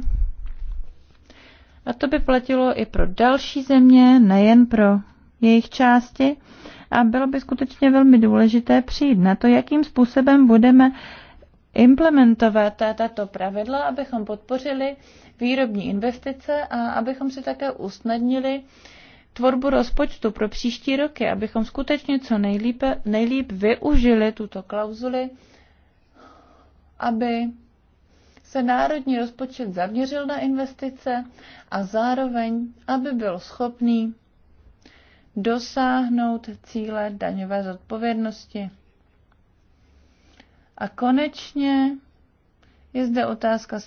A to by platilo i pro další země, nejen pro jejich části. A bylo by skutečně velmi důležité přijít na to, jakým způsobem budeme implementovat tato pravidla, abychom podpořili výrobní investice a abychom si také usnadnili uh, tvorbu rozpočtu pro příští roky, abychom skutečně co nejlíp nejlíp využili tuto klauzuli, aby se národní rozpočet zaměřil na investice a zároveň, aby byl schopný dosáhnout cíle daňové zodpovědnosti. A konečně je zde otázka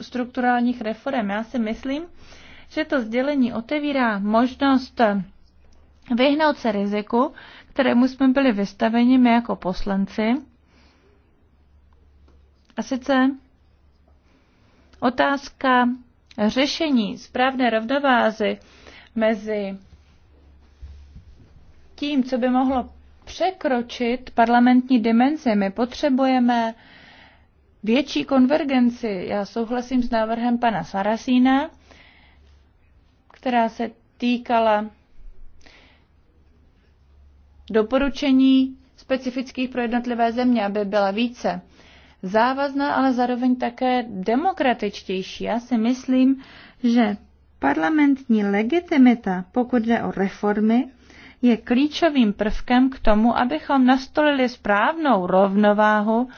strukturálních reform. Já si myslím, že to sdělení otevírá možnost eh, vyhnout se riziku, kterému jsme byli vystaveni my jako poslanci. A sice otázka řešení správné rovnovázy mezi tím, co by mohlo překročit parlamentní dimenzi. My potřebujeme větší konvergenci. Já souhlasím s návrhem pana Sarasína, která se týkala doporučení specifických pro jednotlivé země, aby byla více závazná, ale zároveň také demokratičtější. Já si myslím, že parlamentní legitimita, pokud jde o reformy, je klíčovým prvkem k tomu, abychom nastolili správnou rovnováhu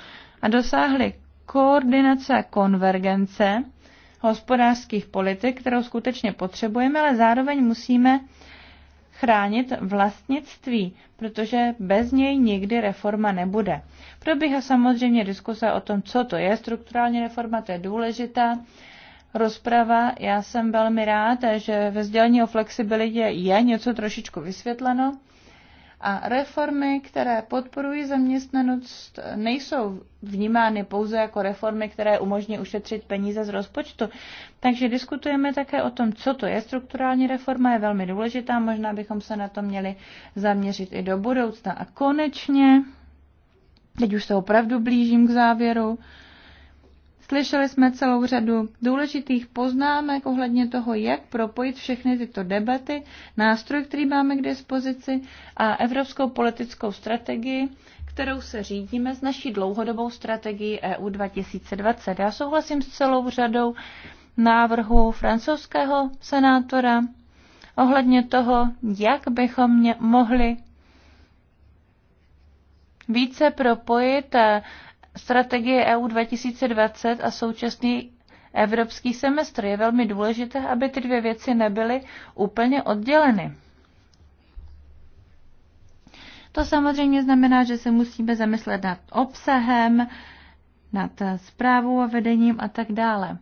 a dosáhli koordinace a konvergence hospodářských politik, kterou skutečně potřebujeme, ale zároveň musíme chránit vlastnictví, protože bez něj nikdy reforma nebude. Probíhá samozřejmě diskuse o tom, co to je strukturální reforma, to je důležitá rozprava. Já jsem velmi rád, že ve sdělení o flexibilitě je něco trošičku vysvětleno. A reformy, které podporují zaměstnanost, nejsou vnímány pouze jako reformy, které umožní ušetřit peníze z rozpočtu. Takže diskutujeme také o tom, co to je strukturální reforma, je velmi důležitá, možná bychom se na to měli zaměřit i do budoucna. A konečně, teď už se opravdu blížím k závěru, Slyšeli jsme celou řadu důležitých poznámek ohledně toho, jak propojit všechny tyto debaty, nástroj, který máme k dispozici a evropskou politickou strategii, kterou se řídíme s naší dlouhodobou strategií EU 2020. Já souhlasím s celou řadou návrhu francouzského senátora ohledně toho, jak bychom mě mohli více propojit strategie EU 2020 a současný evropský semestr. Je velmi důležité, aby ty dvě věci nebyly úplně odděleny. To samozřejmě znamená, že se musíme zamyslet nad obsahem, nad zprávou a vedením a tak dále.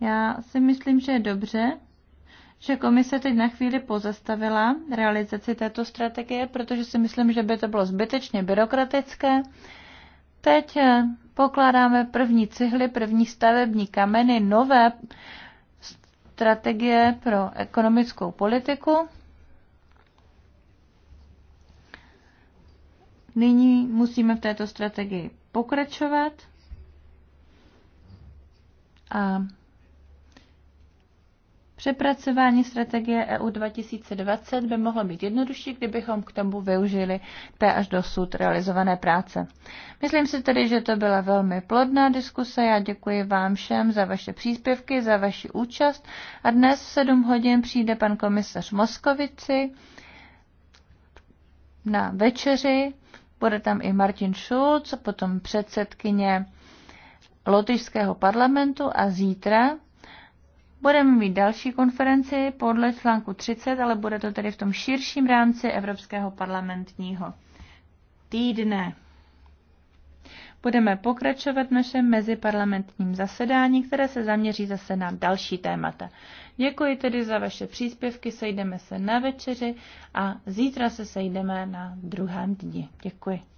Já si myslím, že je dobře, že komise teď na chvíli pozastavila realizaci této strategie, protože si myslím, že by to bylo zbytečně byrokratické. Teď eh, pokládáme první cihly, první stavební kameny nové strategie pro ekonomickou politiku. Nyní musíme v této strategii pokračovat a Přepracování strategie EU 2020 by mohlo být jednodušší, kdybychom k tomu využili té až dosud realizované práce. Myslím si tedy, že to byla velmi plodná diskuse. Já děkuji vám všem za vaše příspěvky, za vaši účast a dnes v 7 hodin přijde pan komisař Moskovici na večeři. Bude tam i Martin Schulz, potom předsedkyně lotyšského parlamentu a zítra Budeme mít další konferenci podle článku 30, ale bude to tedy v tom širším rámci Evropského parlamentního týdne. Budeme pokračovat v našem meziparlamentním zasedání, které se zaměří zase na další témata. Děkuji tedy za vaše příspěvky, sejdeme se na večeři a zítra se sejdeme na druhém dni. Děkuji.